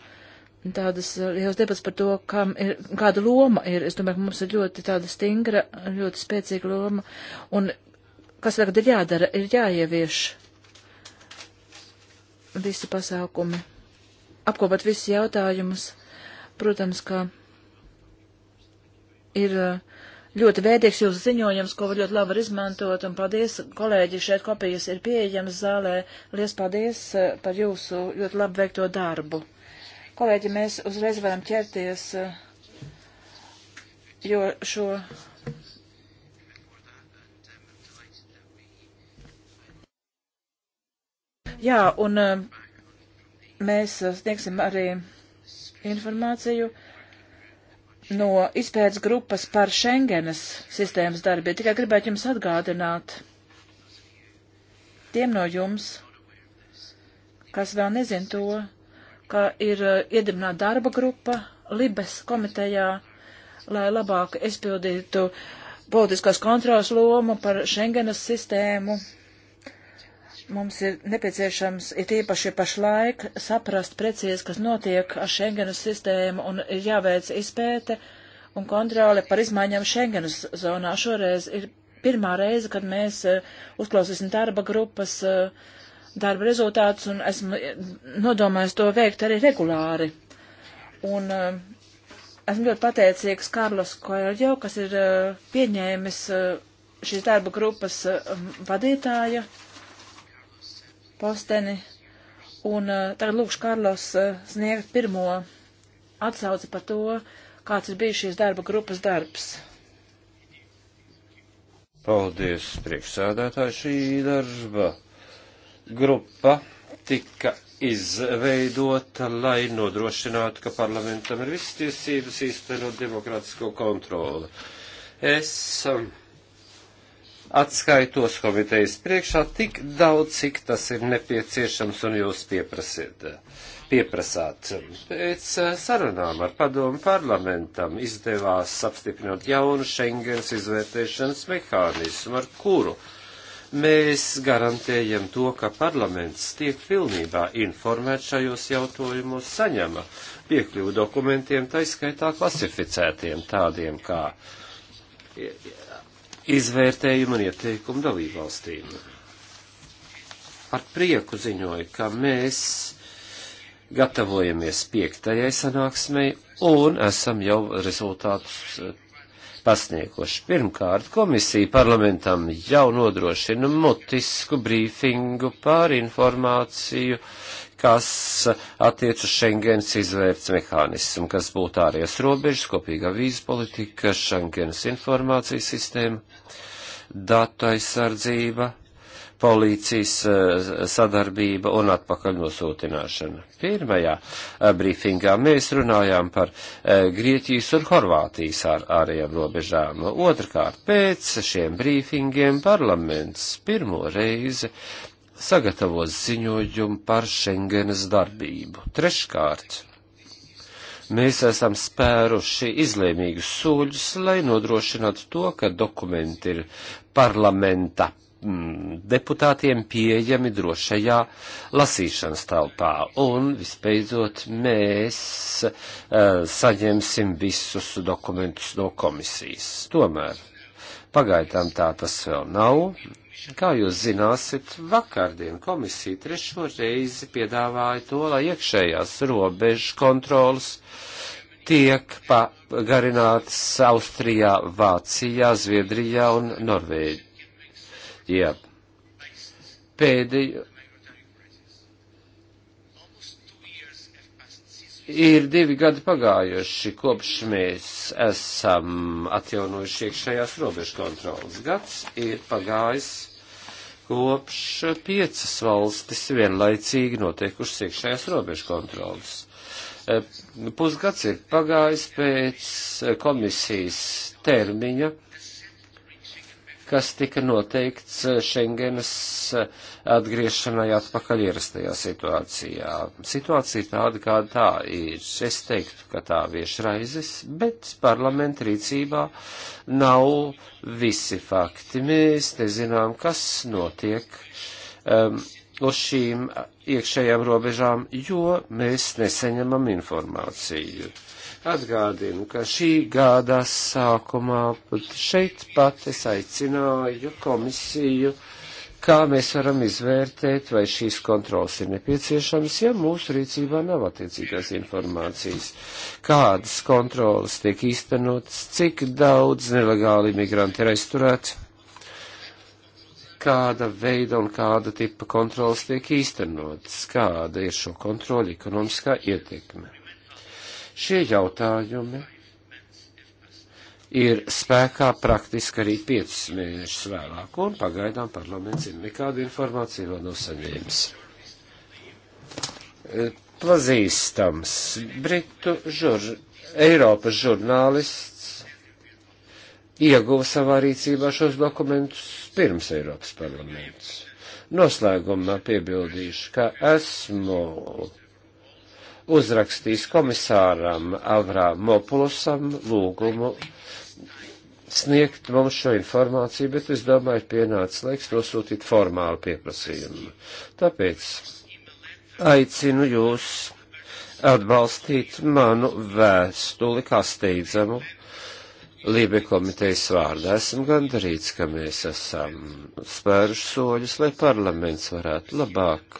tādas liels debats par to, kam ir, kāda loma ir. Es domāju, ka mums ir ļoti tāda stingra, ļoti spēcīga loma. Un kas tagad ir jādara, ir jāievieš visi pasākumi, apkopot visus jautājumus. Protams, ka ir uh, ļoti vērtīgs jūsu ziņojums, ko var ļoti labi var izmantot, un paldies, kolēģi, šeit kopijas ir pieejamas zālē. Lies paldies uh, par jūsu ļoti labi veikto darbu. Kolēģi, mēs uzreiz varam ķerties, eh, jo šo. Jā, un eh, mēs eh, sniegsim arī informāciju no izpētes grupas par Schengenas sistēmas darbību. Tikai gribētu jums atgādināt tiem no jums, kas vēl nezin to, ka ir eh, iedibināta darba grupa Libes komitejā, lai labāk izpildītu politiskās kontrolas lomu par Schengenas sistēmu. Mums ir nepieciešams, ir īpaši pašlaik, saprast precīzi, kas notiek ar Schengenas sistēmu un ir jāveic izpēte un kontrole par izmaiņām Schengenas zonā. Šoreiz ir pirmā reize, kad mēs uh, uzklausīsim darba grupas uh, darba rezultātus un esmu nodomājis to veikt arī regulāri. Un uh, esmu ļoti pateicīgs Karlos Koeljo, kas ir uh, pieņēmis uh, šīs darba grupas vadītāja posteni. Un tagad lūkšu Karlos sniegt pirmo atsauci par to, kāds ir bijis šīs darba grupas darbs. Paldies, priekšsēdētāji, šī darba grupa tika izveidota, lai nodrošinātu, ka parlamentam ir visas tiesības īstenot demokrātisko kontroli. Es um, atskaitos komitejas priekšā tik daudz, cik tas ir nepieciešams un jūs pieprasiet. Pieprasāt. Pēc uh, sarunām ar padomu parlamentam izdevās apstiprināt jaunu Schengens izvērtēšanas mehānismu, ar kuru uh, mēs garantējam to, ka parlaments tiek pilnībā informēts šajos jautājumos, saņema piekļuvu dokumentiem, taiskaitā klasificētiem tādiem kā izvērtējumu un ieteikumu dalībvalstīm. Ar prieku ziņoju, ka mēs gatavojamies piektajai sanāksmei un esam jau rezultātus pasnieguši. Pirmkārt, komisija parlamentam jau nodrošina mutisku brīfingu par informāciju, kas attiec uz Schengens izvērts mehānismu, kas būtu ārējās robežas, kopīgā vīzu politika, Schengens informācijas sistēma, datu aizsardzība, policijas eh, sadarbība un atpakaļ nosūtināšana. Pirmajā eh, brīfingā mēs runājām par eh, Grieķijas un Horvātijas ar ārējām robežām. Otrkārt, pēc šiem brīfingiem parlaments pirmo reizi sagatavos ziņojumu par Schengenas darbību. Treškārt, mēs esam spēruši izlēmīgus soļus, lai nodrošinātu to, ka dokumenti ir parlamenta Mm, deputātiem pieejami drošajā lasīšanas telpā. Un, visbeidzot, mēs uh, saņemsim visus dokumentus no komisijas. Tomēr pagaidām tā tas vēl nav. Kā jūs zināsiet, vakardien komisija trešo reizi piedāvāja to, lai iekšējās robežu kontrolas tiek pagarinātas Austrijā, Vācijā, Zviedrijā un Norvēģijā ja pēdējo. Ir divi gadi pagājuši, kopš mēs esam atjaunojuši iekšējās robežu kontrolas. Gads ir pagājis kopš piecas valstis vienlaicīgi notiekušas iekšējās robežu kontrolas. E, pusgads ir pagājis pēc komisijas termiņa kas tika noteikts eh, Schengenas eh, atgriešanai atpakaļ ierastajā situācijā. Situācija tāda, kāda tā ir. Es teiktu, ka tā vieš raizes, bet parlamenta rīcībā nav visi fakti. Mēs nezinām, kas notiek um, uz šīm iekšējām robežām, jo mēs neseņemam informāciju. Atgādinu, ka šī gada sākumā šeit pat es aicināju komisiju, kā mēs varam izvērtēt, vai šīs kontrols ir nepieciešamas, ja mūsu rīcībā nav attiecīgās informācijas, kādas kontrolas tiek īstenotas, cik daudz nelegāli imigranti ir aizturēti kāda veida un kāda tipa kontrolas tiek īstenotas, kāda ir šo kontroļu ekonomiskā ietekme. Šie jautājumi ir spēkā praktiski arī 5 mēnešus vēlāk, un pagaidām parlaments ir nekādu informāciju vēl nav saņēmis. E, pazīstams Britu žur, Eiropas žurnālists ieguva savā rīcībā šos dokumentus pirms Eiropas parlaments. Noslēgumā piebildīšu, ka esmu uzrakstīs komisāram Avram Mopulusam lūgumu sniegt mums šo informāciju, bet es domāju, ir pienācis laiks nosūtīt formālu pieprasījumu. Tāpēc aicinu jūs atbalstīt manu vēstuli kā steidzamu Lībe komitejas vārdā. Esmu gandarīts, ka mēs esam spēruši soļus, lai parlaments varētu labāk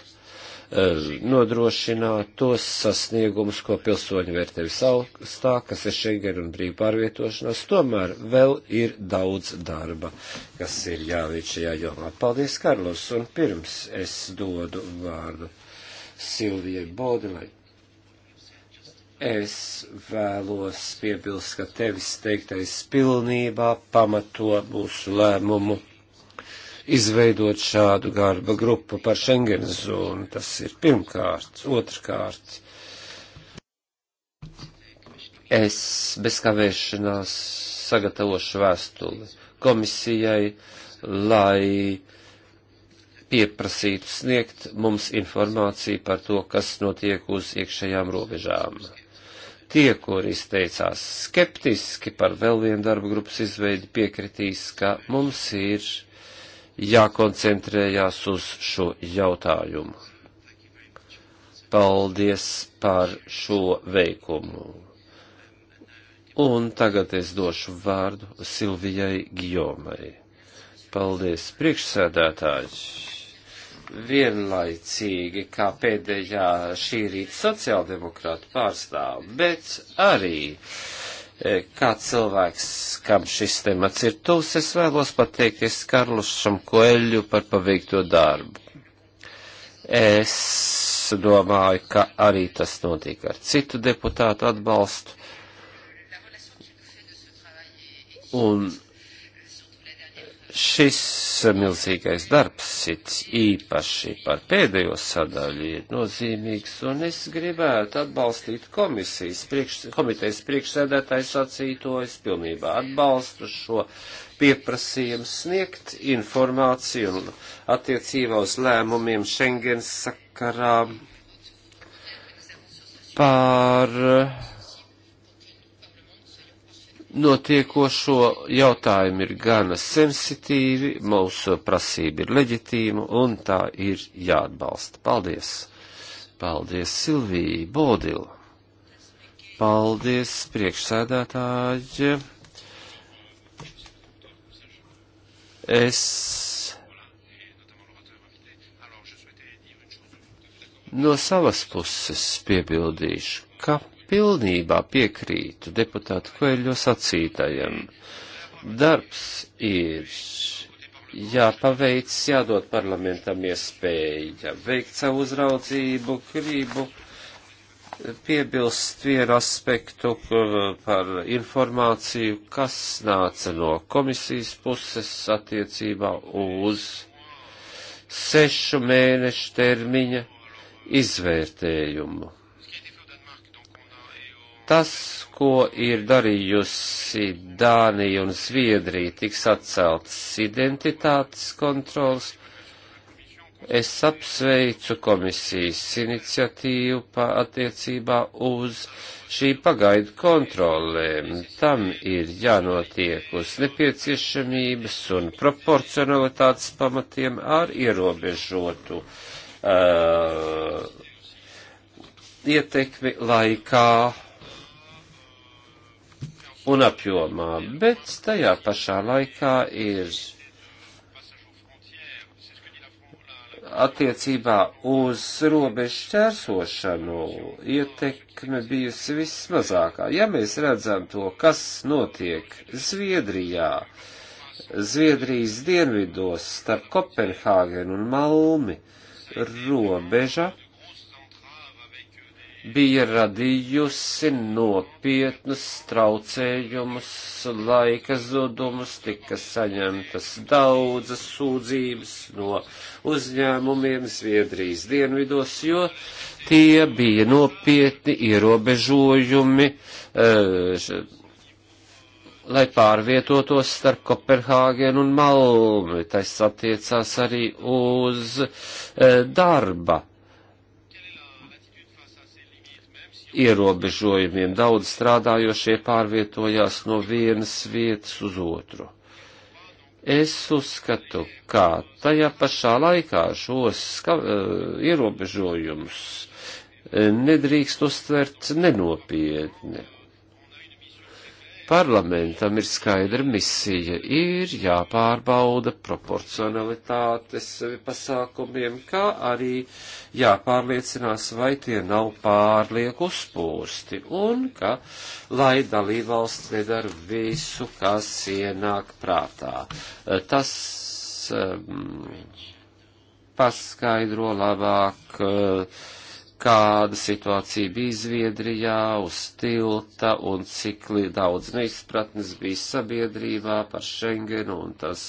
Eh, nodrošināt tos sasniegumus, ko pilsoņi vērtē visaugstā, kas ir Schengen un brīva pārvietošanās. Tomēr vēl ir daudz darba, kas ir jāveic šajā jomā. Paldies, Karlos, un pirms es dodu vārdu Silvijai Bodilai. Es vēlos piebilst, ka tevis teiktais pilnībā pamato mūsu lēmumu izveidot šādu garba grupu par Schengen zonu. Tas ir pirmkārt. Otrkārt, es bez kavēšanās sagatavošu vēstuli komisijai, lai pieprasītu sniegt mums informāciju par to, kas notiek uz iekšējām robežām. Tie, kuri izteicās skeptiski par vēl vienu darba grupas izveidi, piekritīs, ka mums ir jākoncentrējās uz šo jautājumu. Paldies par šo veikumu. Un tagad es došu vārdu Silvijai Gjomai. Paldies, priekšsēdētāji! Vienlaicīgi kā pēdējā šī rīta sociāldemokrāta pārstāv, bet arī uh, E, kā cilvēks, kam šis temats ir tuvs, es vēlos pateikties Karlušam Koeļu par paveikto darbu. Es domāju, ka arī tas notiek ar citu deputātu atbalstu. Un Šis milzīgais darbs, it īpaši par pēdējo sadaļu, ir nozīmīgs, un es gribētu atbalstīt komisijas priekš, komitejas priekšsēdētāju sacīto. Es pilnībā atbalstu šo pieprasījumu sniegt informāciju attiecībā uz lēmumiem Schengens sakarā par notiekošo jautājumi ir gana sensitīvi, mūsu prasība ir leģitīma un tā ir jāatbalsta. Paldies! Paldies, Silvija Bodila! Paldies, priekšsēdētāji! Es no savas puses piebildīšu, ka pilnībā piekrītu deputātu Koeļo sacītajam. Darbs ir jāpaveic, jādod parlamentam iespēja veikt savu uzraudzību, gribu piebilst vienu aspektu par informāciju, kas nāca no komisijas puses attiecībā uz sešu mēnešu termiņa izvērtējumu tas, ko ir darījusi Dānija un Zviedrija, tiks atceltas identitātes kontrols. Es apsveicu komisijas iniciatīvu pa attiecībā uz šī pagaidu kontrolēm. Tam ir jānotiek uz nepieciešamības un proporcionalitātes pamatiem ar ierobežotu uh, ietekmi laikā un apjomā, bet tajā pašā laikā ir attiecībā uz robežu šķērsošanu ietekme bijusi vismazākā. Ja mēs redzam to, kas notiek Zviedrijā, Zviedrijas dienvidos starp Kopenhāgenu un Malmi robeža, bija radījusi nopietnus traucējumus, laika zudumus, tika saņemtas daudzas sūdzības no uzņēmumiem Zviedrijas dienvidos, jo tie bija nopietni ierobežojumi, e, lai pārvietotos starp Kopenhāgenu un Malmi. Tas attiecās arī uz e, darba ierobežojumiem. Daudz strādājošie pārvietojās no vienas vietas uz otru. Es uzskatu, ka tajā pašā laikā šos ska, uh, ierobežojumus eh, nedrīkst uztvert nenopietni. Parlamentam ir skaidra misija, ir jāpārbauda proporcionalitātes pasākumiem, kā arī jāpārliecinās, vai tie nav pārlieku uzpūsti, un ka, lai dalībvalsts nedara visu, kas ienāk prātā. Tas um, paskaidro labāk uh, kāda situācija bija Zviedrijā, uz tilta un cik daudz neizpratnes bija sabiedrībā par Schengenu un tas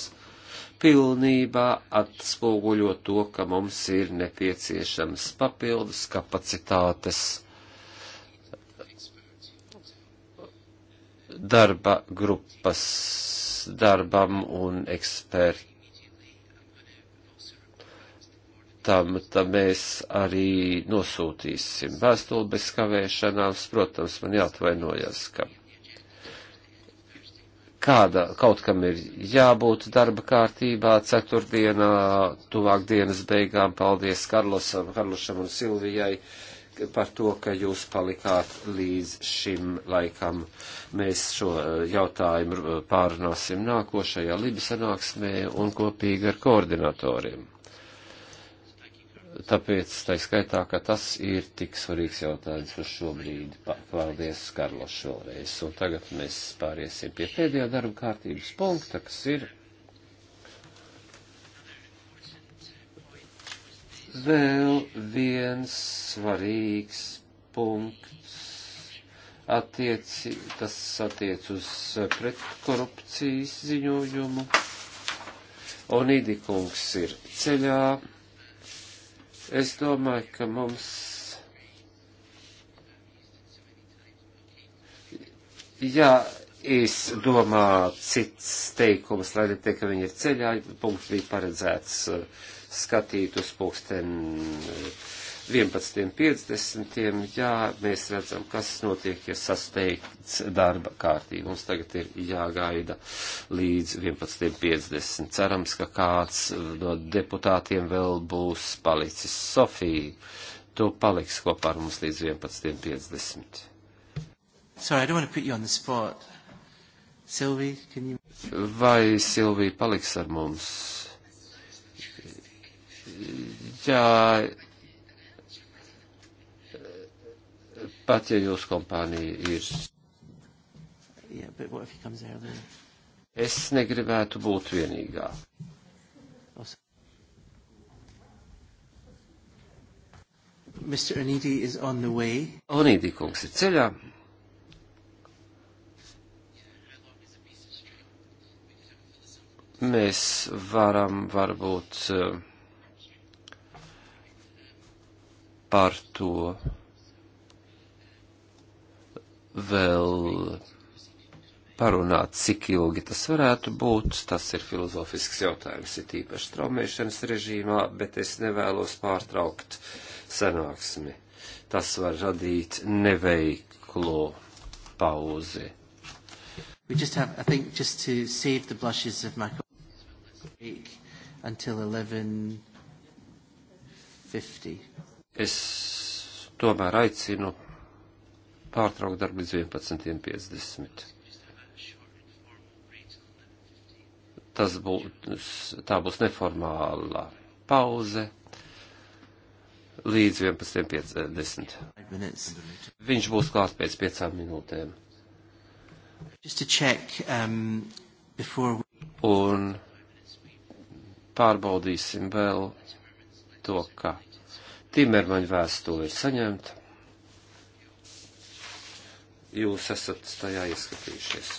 pilnībā atspoguļo to, ka mums ir nepieciešams papildus kapacitātes darba grupas darbam un ekspertu tam mēs arī nosūtīsim vēstuli bez kavēšanās. Protams, man jāatvainojas, ka kāda kaut kam ir jābūt darba kārtībā ceturtdienā, tuvāk dienas beigām. Paldies Karlosam, Karlošam un Silvijai par to, ka jūs palikāt līdz šim laikam. Mēs šo eh, jautājumu pārunāsim nākošajā Libisanāksmē un kopīgi ar koordinatoriem. Tāpēc tā skaitā, ka tas ir tik svarīgs jautājums uz šobrīd. Paldies, Karlo, šoreiz. Un tagad mēs pāriesim pie pēdējā darba kārtības punkta, kas ir vēl viens svarīgs punkts. Attieci, tas attiec uz pretkorupcijas ziņojumu. Un Idikungs ir ceļā. Es domāju, ka mums jāizdomā cits teikums, lai ne teikt, ka viņi ir ceļā. Punkts bija paredzēts uh, skatīt uz pulksten. Uh, 11.50. Jā, mēs redzam, kas notiek, ja sasteigts darba kārtība. Mums tagad ir jāgaida līdz 11.50. Cerams, ka kāds no deputātiem vēl būs palicis. Sofija, tu paliksi kopā ar mums līdz 11.50. Sorry, I don't want to put you on the spot. Silvija, can you... Vai Silvija paliks ar mums? Jā, pat ja jūsu kompānija ir. Yeah, es negribētu būt vienīgā. Mr. Onidi is on the way. Onidi kungs ir ceļā. Mēs varam varbūt eh, par to vēl parunāt, cik ilgi tas varētu būt. Tas ir filozofisks jautājums, ir tīpaši traumēšanas režīmā, bet es nevēlos pārtraukt sanāksmi. Tas var radīt neveiklo pauzi. We just have, I think, just to save the blushes of my break until 11.50. Es tomēr aicinu pārtraukt darbu līdz 11.50. Tas būs, tā būs neformāla pauze līdz 11.50. Viņš būs klāt pēc piecām minūtēm. Check, um, before... Un pārbaudīsim vēl to, ka Timermaņa vēstule ir saņemta jūs esat tajā ieskatījušies.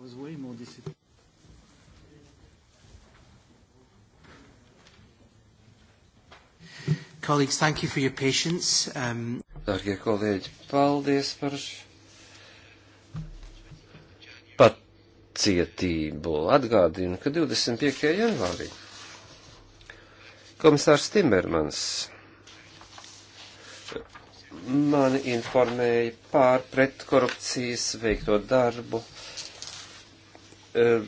was way more disciplined. Colleagues, thank you for your patience. Um... Dargie kolēģi, paldies par pacietību. Atgādinu, ka 25. janvārī komisārs Timermans mani informēja pār pretkorupcijas veikto darbu Eh,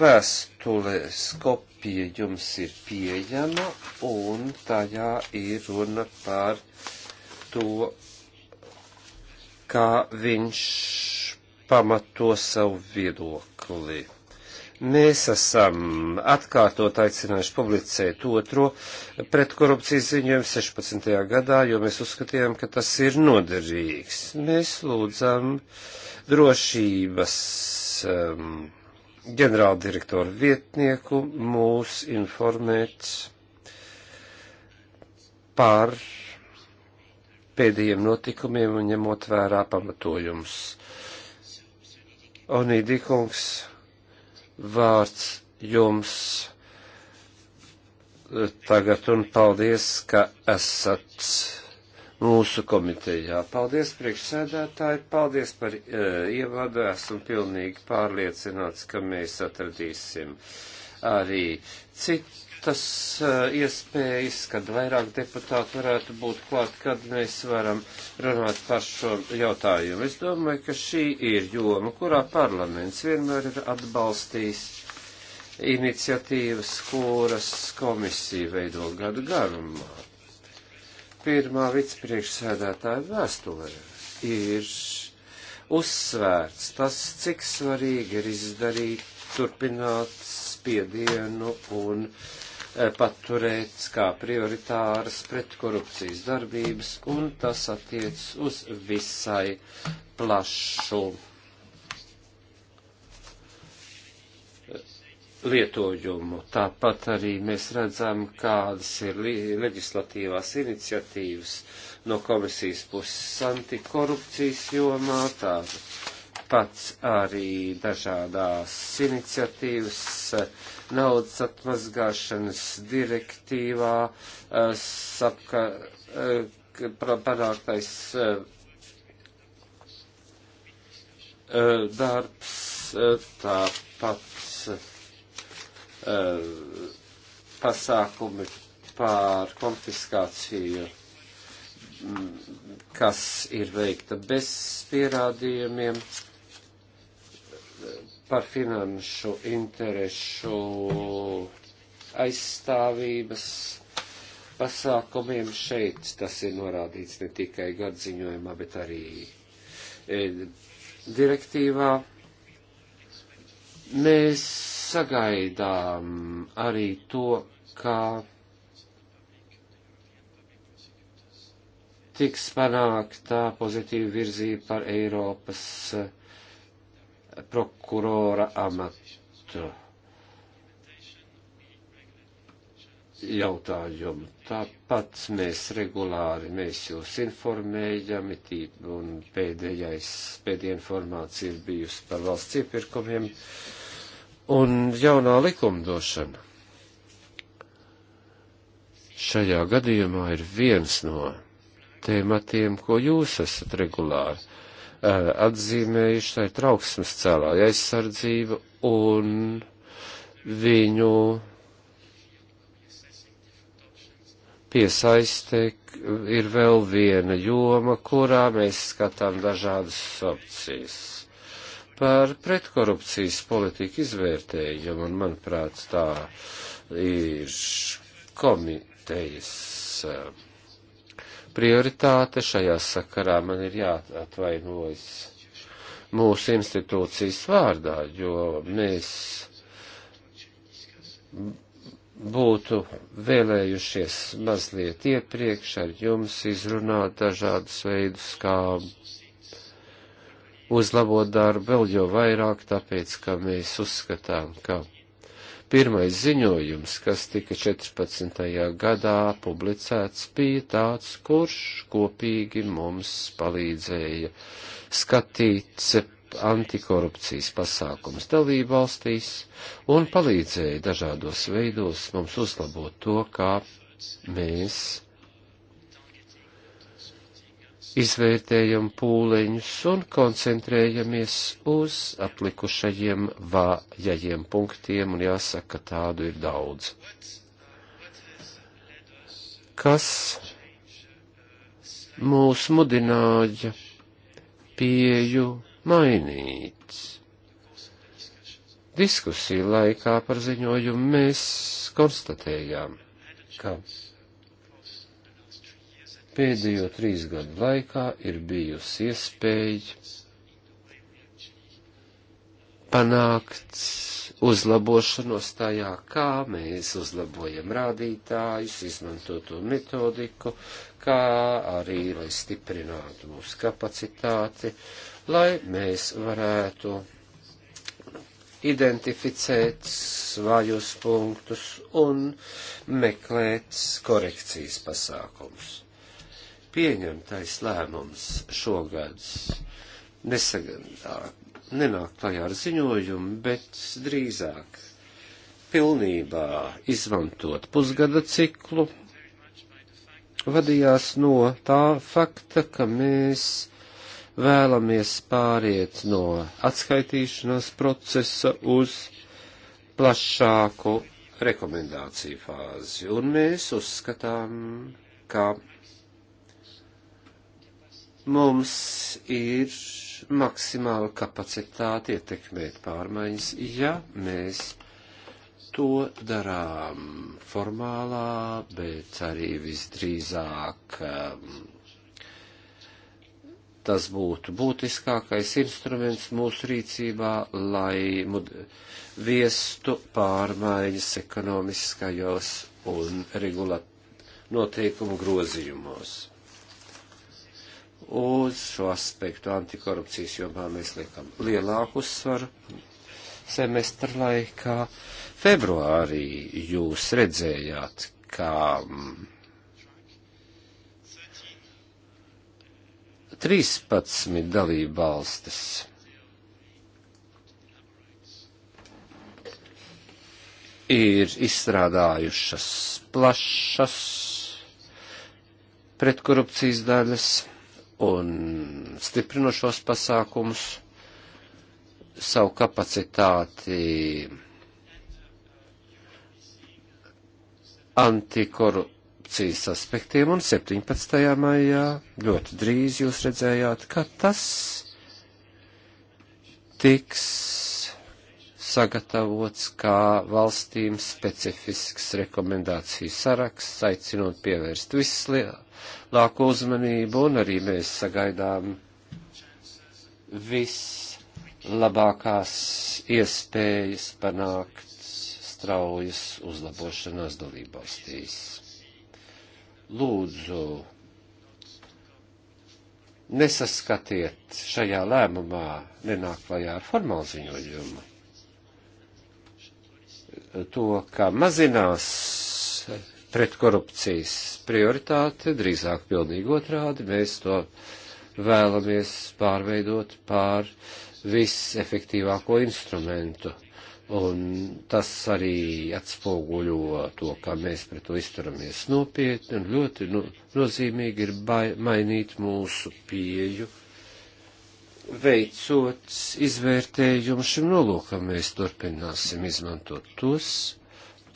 Vēstulēs kopija jums ir pieejama un tajā ir runa par to, kā viņš pamato savu viedokli. Mēs esam atkārtot aicinājuši publicēt otro pretkorupcijas ziņojumu 16. gadā, jo mēs uzskatījām, ka tas ir noderīgs. Mēs lūdzam drošības um, ģenerāldirektoru vietnieku mūs informēt par pēdējiem notikumiem un ņemot vērā pamatojums. Onīdī kungs, vārds jums tagad un paldies, ka esat mūsu komitejā. Paldies, priekšsēdētāji, paldies par uh, ievadu. Esmu pilnīgi pārliecināts, ka mēs atradīsim arī citas uh, iespējas, kad vairāk deputātu varētu būt klāt, kad mēs varam runāt par šo jautājumu. Es domāju, ka šī ir joma, kurā parlaments vienmēr ir atbalstījis iniciatīvas, kuras komisija veido gadu garumā pirmā vicepriekšsēdētāja vēstulē ir uzsvērts tas, cik svarīgi ir izdarīt, turpināt spiedienu un e, paturēt kā prioritāras pretkorupcijas darbības, un tas attiec uz visai plašu lietojumu. Tāpat arī mēs redzam, kādas ir leģislatīvās iniciatīvas no komisijas puses antikorupcijas jomā, tāpat arī dažādās iniciatīvas naudas atmazgāšanas direktīvā eh, sapka, eh, panāktais eh, darbs, tāpat Eh, pasākumi pār konfiskāciju, mm, kas ir veikta bez pierādījumiem par finanšu interešu aizstāvības pasākumiem šeit tas ir norādīts ne tikai gadziņojumā, bet arī e, direktīvā. Mēs sagaidām arī to, kā tiks panākta pozitīva virzība par Eiropas eh, prokurora amatu jautājumu. Tāpat mēs regulāri mēs jūs informējam, un pēdējais, pēdējā informācija ir bijusi par valsts iepirkumiem. Uh, Un jaunā likumdošana šajā gadījumā ir viens no tēmatiem, ko jūs esat regulāri uh, atzīmējuši, tā ir trauksmes cēlāja aizsardzība un viņu piesaistē ir vēl viena joma, kurā mēs skatām dažādas opcijas par pretkorupcijas politiku izvērtējumu, un manuprāt, tā ir komitejas eh, prioritāte. Šajā sakarā man ir jāatvainojas mūsu institūcijas vārdā, jo mēs būtu vēlējušies mazliet iepriekš ar jums izrunāt dažādus veidus, kā uzlabot darbu vēl jau vairāk, tāpēc, ka mēs uzskatām, ka pirmais ziņojums, kas tika 14. gadā publicēts, bija tāds, kurš kopīgi mums palīdzēja skatīt antikorupcijas pasākums dalību valstīs un palīdzēja dažādos veidos mums uzlabot to, kā mēs izvērtējam pūliņus un koncentrējamies uz atlikušajiem vājajiem punktiem, un jāsaka, ka tādu ir daudz. Kas mūs mudināja pieju mainīt? Diskusiju laikā par ziņojumu mēs konstatējām, ka Pēdējo trīs gadu laikā ir bijusi iespēja panākt uzlabošanos tajā, kā mēs uzlabojam rādītājus, izmantot to metodiku, kā arī, lai stiprinātu mūsu kapacitāti, lai mēs varētu identificēt svājos punktus un meklēt korekcijas pasākums pieņemtais lēmums šogad nesagadā, nenāk klajā ar ziņojumu, bet drīzāk pilnībā izmantot pusgada ciklu, vadījās no tā fakta, ka mēs vēlamies pāriet no atskaitīšanās procesa uz plašāku rekomendāciju fāzi, un mēs uzskatām, ka mums ir maksimāla kapacitāte ietekmēt pārmaiņas, ja mēs to darām formālā, bet arī visdrīzāk um, tas būtu būtiskākais instruments mūsu rīcībā, lai mud, viestu pārmaiņas ekonomiskajos un regulat noteikumu grozījumos uz šo aspektu antikorupcijas jomā mēs liekam lielāku uzsvaru semestra laikā. Februārī jūs redzējāt, kā 13 mm, dalība valstis ir izstrādājušas plašas pretkorupcijas daļas un stiprinošos pasākumus, savu kapacitāti antikorupcijas aspektiem, un 17. maijā ļoti drīz jūs redzējāt, ka tas tiks sagatavots kā valstīm specifisks rekomendāciju saraksts, aicinot pievērst visas lietas lielāku uzmanību, un arī mēs sagaidām vislabākās iespējas panākt straujas uzlabošanās dalībvalstīs. Lūdzu, nesaskatiet šajā lēmumā, nenāk klajā ar formālu ziņojumu, to, ka mazinās pretkorupcijas prioritāte, drīzāk pilnīgi otrādi, mēs to vēlamies pārveidot pār visefektīvāko instrumentu. Un tas arī atspoguļo to, kā mēs pret to izturamies nopietni, un ļoti no, nu, nozīmīgi ir bai, mainīt mūsu pieju, veicot izvērtējumu šim nolūkam, mēs turpināsim izmantot tos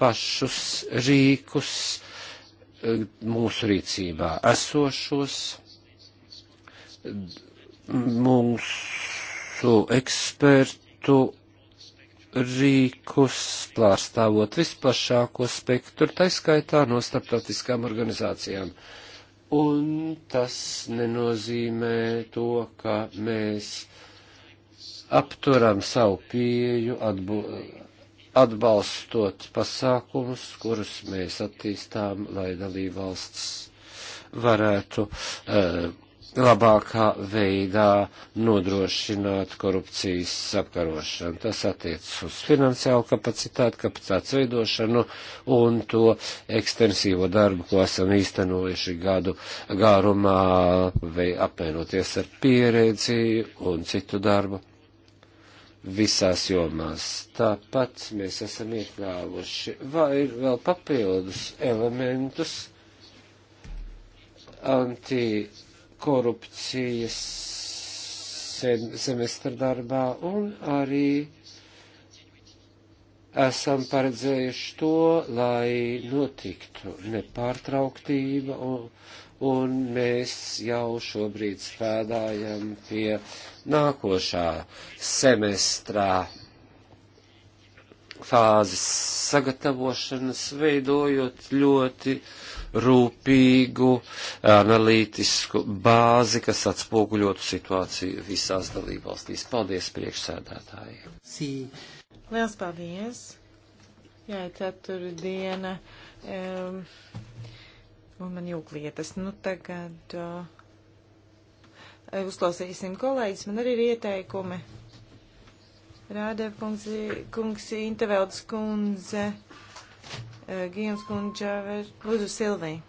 pašus rīkus e, mūsu rīcībā esošos, mūsu ekspertu rīkus, plārstāvot visplašāko spektru, taiskaitā no starptautiskām organizācijām. Un tas nenozīmē to, ka mēs apturam savu pieju, atbu atbalstot pasākumus, kurus mēs attīstām, lai dalībvalsts varētu uh, labākā veidā nodrošināt korupcijas apkarošanu. Tas attiecas uz finansiālu kapacitāti, kapacitātes veidošanu un to ekstensīvo darbu, ko esam īstenojuši gadu gārumā, vai apmainoties ar pieredzi un citu darbu visās jomās. Tāpat mēs esam iekļāvuši vai ir vēl papildus elementus antikorupcijas semestra darbā un arī esam paredzējuši to, lai notiktu nepārtrauktība un, un mēs jau šobrīd strādājam pie nākošā semestrā fāzes sagatavošanas, veidojot ļoti rūpīgu analītisku bāzi, kas atspoguļotu situāciju visās dalībvalstīs. Paldies priekšsēdētājiem! Sī. Liels paldies! Jā, ceturtdiena. Um, un man jūk lietas. Nu, tagad uh, uzklausīsim kolēģis, man arī ir ieteikumi. Rādev kungs, kungs Intevelds kundze, uh, Gījums kundze, lūdzu Silvija.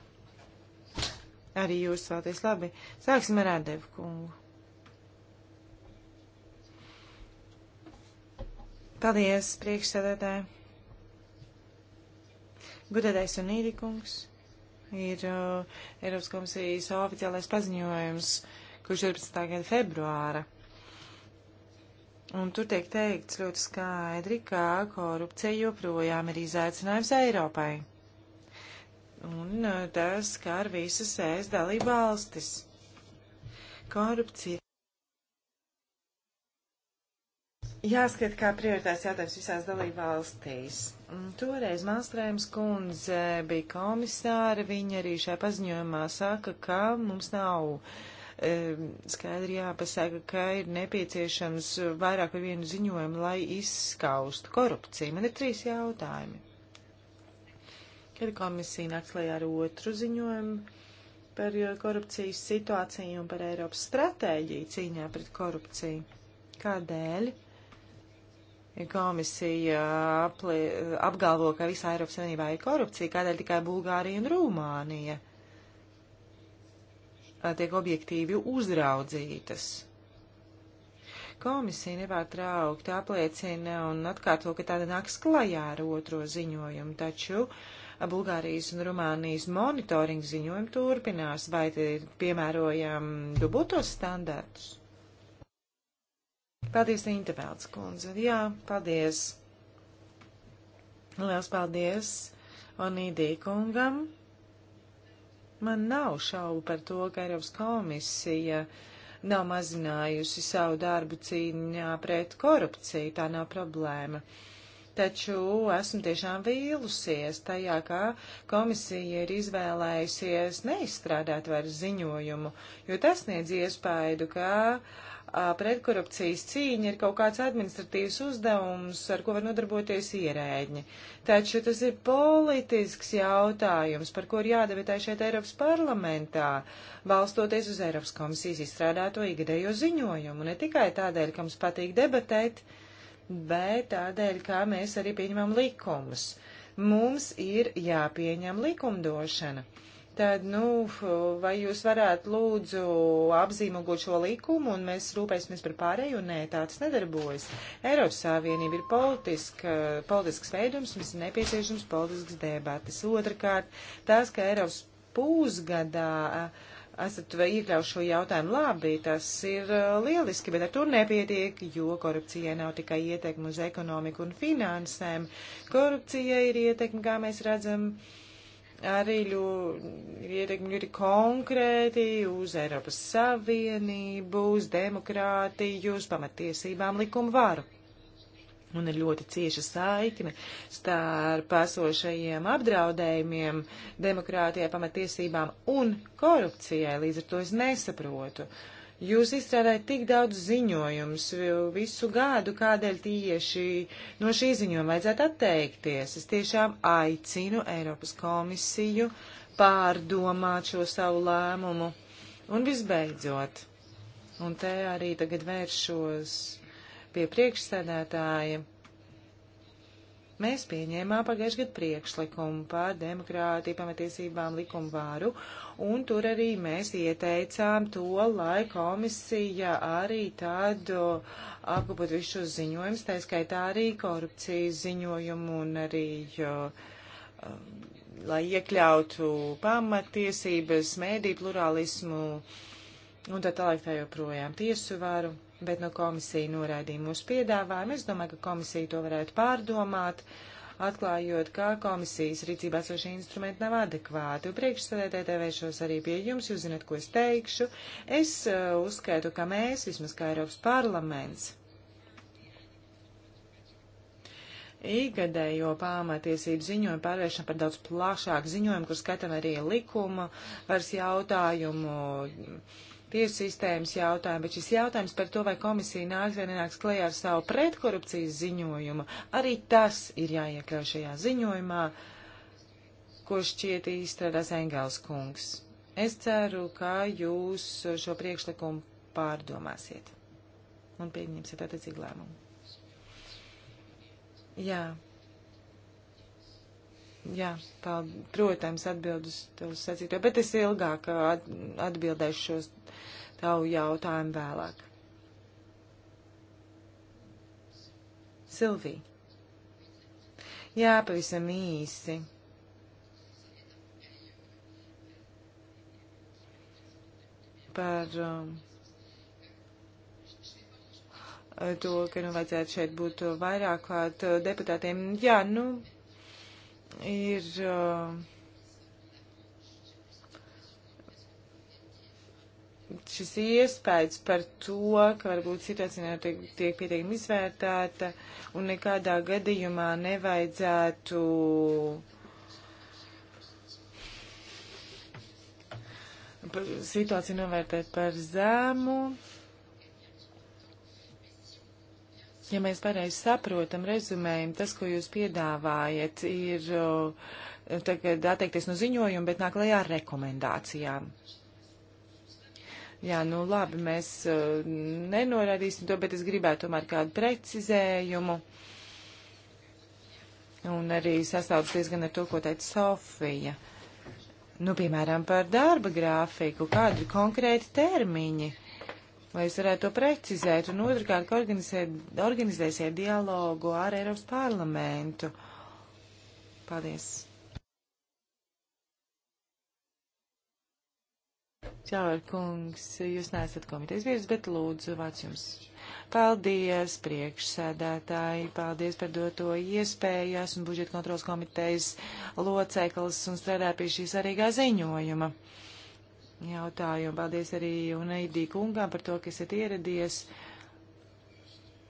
Arī jūs vēlaties labi. Sāksim ar Rādev kungu. Paldies, priekšsēdētāji. Gudētais un īrikungs ir uh, Eiropas komisijas oficiālais paziņojums, kurš 14. gada februāra. Un tur tiek teikts ļoti skaidri, ka korupcija joprojām ir izaicinājums Eiropai. Un uh, tas skar visas ES dalību valstis. Korupcija. Jāskat kā prioritārs jautājums visās dalību valstīs. Mm, toreiz Mālstrēms kundze bija komisāra, viņa arī šajā paziņojumā saka, ka mums nav e, skaidri jāpasaka, ka ir nepieciešams vairāk par vienu ziņojumu, lai izskaustu korupciju. Man ir trīs jautājumi. Kad komisija nāks lejā ar otru ziņojumu par eh, korupcijas situāciju un par Eiropas stratēģiju cīņā pret korupciju? Kādēļ? Komisija apli, apgalvo, ka visā Eiropas Savienībā ir korupcija, kādēļ tikai Bulgārija un Rumānija tiek objektīvi uzraudzītas. Komisija nepārtraukti apliecina un atkārto, ka tāda nāks klajā ar otro ziņojumu, taču Bulgārijas un Rumānijas monitoringa ziņojumi turpinās, vai piemērojam dubultos standartus. Paldies, Intervēlts kundze. Jā, paldies. Liels paldies Onīdī kungam. Man nav šaubu par to, ka Eiropas komisija nav mazinājusi savu darbu cīņā pret korupciju. Tā nav problēma. Taču esmu tiešām vīlusies tajā, ka komisija ir izvēlējusies neizstrādāt vairs ziņojumu, jo tas niedz iespaidu, ka uh, pretkorupcijas cīņa ir kaut kāds administratīvs uzdevums, ar ko var nodarboties ierēģi. Taču tas ir politisks jautājums, par ko ir jādebatē šeit Eiropas parlamentā, balstoties uz Eiropas komisijas izstrādāto ikgadējo ziņojumu. Ne tikai tādēļ, ka mums patīk debatēt, bet tādēļ, kā mēs arī pieņemam likumus. Mums ir jāpieņem likumdošana. Tad, nu, vai jūs varētu lūdzu apzīmogot šo likumu un mēs rūpēsimies par pārējo? Nē, tāds nedarbojas. Eiropas Savienība ir politiska, politisks veidums, mums ir nepieciešams politisks debatas. Otrakārt, tās, ka Eiropas pusgadā eh, esat iekļauts šo jautājumu labi, tas ir eh, lieliski, bet ar to nepietiek, jo korupcijai nav tikai ietekme uz ekonomiku un finansēm. Korupcijai ir ietekme, kā mēs redzam, uh, arī ietekmi ļoti konkrēti uz Eiropas Savienību, uz demokrātiju, uz pamatiesībām likumu varu. Un ir ļoti cieša saikne starp esošajiem apdraudējumiem, demokrātijai, pamatiesībām un korupcijai. Līdz ar to es nesaprotu. Uh, Jūs izstrādājat tik daudz ziņojumus visu gadu, kādēļ tieši no šī ziņojuma vajadzētu atteikties. Es tiešām aicinu Eiropas komisiju pārdomāt šo savu lēmumu. Un visbeidzot, un te arī tagad vēršos pie priekšsēdētāja Mēs pieņēmām pagājušajā gadu priekšlikumu par demokrātiju, pamatiesībām, likumu vāru, un tur arī mēs ieteicām to, lai komisija arī tādu apkopot visu šos ziņojumus, tā skaitā arī korupcijas ziņojumu un arī. Jo, um, lai iekļautu pamatiesības, mēdī plurālismu un tā tālāk tā joprojām tiesu varu bet no komisija noraidīja mūsu piedāvājumu. Es domāju, ka komisija to varētu pārdomāt, atklājot, ka komisijas rīcībā sošie instrumenti nav adekvāti. Priekšsēdētē devēršos arī pie jums, jūs zinat, ko es teikšu. Es uh, uzskaitu, ka mēs, vismaz kā Eiropas parlaments, Īgadējo pamatiesību ziņojumu pārvēršam par daudz plašāku ziņojumu, kur skatām arī likuma varas jautājumu, tiesu sistēmas jautājumu, bet šis jautājums par to, vai komisija nāks vai nenāks klajā ar savu pretkorupcijas ziņojumu, arī tas ir jāiekļau šajā ziņojumā, ko šķiet izstrādās Engels kungs. Es ceru, ka jūs šo priekšlikumu pārdomāsiet un pieņemsiet attiecīgu lēmumu. Jā. Jā, pal, protams, atbildus tev sacīto, bet es ilgāk uh, atbildēšu šos tavu jautājumu vēlāk. Silvija. Jā, pavisam īsi. Par um, to, ka nu vajadzētu šeit būt vairāk klāt uh, deputātiem. Jā, nu, ir. Uh, šis iespējas par to, ka varbūt situācija netiek tiek pietiekami izvērtēta un nekādā gadījumā nevajadzētu situāciju novērtēt par zemu. Ja mēs pareizi saprotam, rezumējam, tas, ko jūs piedāvājat, ir uh, tagad atteikties no ziņojuma, bet nāk lejā ar rekomendācijām. Jā, nu labi, mēs uh, eh, nenorādīsim to, bet es gribētu tomēr kādu precizējumu. Un arī sastāvdaļas diezgan ar to, ko teica Sofija. Nu, piemēram, par darba grāfiku, kādi konkrēti termiņi, lai jūs varētu to precizēt, un otrkārt, ka organizē, organizēsiet dialogu ar Eiropas parlamentu. Paldies! Čāver kungs, jūs neesat komitejas vīrs, bet lūdzu, vārds jums. Paldies, priekšsēdētāji, paldies par doto iespēju. Esmu budžeta kontrols komitejas loceklis un strādāju pie šī svarīgā ziņojuma. Jautājumu paldies arī Unaidī kungām par to, ka esat ieradies. Uh,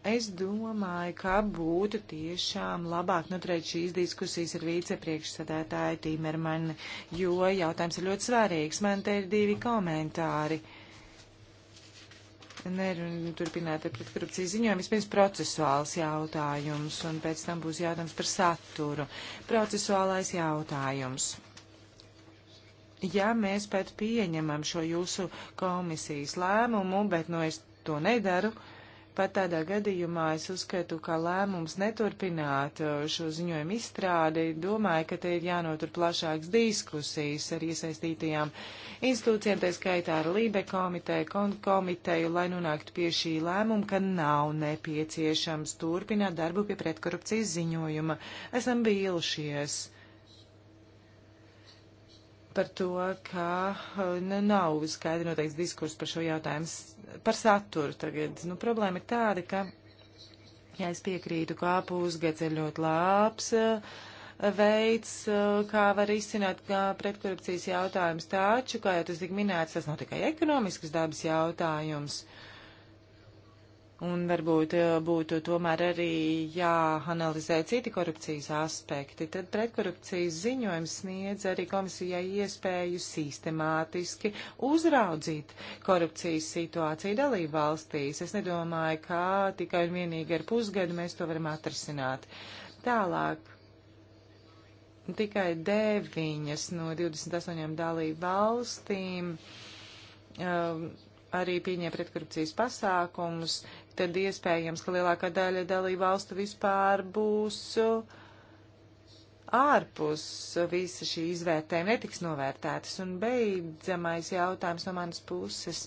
Es domāju, ka būtu tiešām labāk noturēt šīs diskusijas ar vicepriekšsēdētāju Timermani, jo jautājums ir ļoti svarīgs. Man te ir divi komentāri. Nerunu turpināt ar pretkorupcijas ziņojumu. Vispirms procesuāls jautājums, un pēc tam būs jautājums par saturu. Procesuālais jautājums. Ja mēs pat pieņemam šo jūsu komisijas lēmumu, bet no nu es to nedaru, uh, Pat tādā gadījumā es uzskatu, ka lēmums neturpināt uh, šo ziņojumu izstrādi, domāju, ka te ir jānotur plašāks diskusijas ar iesaistītajām institūcijām, tā skaitā ar Lībe komiteju, komiteju, lai nonāktu pie šī lēmuma, ka nav nepieciešams turpināt darbu pie pretkorupcijas ziņojuma. Esam bīlušies par to, ka eh, ne, nu, nav skaidri noteikts diskurs par šo jautājumu par saturu tagad. Nu, problēma ir tāda, ka, ja es piekrītu, kā pusgads ir ļoti labs eh, veids, eh, kā var izcināt pretkorupcijas jautājumus, taču, kā jau tas tika minēts, tas nav tikai ekonomisks dabas jautājums. Uh, Un varbūt eh, būtu tomēr arī jāanalizē citi korupcijas aspekti. Tad pretkorupcijas ziņojums sniedz arī komisijai iespēju sistemātiski uzraudzīt korupcijas situāciju dalību valstīs. Es nedomāju, kā tikai un vienīgi ar pusgadu mēs to varam atrasināt. Tālāk. Tikai deviņas no 28 dalību valstīm. Um, arī pieņēma pretkorupcijas pasākumus, tad iespējams, ka lielākā daļa dalību valstu vispār būs uh, ārpus visa šī izvērtējuma, netiks novērtētas. Un beidzamais jautājums no manas puses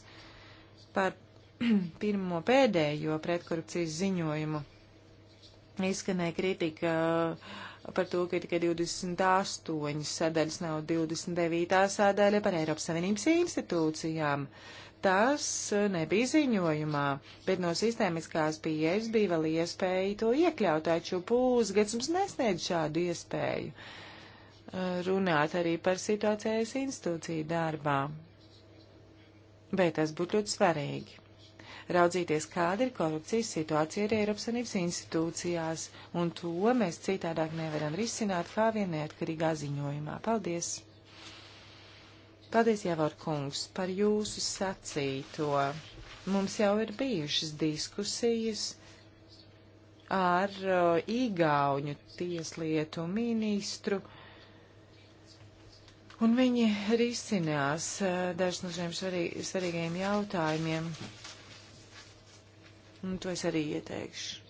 par pirmo pēdējo pretkorupcijas ziņojumu. Izskanēja kritika uh, par to, ka tikai 28 sadaļas nav 29. sadaļa par Eiropas Savienības institūcijām tas eh, nebija ziņojumā, bet no sistēmiskās pieejas bija vēl iespēja to iekļaut, taču pūzgads mums nesniedz šādu iespēju eh, runāt arī par situācijas institūciju darbā. Bet tas būtu ļoti svarīgi. Raudzīties, kāda ir korupcijas situācija arī Eiropas Savienības institūcijās, un to mēs citādāk nevaram risināt kā vien neatkarīgā ziņojumā. Paldies! Paldies, Javor kungs, par jūsu sacīto. Mums jau ir bijušas diskusijas ar uh, Igauņu tieslietu ministru, un viņi risinās uh, dažs no šiem svarīgajiem jautājumiem. Un to es arī ieteikšu.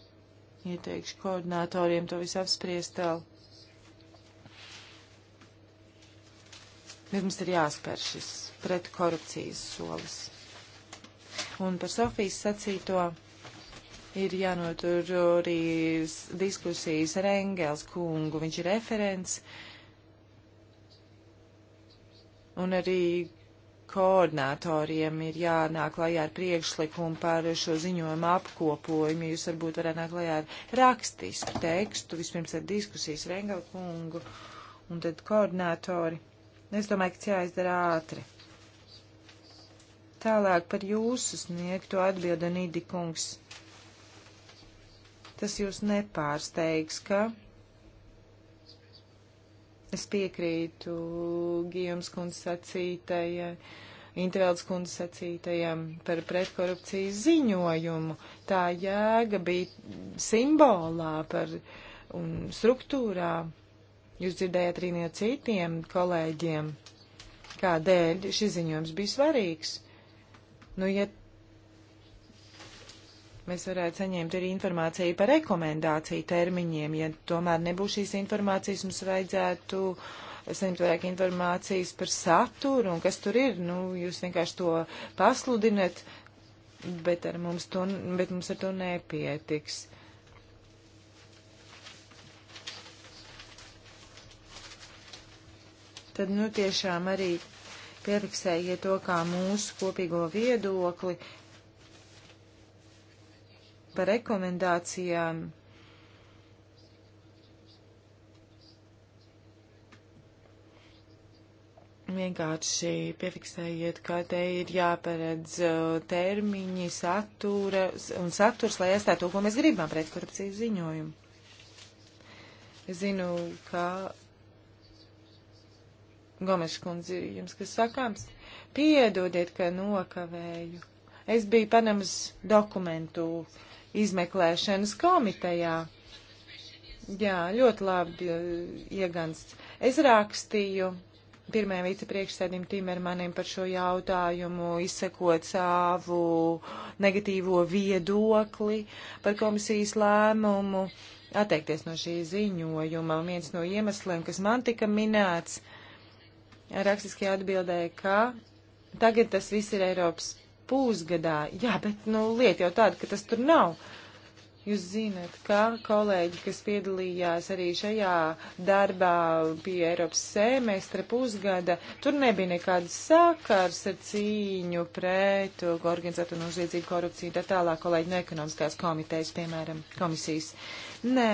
Ieteikšu koordinatoriem to visu apspriest tālu. Bet mums ir jāspēr šis pretkorupcijas solis. Un par Sofijas sacīto ir jānotur arī diskusijas ar Engels kungu. Viņš ir referents. Un arī koordinatoriem ir jānāk lajā ar priekšlikumu par šo ziņojumu apkopojumu. Jūs varbūt varētu nāk lajā ar rakstisku tekstu, vispirms ar diskusijas Rengela kungu un tad koordinatori. Nu, es domāju, ka tas jāizdara ātri. Tālāk par jūsu sniegto atbildi, Nidikungs. Tas jūs nepārsteigs, ka es piekrītu Gijums kundz sacītajai. Intervēlds kundze sacītajam par pretkorupcijas ziņojumu. Tā jēga bija simbolā par un struktūrā. Jūs dzirdējat arī no citiem kolēģiem, kādēļ šis ziņojums bija svarīgs. Nu, ja mēs varētu saņemt arī informāciju par rekomendāciju termiņiem, ja tomēr nebūs šīs informācijas, mums vajadzētu saņemt vairāk informācijas par saturu un kas tur ir. Nu, jūs vienkārši to pasludinat, bet, mums to, bet mums ar to nepietiks. Uh, tad nu tiešām arī pieraksējiet to kā mūsu kopīgo viedokli par rekomendācijām. Vienkārši piefiksējiet, ka te ir jāparedz termiņi, satura un saturs, lai iestātu to, ko mēs gribam pretkorupcijas ziņojumu. Es zinu, ka Gomes kundze, jums kas sakāms? Piedodiet, ka nokavēju. Es biju Panamas dokumentu izmeklēšanas komitejā. Jā, ļoti labi eh, iegansts. Es rakstīju pirmajam vicepriekšsēdim Timermanim par šo jautājumu, izsekot savu negatīvo viedokli par komisijas lēmumu atteikties no šī ziņojuma. Un viens no iemesliem, kas man tika minēts, rakstiskajā atbildē, ka tagad tas viss ir Eiropas pusgadā. Jā, bet nu, lieta jau tāda, ka tas tur nav. Jūs zinat, ka kolēģi, kas piedalījās arī šajā darbā pie Eiropas semestra pusgada, tur nebija nekādas sakars ar cīņu pret organizētu un uzliedzību korupciju, tā tālāk kolēģi no ekonomiskās komitejas, piemēram, komisijas. Nē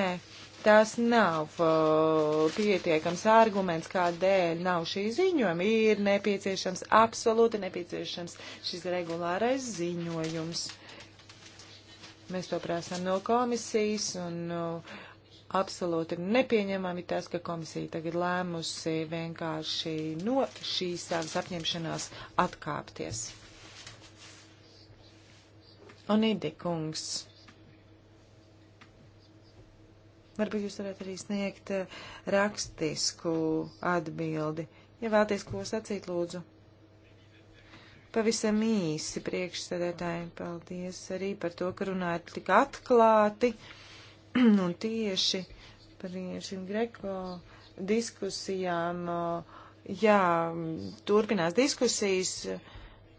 tas nav uh, pietiekams arguments, kādēļ nav šī ziņojuma. Ir nepieciešams, absolūti nepieciešams šis regulārais ziņojums. Mēs to prasām no komisijas un uh, absolūti nepieņemami tas, ka komisija tagad lēmusi vienkārši no šīs savas apņemšanās atkāpties. Un Idikungs Varbūt jūs varētu arī sniegt eh, rakstisku atbildi. Ja vēlties ko sacīt, lūdzu. Pavisam īsi priekšsēdētāji, paldies arī par to, ka runājat tik atklāti un tieši par šīm greko diskusijām. Jā, turpinās diskusijas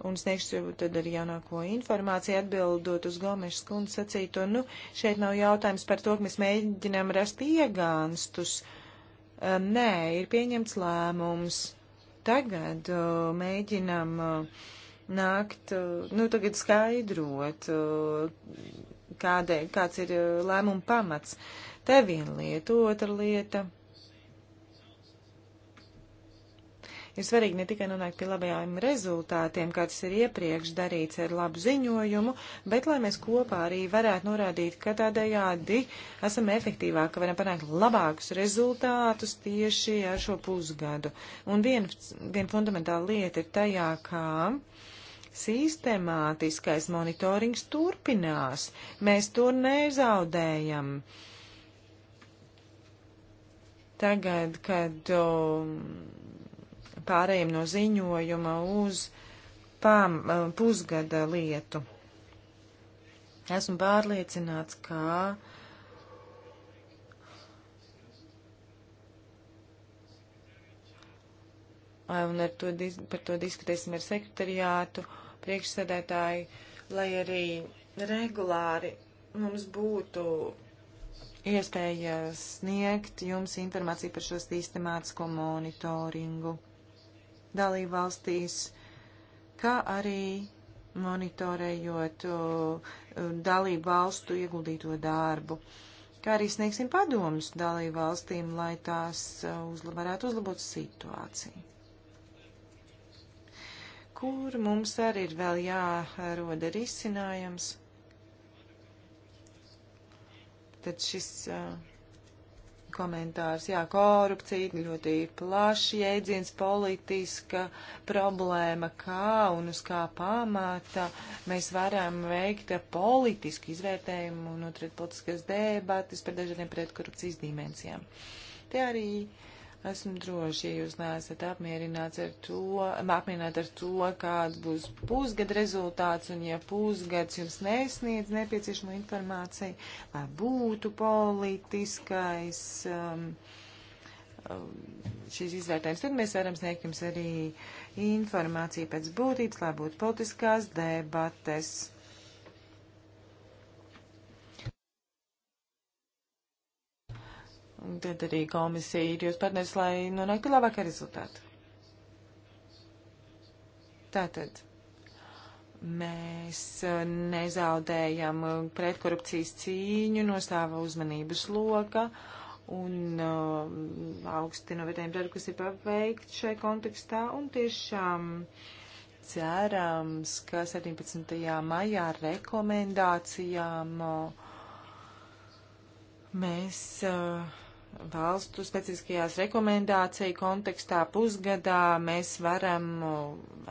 un sniegšu tad arī jaunāko informāciju atbildot uz Gomešas kundu sacīto. Nu, šeit nav jautājums par to, ka mēs mēģinām rast iegānstus. Um, nē, ir pieņemts lēmums. Tagad uh, mēģinām uh, nākt, uh, nu tagad skaidrot, uh, kādē, kāds ir uh, lēmuma pamats. Te viena lieta, otra lieta. Ir svarīgi ne tikai nonākt pie labajiem rezultātiem, kā tas ir iepriekš darīts ar labu ziņojumu, bet lai mēs kopā arī varētu norādīt, ka tādējādi esam efektīvāk, ka varam panākt labākus rezultātus tieši ar šo pusgadu. Un viena vien fundamentāla lieta ir tajā, kā. Sistemātiskais monitorings turpinās. Mēs to nezaudējam tagad, kad um, pārējiem no ziņojuma uz pām, eh, pusgada lietu. Esmu pārliecināts, ka un ar to, par to diskutēsim ar sekretariātu priekšsēdētāju, lai arī regulāri mums būtu iespēja sniegt jums informāciju par šo sistemātisko monitoringu dalībvalstīs, kā arī monitorējot uh, dalībvalstu ieguldīto darbu, kā arī sniegsim padomus dalībvalstīm, lai tās uh, uzlab, varētu uzlabot situāciju. Kur mums arī ir vēl jāroda risinājums? Tad šis uh, komentārs. Jā, korupcija ļoti plaši jēdziens, politiska problēma, kā un uz kā pamata mēs varam veikt politisku izvērtējumu un noturēt politiskas debatas par dažādiem pretkorupcijas dimensijām. Te arī uh, Esmu droši, ja jūs neesat apmierināts ar to, apmierināt ar to, kāds būs pusgada rezultāts, un ja pusgads jums nesniedz nepieciešamo informāciju, lai būtu politiskais um, um šīs izvērtējums, tad mēs varam sniegt jums arī informāciju pēc būtības, lai būtu politiskās debates. Un tad arī komisija ir jūs partneris, lai nonāktu labākie rezultāti. Tātad mēs uh, nezaudējam uh, pretkorupcijas cīņu no stāva uzmanības loka un uh, augsti novērtējam darbu, kas ir paveikts šai kontekstā un tiešām cerams, ka 17. maijā rekomendācijām uh, mēs. Uh, valstu specifiskajās rekomendāciju kontekstā pusgadā mēs varam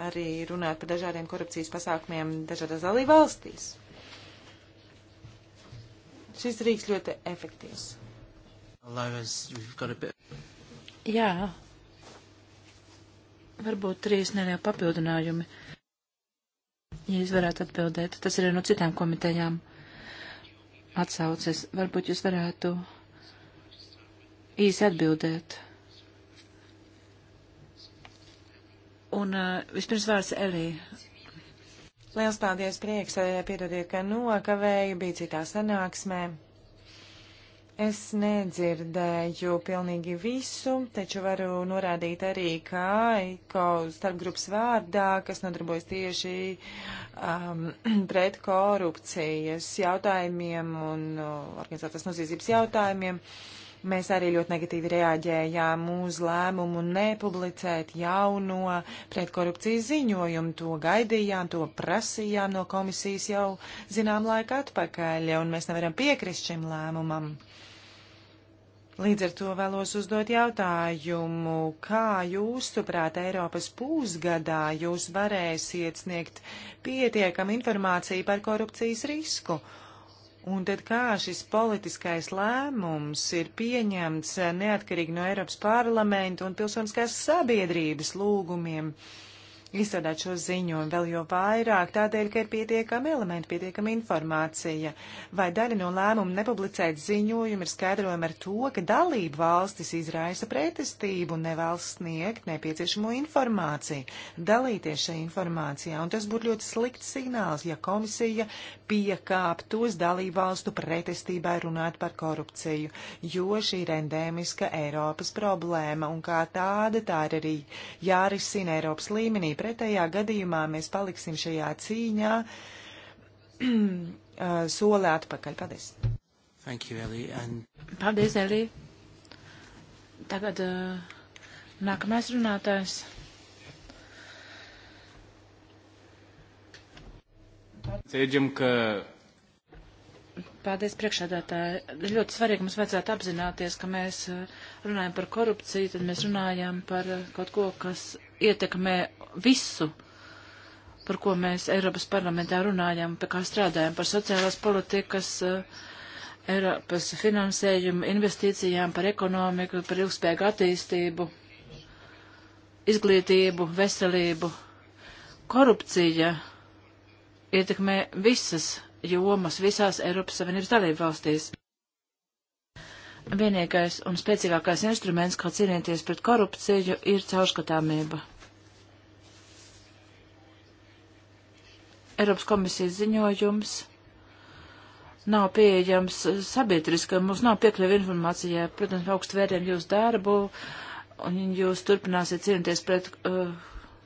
arī runāt par dažādiem korupcijas pasākumiem dažādās dalībvalstīs. Šis rīks ļoti efektīvs. Jā, varbūt trīs nelieli papildinājumi. Ja jūs varētu atbildēt, tas ir no citām komitejām atsauces. Varbūt jūs varētu īsi atbildēt. Un uh, vispirms vārds Elī. Liels paldies, prieks, piedodiet, ka nokavēju, bija citā sanāksmē. Es nedzirdēju pilnīgi visu, taču varu norādīt arī, ka IKO starpgrupas vārdā, kas nodarbojas tieši um, pret korupcijas jautājumiem un uh, organizētas noziedzības jautājumiem, uh, Mēs arī ļoti negatīvi reaģējām uz lēmumu nepublicēt jauno pretkorupcijas ziņojumu. To gaidījām, to prasījām no komisijas jau zinām laika atpakaļ, un mēs nevaram piekrist šim lēmumam. Līdz ar to vēlos uzdot jautājumu, kā jūsuprāt Eiropas pusgadā jūs varēsiet sniegt pietiekam informāciju par korupcijas risku Un tad kā šis politiskais lēmums ir pieņemts neatkarīgi no Eiropas parlamenta un pilsoniskās sabiedrības lūgumiem? Uh, izstrādāt šo ziņojumu vēl jo vairāk, tādēļ, ka ir pietiekami elementi, pietiekami informācija. Vai daļa no lēmuma nepublicēt ziņojumu ir skaidrojama ar to, ka dalību valstis izraisa pretestību un nevēlas sniegt nepieciešamo informāciju, dalīties šajā informācijā, un tas būtu ļoti slikts signāls, ja komisija piekāptos dalību valstu pretestībai runāt par korupciju, jo šī ir endēmiska Eiropas problēma, un kā tāda tā ir arī jārisina Eiropas līmenī Pretējā gadījumā mēs paliksim šajā cīņā uh, soli atpakaļ. Paldies! Thank you, Ellie. And... Paldies, Elī. Tagad uh, nākamais runātājs. Cēģim, ka Paldies priekšādātāji. Ļoti svarīgi mums vajadzētu apzināties, ka mēs uh, runājam par korupciju, tad mēs runājam par uh, kaut ko, kas ietekmē visu, par ko mēs Eiropas parlamentā runājam, pie kā strādājam, par sociālās politikas, eh, Eiropas finansējumu, investīcijām, par ekonomiku, par ilgspējīgu attīstību, izglītību, veselību. Korupcija ietekmē visas jomas visās Eiropas Savienības dalību valstīs vienīgais un spēcīgākais instruments, kā cīnīties pret korupciju, ir caurskatāmība. Eiropas komisijas ziņojums nav pieejams sabiedriskam, mums nav piekļuva informācijai. Protams, augstu vērtējam jūsu darbu, un jūs turpināsiet cīnīties pret uh,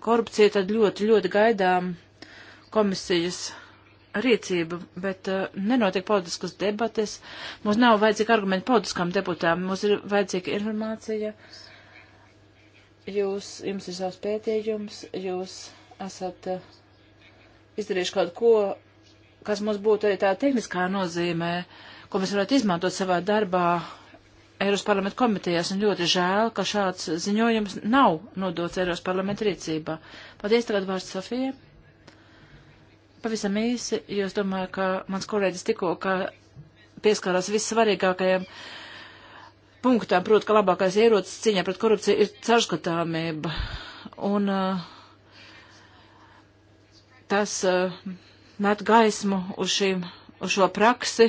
korupciju, tad ļoti, ļoti gaidām komisijas rīcību, bet uh, nenotiek politiskas debates. Mums nav vajadzīgi argumenti politiskām deputām, mums ir vajadzīga informācija. Jūs, jums ir savs pētījums, jūs esat uh, izdarījuši kaut ko, kas mums būtu arī tā tehniskā nozīmē, ko mēs varētu izmantot savā darbā Eiropas parlamenta komitejās, un ļoti žēl, ka šāds ziņojums nav nodots Eiropas parlamenta rīcībā. Paldies tagad vārds Sofija. Pavisam īsi, jo es domāju, ka mans kolēģis tikko pieskārās vissvarīgākajam punktām, proti, ka labākais ierocis cīņā pret korupciju ir caurskatāmība. Un uh, tas uh, met gaismu uz, šīm, uz šo praksi.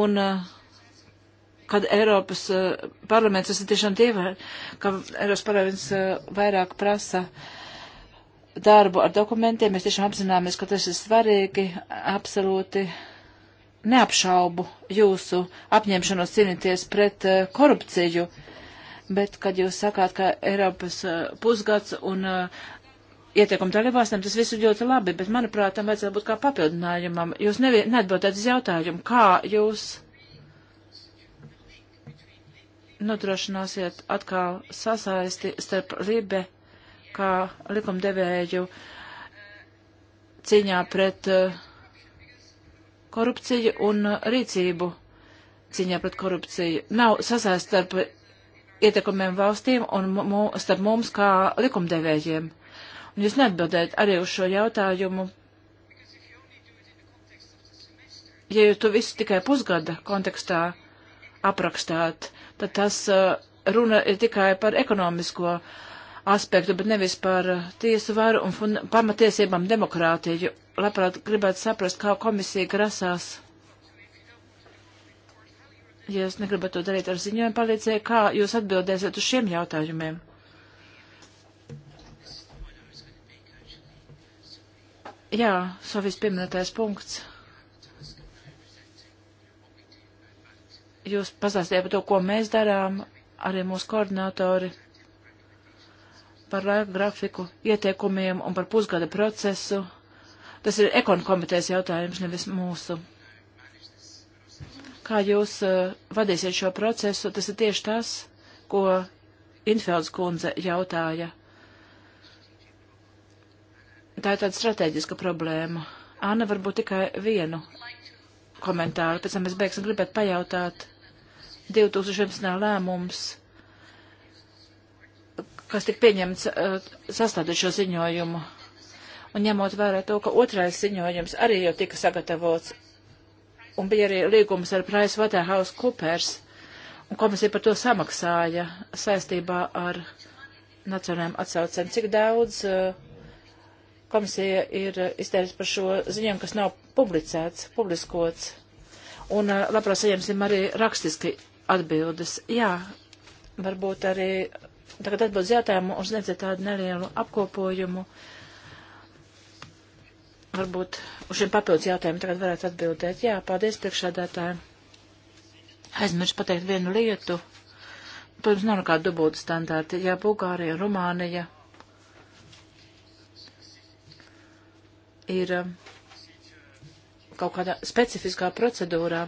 Un uh, kad Eiropas uh, parlaments, tas ir tiešām divi, ka Eiropas parlaments uh, vairāk prasa uh, darbu ar dokumentiem. Mēs tiešām apzināmies, ka tas ir svarīgi. Absolūti neapšaubu jūsu apņemšanos cīnīties pret eh, korupciju. Bet, kad jūs sakāt, ka Eiropas eh, pusgads un eh, ieteikumu dalībvalstīm tas viss ir ļoti labi, bet, manuprāt, tam vajadzētu būt kā papildinājumam. Jūs neatbildētu uz jautājumu, kā jūs nodrošināsiet atkal sasaisti starp Ribe kā likumdevēju cīņā pret uh, korupciju un uh, rīcību cīņā pret korupciju. Nav sasēst starp ietekumiem valstīm un mū, starp mums kā likumdevējiem. Un jūs neatbildējat arī uz šo jautājumu. Ja jūs to visu tikai pusgada kontekstā aprakstāt, tad tas uh, runa ir tikai par ekonomisko uh, aspektu, bet nevis par uh, tiesu varu un pamatiesībām demokrātiju. Labprāt, gribētu saprast, kā komisija grasās. Ja es negribētu to darīt ar ziņojumu palīdzēju, kā jūs atbildēsiet uz šiem jautājumiem? Jā, Sofijas pieminētais punkts. Jūs pastāstījāt par to, ko mēs darām, arī mūsu koordinātori par laika grafiku, ieteikumiem un par pusgada procesu. Tas ir ekonu komitejas jautājums, nevis mūsu. Kā jūs uh, vadīsiet šo procesu, tas ir tieši tas, ko Infelds kundze jautāja. Tā ir tāda strateģiska problēma. Anna varbūt tikai vienu komentāru, pēc tam mēs beigsim gribēt pajautāt. 2011. lēmums kas tik pieņemts eh, sastādot šo ziņojumu. Un ņemot vērā to, ka otrais ziņojums arī jau tika sagatavots, un bija arī līgums ar Price Waterhouse Coopers, un komisija par to samaksāja saistībā ar nacionālajiem atsaucēm. Cik daudz eh, komisija ir eh, izteicis par šo ziņojumu, kas nav publicēts, publiskots, un labprāt saņemsim arī rakstiski atbildes. Jā, varbūt arī Tagad atbildes jautājumu un sniedzēt tādu nelielu apkopojumu. Varbūt uz šiem papildus jautājumiem tagad varētu atbildēt. Jā, paldies priekšādātājiem. Aizmirsu pateikt vienu lietu. Protams, nav nekāda dubulta standārta. Jā, Bulgārija, Rumānija ir um, kaut kādā specifiskā procedūrā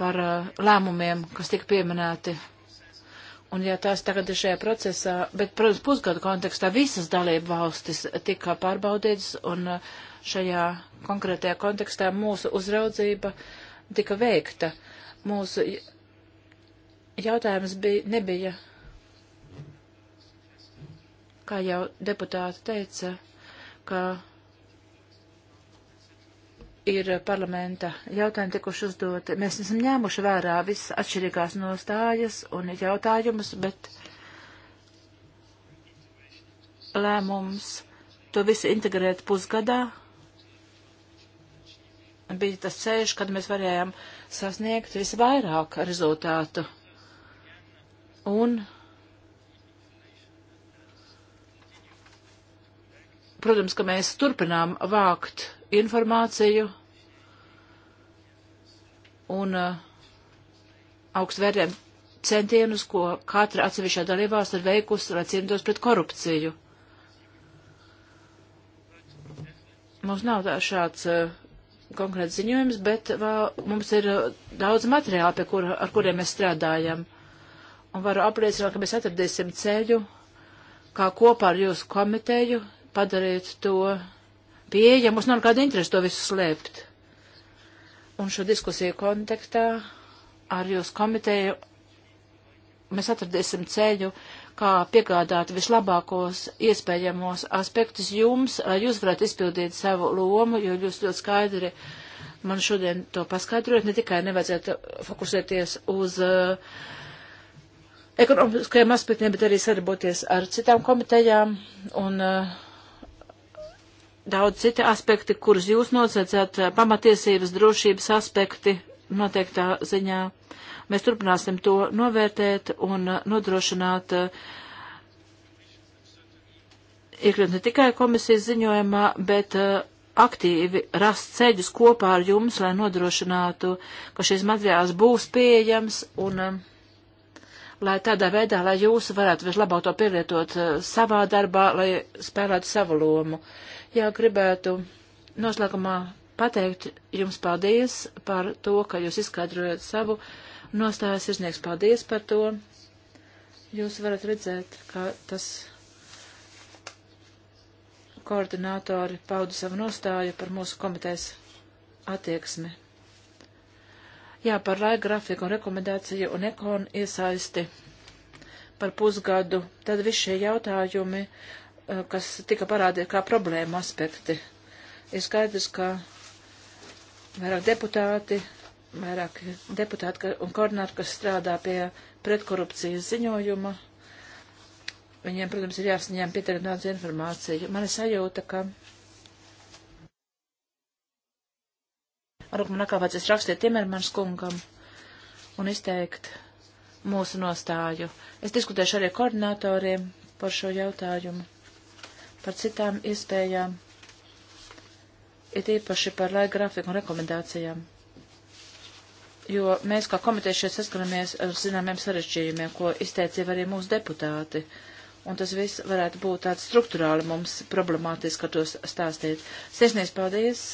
par uh, lēmumiem, kas tika pieminēti Un ja tās tagad ir šajā procesā, bet, protams, pusgadu kontekstā visas dalība valstis tika pārbaudītas, un uh, šajā konkrētajā kontekstā mūsu uzraudzība tika veikta. Mūsu jautājums bija, nebija, kā jau deputāti teica, ka ir parlamenta jautājumi tikuši uzdoti. Mēs esam ņēmuši vērā visas atšķirīgās nostājas un jautājumus, bet lēmums to visu integrēt pusgadā bija tas ceļš, kad mēs varējām sasniegt visvairāk rezultātu. Un Protams, ka mēs turpinām vākt informāciju un uh, augstvērtējam centienus, ko katra atsevišķā dalībās ir veikusi, lai cīnītos pret korupciju. Mums nav tā šāds uh, konkrēts ziņojums, bet vēl, mums ir uh, daudz materiāla, pie kura, ar kuriem mēs strādājam. Un varu apliecināt, ka mēs atradīsim ceļu, kā kopā ar jūsu komiteju padarīt to pieejamu. Mums nav kāda interesa to visu slēpt. Un šo diskusiju kontekstā ar jūs komiteju mēs atradīsim ceļu, kā piegādāt vislabākos iespējamos aspektus jums, lai jūs varētu izpildīt savu lomu, jo jūs ļoti skaidri man šodien to paskaidrojat, ne tikai nevajadzētu fokusēties uz uh, ekonomiskajiem aspektiem, bet arī sadarboties ar citām komitejām un uh, daudz citi aspekti, kurus jūs nosacāt, eh, pamatiesības drošības aspekti noteiktā ziņā. Mēs turpināsim to novērtēt un eh, nodrošināt eh, iekļūt ne tikai komisijas ziņojumā, bet aktīvi rast ceļus kopā ar jums, lai nodrošinātu, ka šis materiāls būs pieejams un lai tādā veidā, lai jūs varētu vislabāk to pielietot eh, savā darbā, lai spēlētu savu lomu. Jā, gribētu noslēgumā pateikt jums paldies par to, ka jūs izskaidrojat savu nostājas izniegs. Paldies par to. Jūs varat redzēt, ka tas koordinātori pauda savu nostāju par mūsu komitejas attieksmi. Jā, par laika grafiku un rekomendāciju un ekonu iesaisti par pusgadu. Tad visi šie jautājumi, eh, kas tika parādīti kā problēma aspekti, ir skaidrs, ka vairāk deputāti, vairāk deputāti un koordināti, kas strādā pie pretkorupcijas ziņojuma, viņiem, protams, ir jāsaņem pieteikta daudz informācija. Man ir sajūta, ka Varbūt man atkal vajadzēs rakstīt Timermans kungam un izteikt mūsu nostāju. Es diskutēšu arī koordinatoriem par šo jautājumu, par citām iespējām, it īpaši par laika grafiku un rekomendācijām. Jo mēs kā komiteja šeit saskaramies ar zināmiem sarežģījumiem, ko izteica arī mūsu deputāti. Un tas viss varētu būt tāds struktūrāli mums problemātiski, ka tos stāstīt. Sirsnīgs paldies!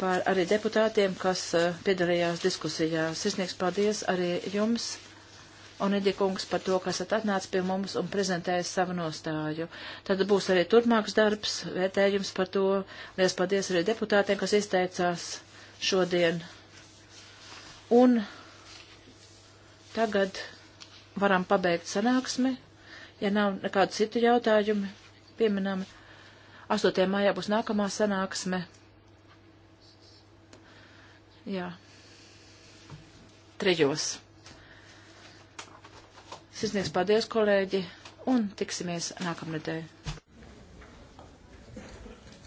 par arī deputātiem, kas uh, piedalījās diskusijās. Sirsnieks paldies arī jums, Onidi kungs, par to, ka esat atnācis pie mums un prezentējis savu nostāju. Tad būs arī turpmāks darbs, vērtējums par to. Lielas paldies arī deputātiem, kas izteicās šodien. Un tagad varam pabeigt sanāksmi, ja nav nekādu citu jautājumu pieminami. 8. maijā būs nākamā sanāksme. Jā. Trijos. Sisnieks paldies, kolēģi, un tiksimies nākamnedēļ.